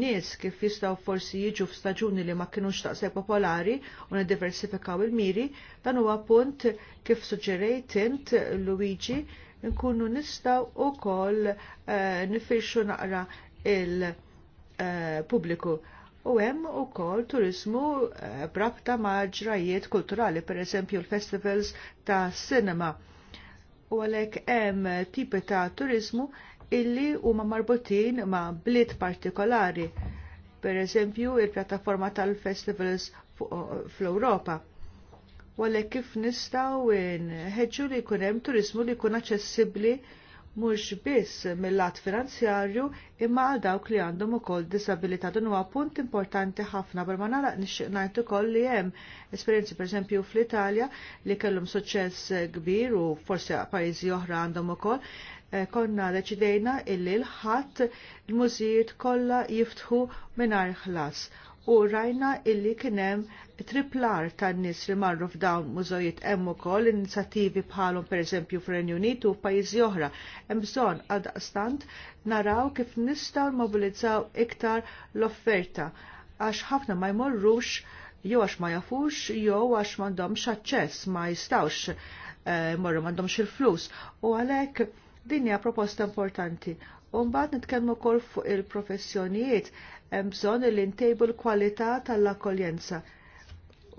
nies kif jistgħu forsi jiġu f'staġuni li ma kinux taqse popolari u diversifikaw il-miri, dan huwa punt kif suġġerejt int Luigi nkunu nistaw u koll eh, nifirxu naqra il-publiku. Eh, u hemm ukoll turizmu eh, brabta ma' ġrajiet kulturali, per eżempju l-festivals ta' cinema. U għalhekk hemm tipi ta' turizmu illi huma marbutin ma' bliet partikolari. Per eżempju il-pjattaforma tal-festivals fl ewropa Walla kif nistaw nħedġu li jkun hemm turizmu li jkun aċċessibbli mhux biss mill-lat finanzjarju imma għal dawk li għandhom ukoll disabilità dan huwa punt importanti ħafna bil ma naraq nixtieq ngħid ukoll li hemm esperjenzi pereżempju fl-Italja li kellhom suċċess kbir u forsi pajjiżi oħra għandhom ukoll eh, konna deċidejna illi l-ħadd il-mużijiet kollha jiftħu mingħajr ħlas u rajna illi kienem triplar tan nis li marru f'dawn mużojiet hemm ukoll inizjattivi bħalhom pereżempju fir-Renju Unit u f'pajjiżi oħra. Hemm bżonn għaldaqstant naraw kif nistgħu mobilizzaw iktar l-offerta għax ħafna ma jmorrux jew għax ma jafux jew għax m'għandhomx aċċess ma jistgħux eh, jmorru m'għandhomx il-flus u għalhekk din hija proposta importanti. U mbagħad nitkellmu wkoll fuq il-professjonijiet hemm bżonn li ntejbu l-kwalità tal-akkoljenza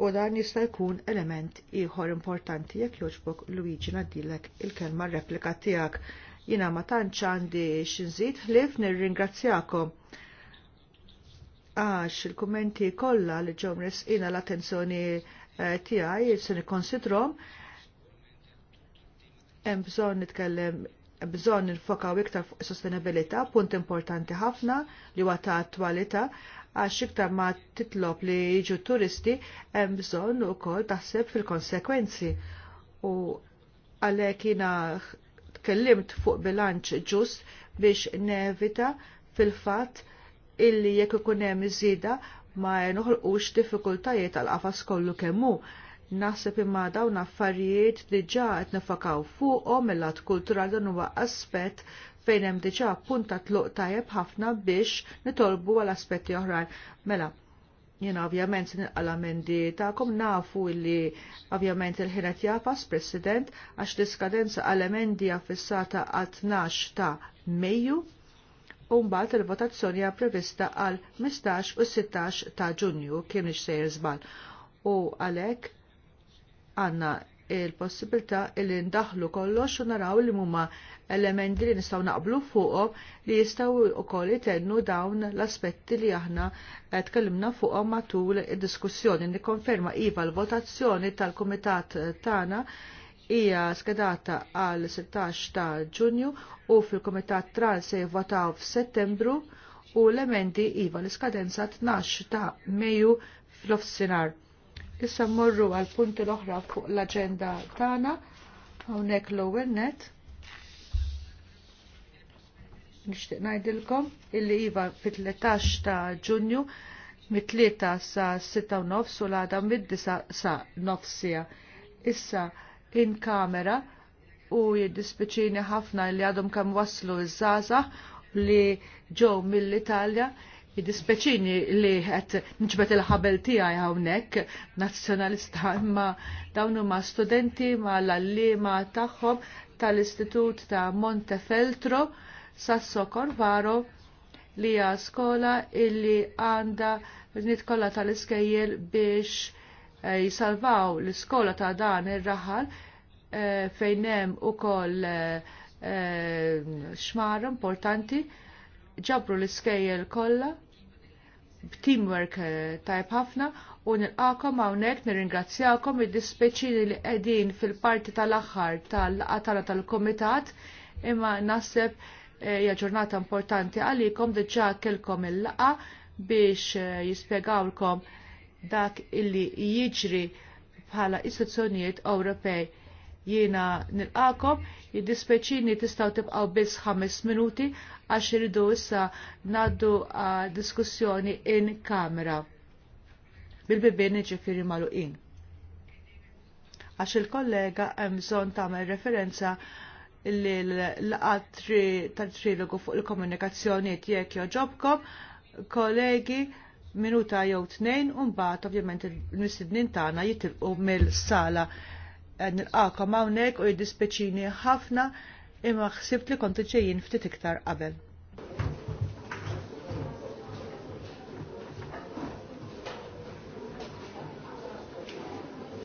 u dan jista' jkun element ieħor importanti jekk jogħġbok Luigi ngħaddilek il-kelma replika tiegħek. Jiena ma tantx għandi x'inżid ħlief nirringrazzjakom għax il-kummenti kollha li ġew resqina l-attenzjoni eh, tiegħi se nikkonsidrom hemm bżonn nitkellem bżonn nifokaw iktar fuq sostenibilità, punt importanti ħafna li huwa ta' attwalità għax iktar ma titlob li jiġu turisti hemm bżonn ukoll taħseb fil-konsekwenzi. U għalhekk jiena tkellimt fuq bilanċ ġust biex nevita fil-fatt illi jekk ikun hemm iżida ma noħolqux diffikultajiet għal qafas kollu kemm hu Naħseb imma dawn affarijiet diġà qed nifakaw fuqhom mill-lat kulturali dan huwa aspett fejn hemm diġà punta tluq tajjeb ħafna biex nitolbu għal aspetti oħrajn. Mela, Jiena ovvjament se nilqala mendi tagħkom nafu li ovvjament il-ħinet jafas President għax l-iskadenza għal emendi affissata għal 12 ta' Mejju u mbagħad il-votazzjoni hija prevista għal 15 u 16 ta' Ġunju kien ix sejr żball. U għalhekk għanna il-possibilità li ndaħlu kollox u naraw li huma elementi li nistgħu naqblu fuqhom li jistgħu wkoll jitennu dawn l-aspetti li aħna tkellimna fuqhom matul id-diskussjoni. konferma iva l-votazzjoni tal-kumitat tagħna hija skedata għal 16 ta' Ġunju u fil-Kumitat Tral se jivvotaw f'Settembru u l-emendi iva l-iskadenza 12 ta' Mejju fl-ofsinar. Issa morru għal punti l-oħra fuq l-agenda tagħna hawnhekk l-ewwel net. Nixtieq ngħidilkom illi iva fit-13 ta' Ġunju mit-3 sa 6 nofs u l-għada mid-9 sa nofsija. Issa in kamera u jiddispiċini ħafna li għadhom kemm waslu iż-żaza li ġew mill-Italja Id-dispeċini li għet nġbet il-ħabel tijaj għawnek, nazjonalista, ma dawnu ma studenti ma l-allima taħħom tal-Istitut ta' Montefeltro, Sasso Corvaro, li hija skola illi għanda kolla tal-iskejjel biex eh, jisalvaw l-iskola ta' dan ir-raħal eh, fejn hemm ukoll eh, xmara importanti ġabru l-iskejjel kollha teamwork eh, tajb ħafna u nilqakom hawnhekk nirringrazzjakom id-dispeċi li qegħdin fil-parti tal-aħħar tal qatala tal-kumitat imma naħseb eh, hija ġurnata importanti għalikom diġà kelkom il-laqa biex eh, jispjegawlkom dak illi jiġri bħala istituzzjonijiet Ewropej jiena nilqakom, jiddispeċini tistaw tibqaw biss ħames minuti għax irridu issa naddu diskussjoni in kamera. Bil-bibini ġifiri maluqin. Għax il-kollega hemm bżonn tagħmel referenza l-laqat tal-trilogu fuq il-komunikazzjoni jekk joġobkom, kollegi, minuta jew tnejn u mbagħad ovvjament il-missidnin tagħna jitilqu mill-sala nilqakom hawnhekk u jiddispeċini ħafna imma ħsibt li kontu ġejjin ftit iktar qabel.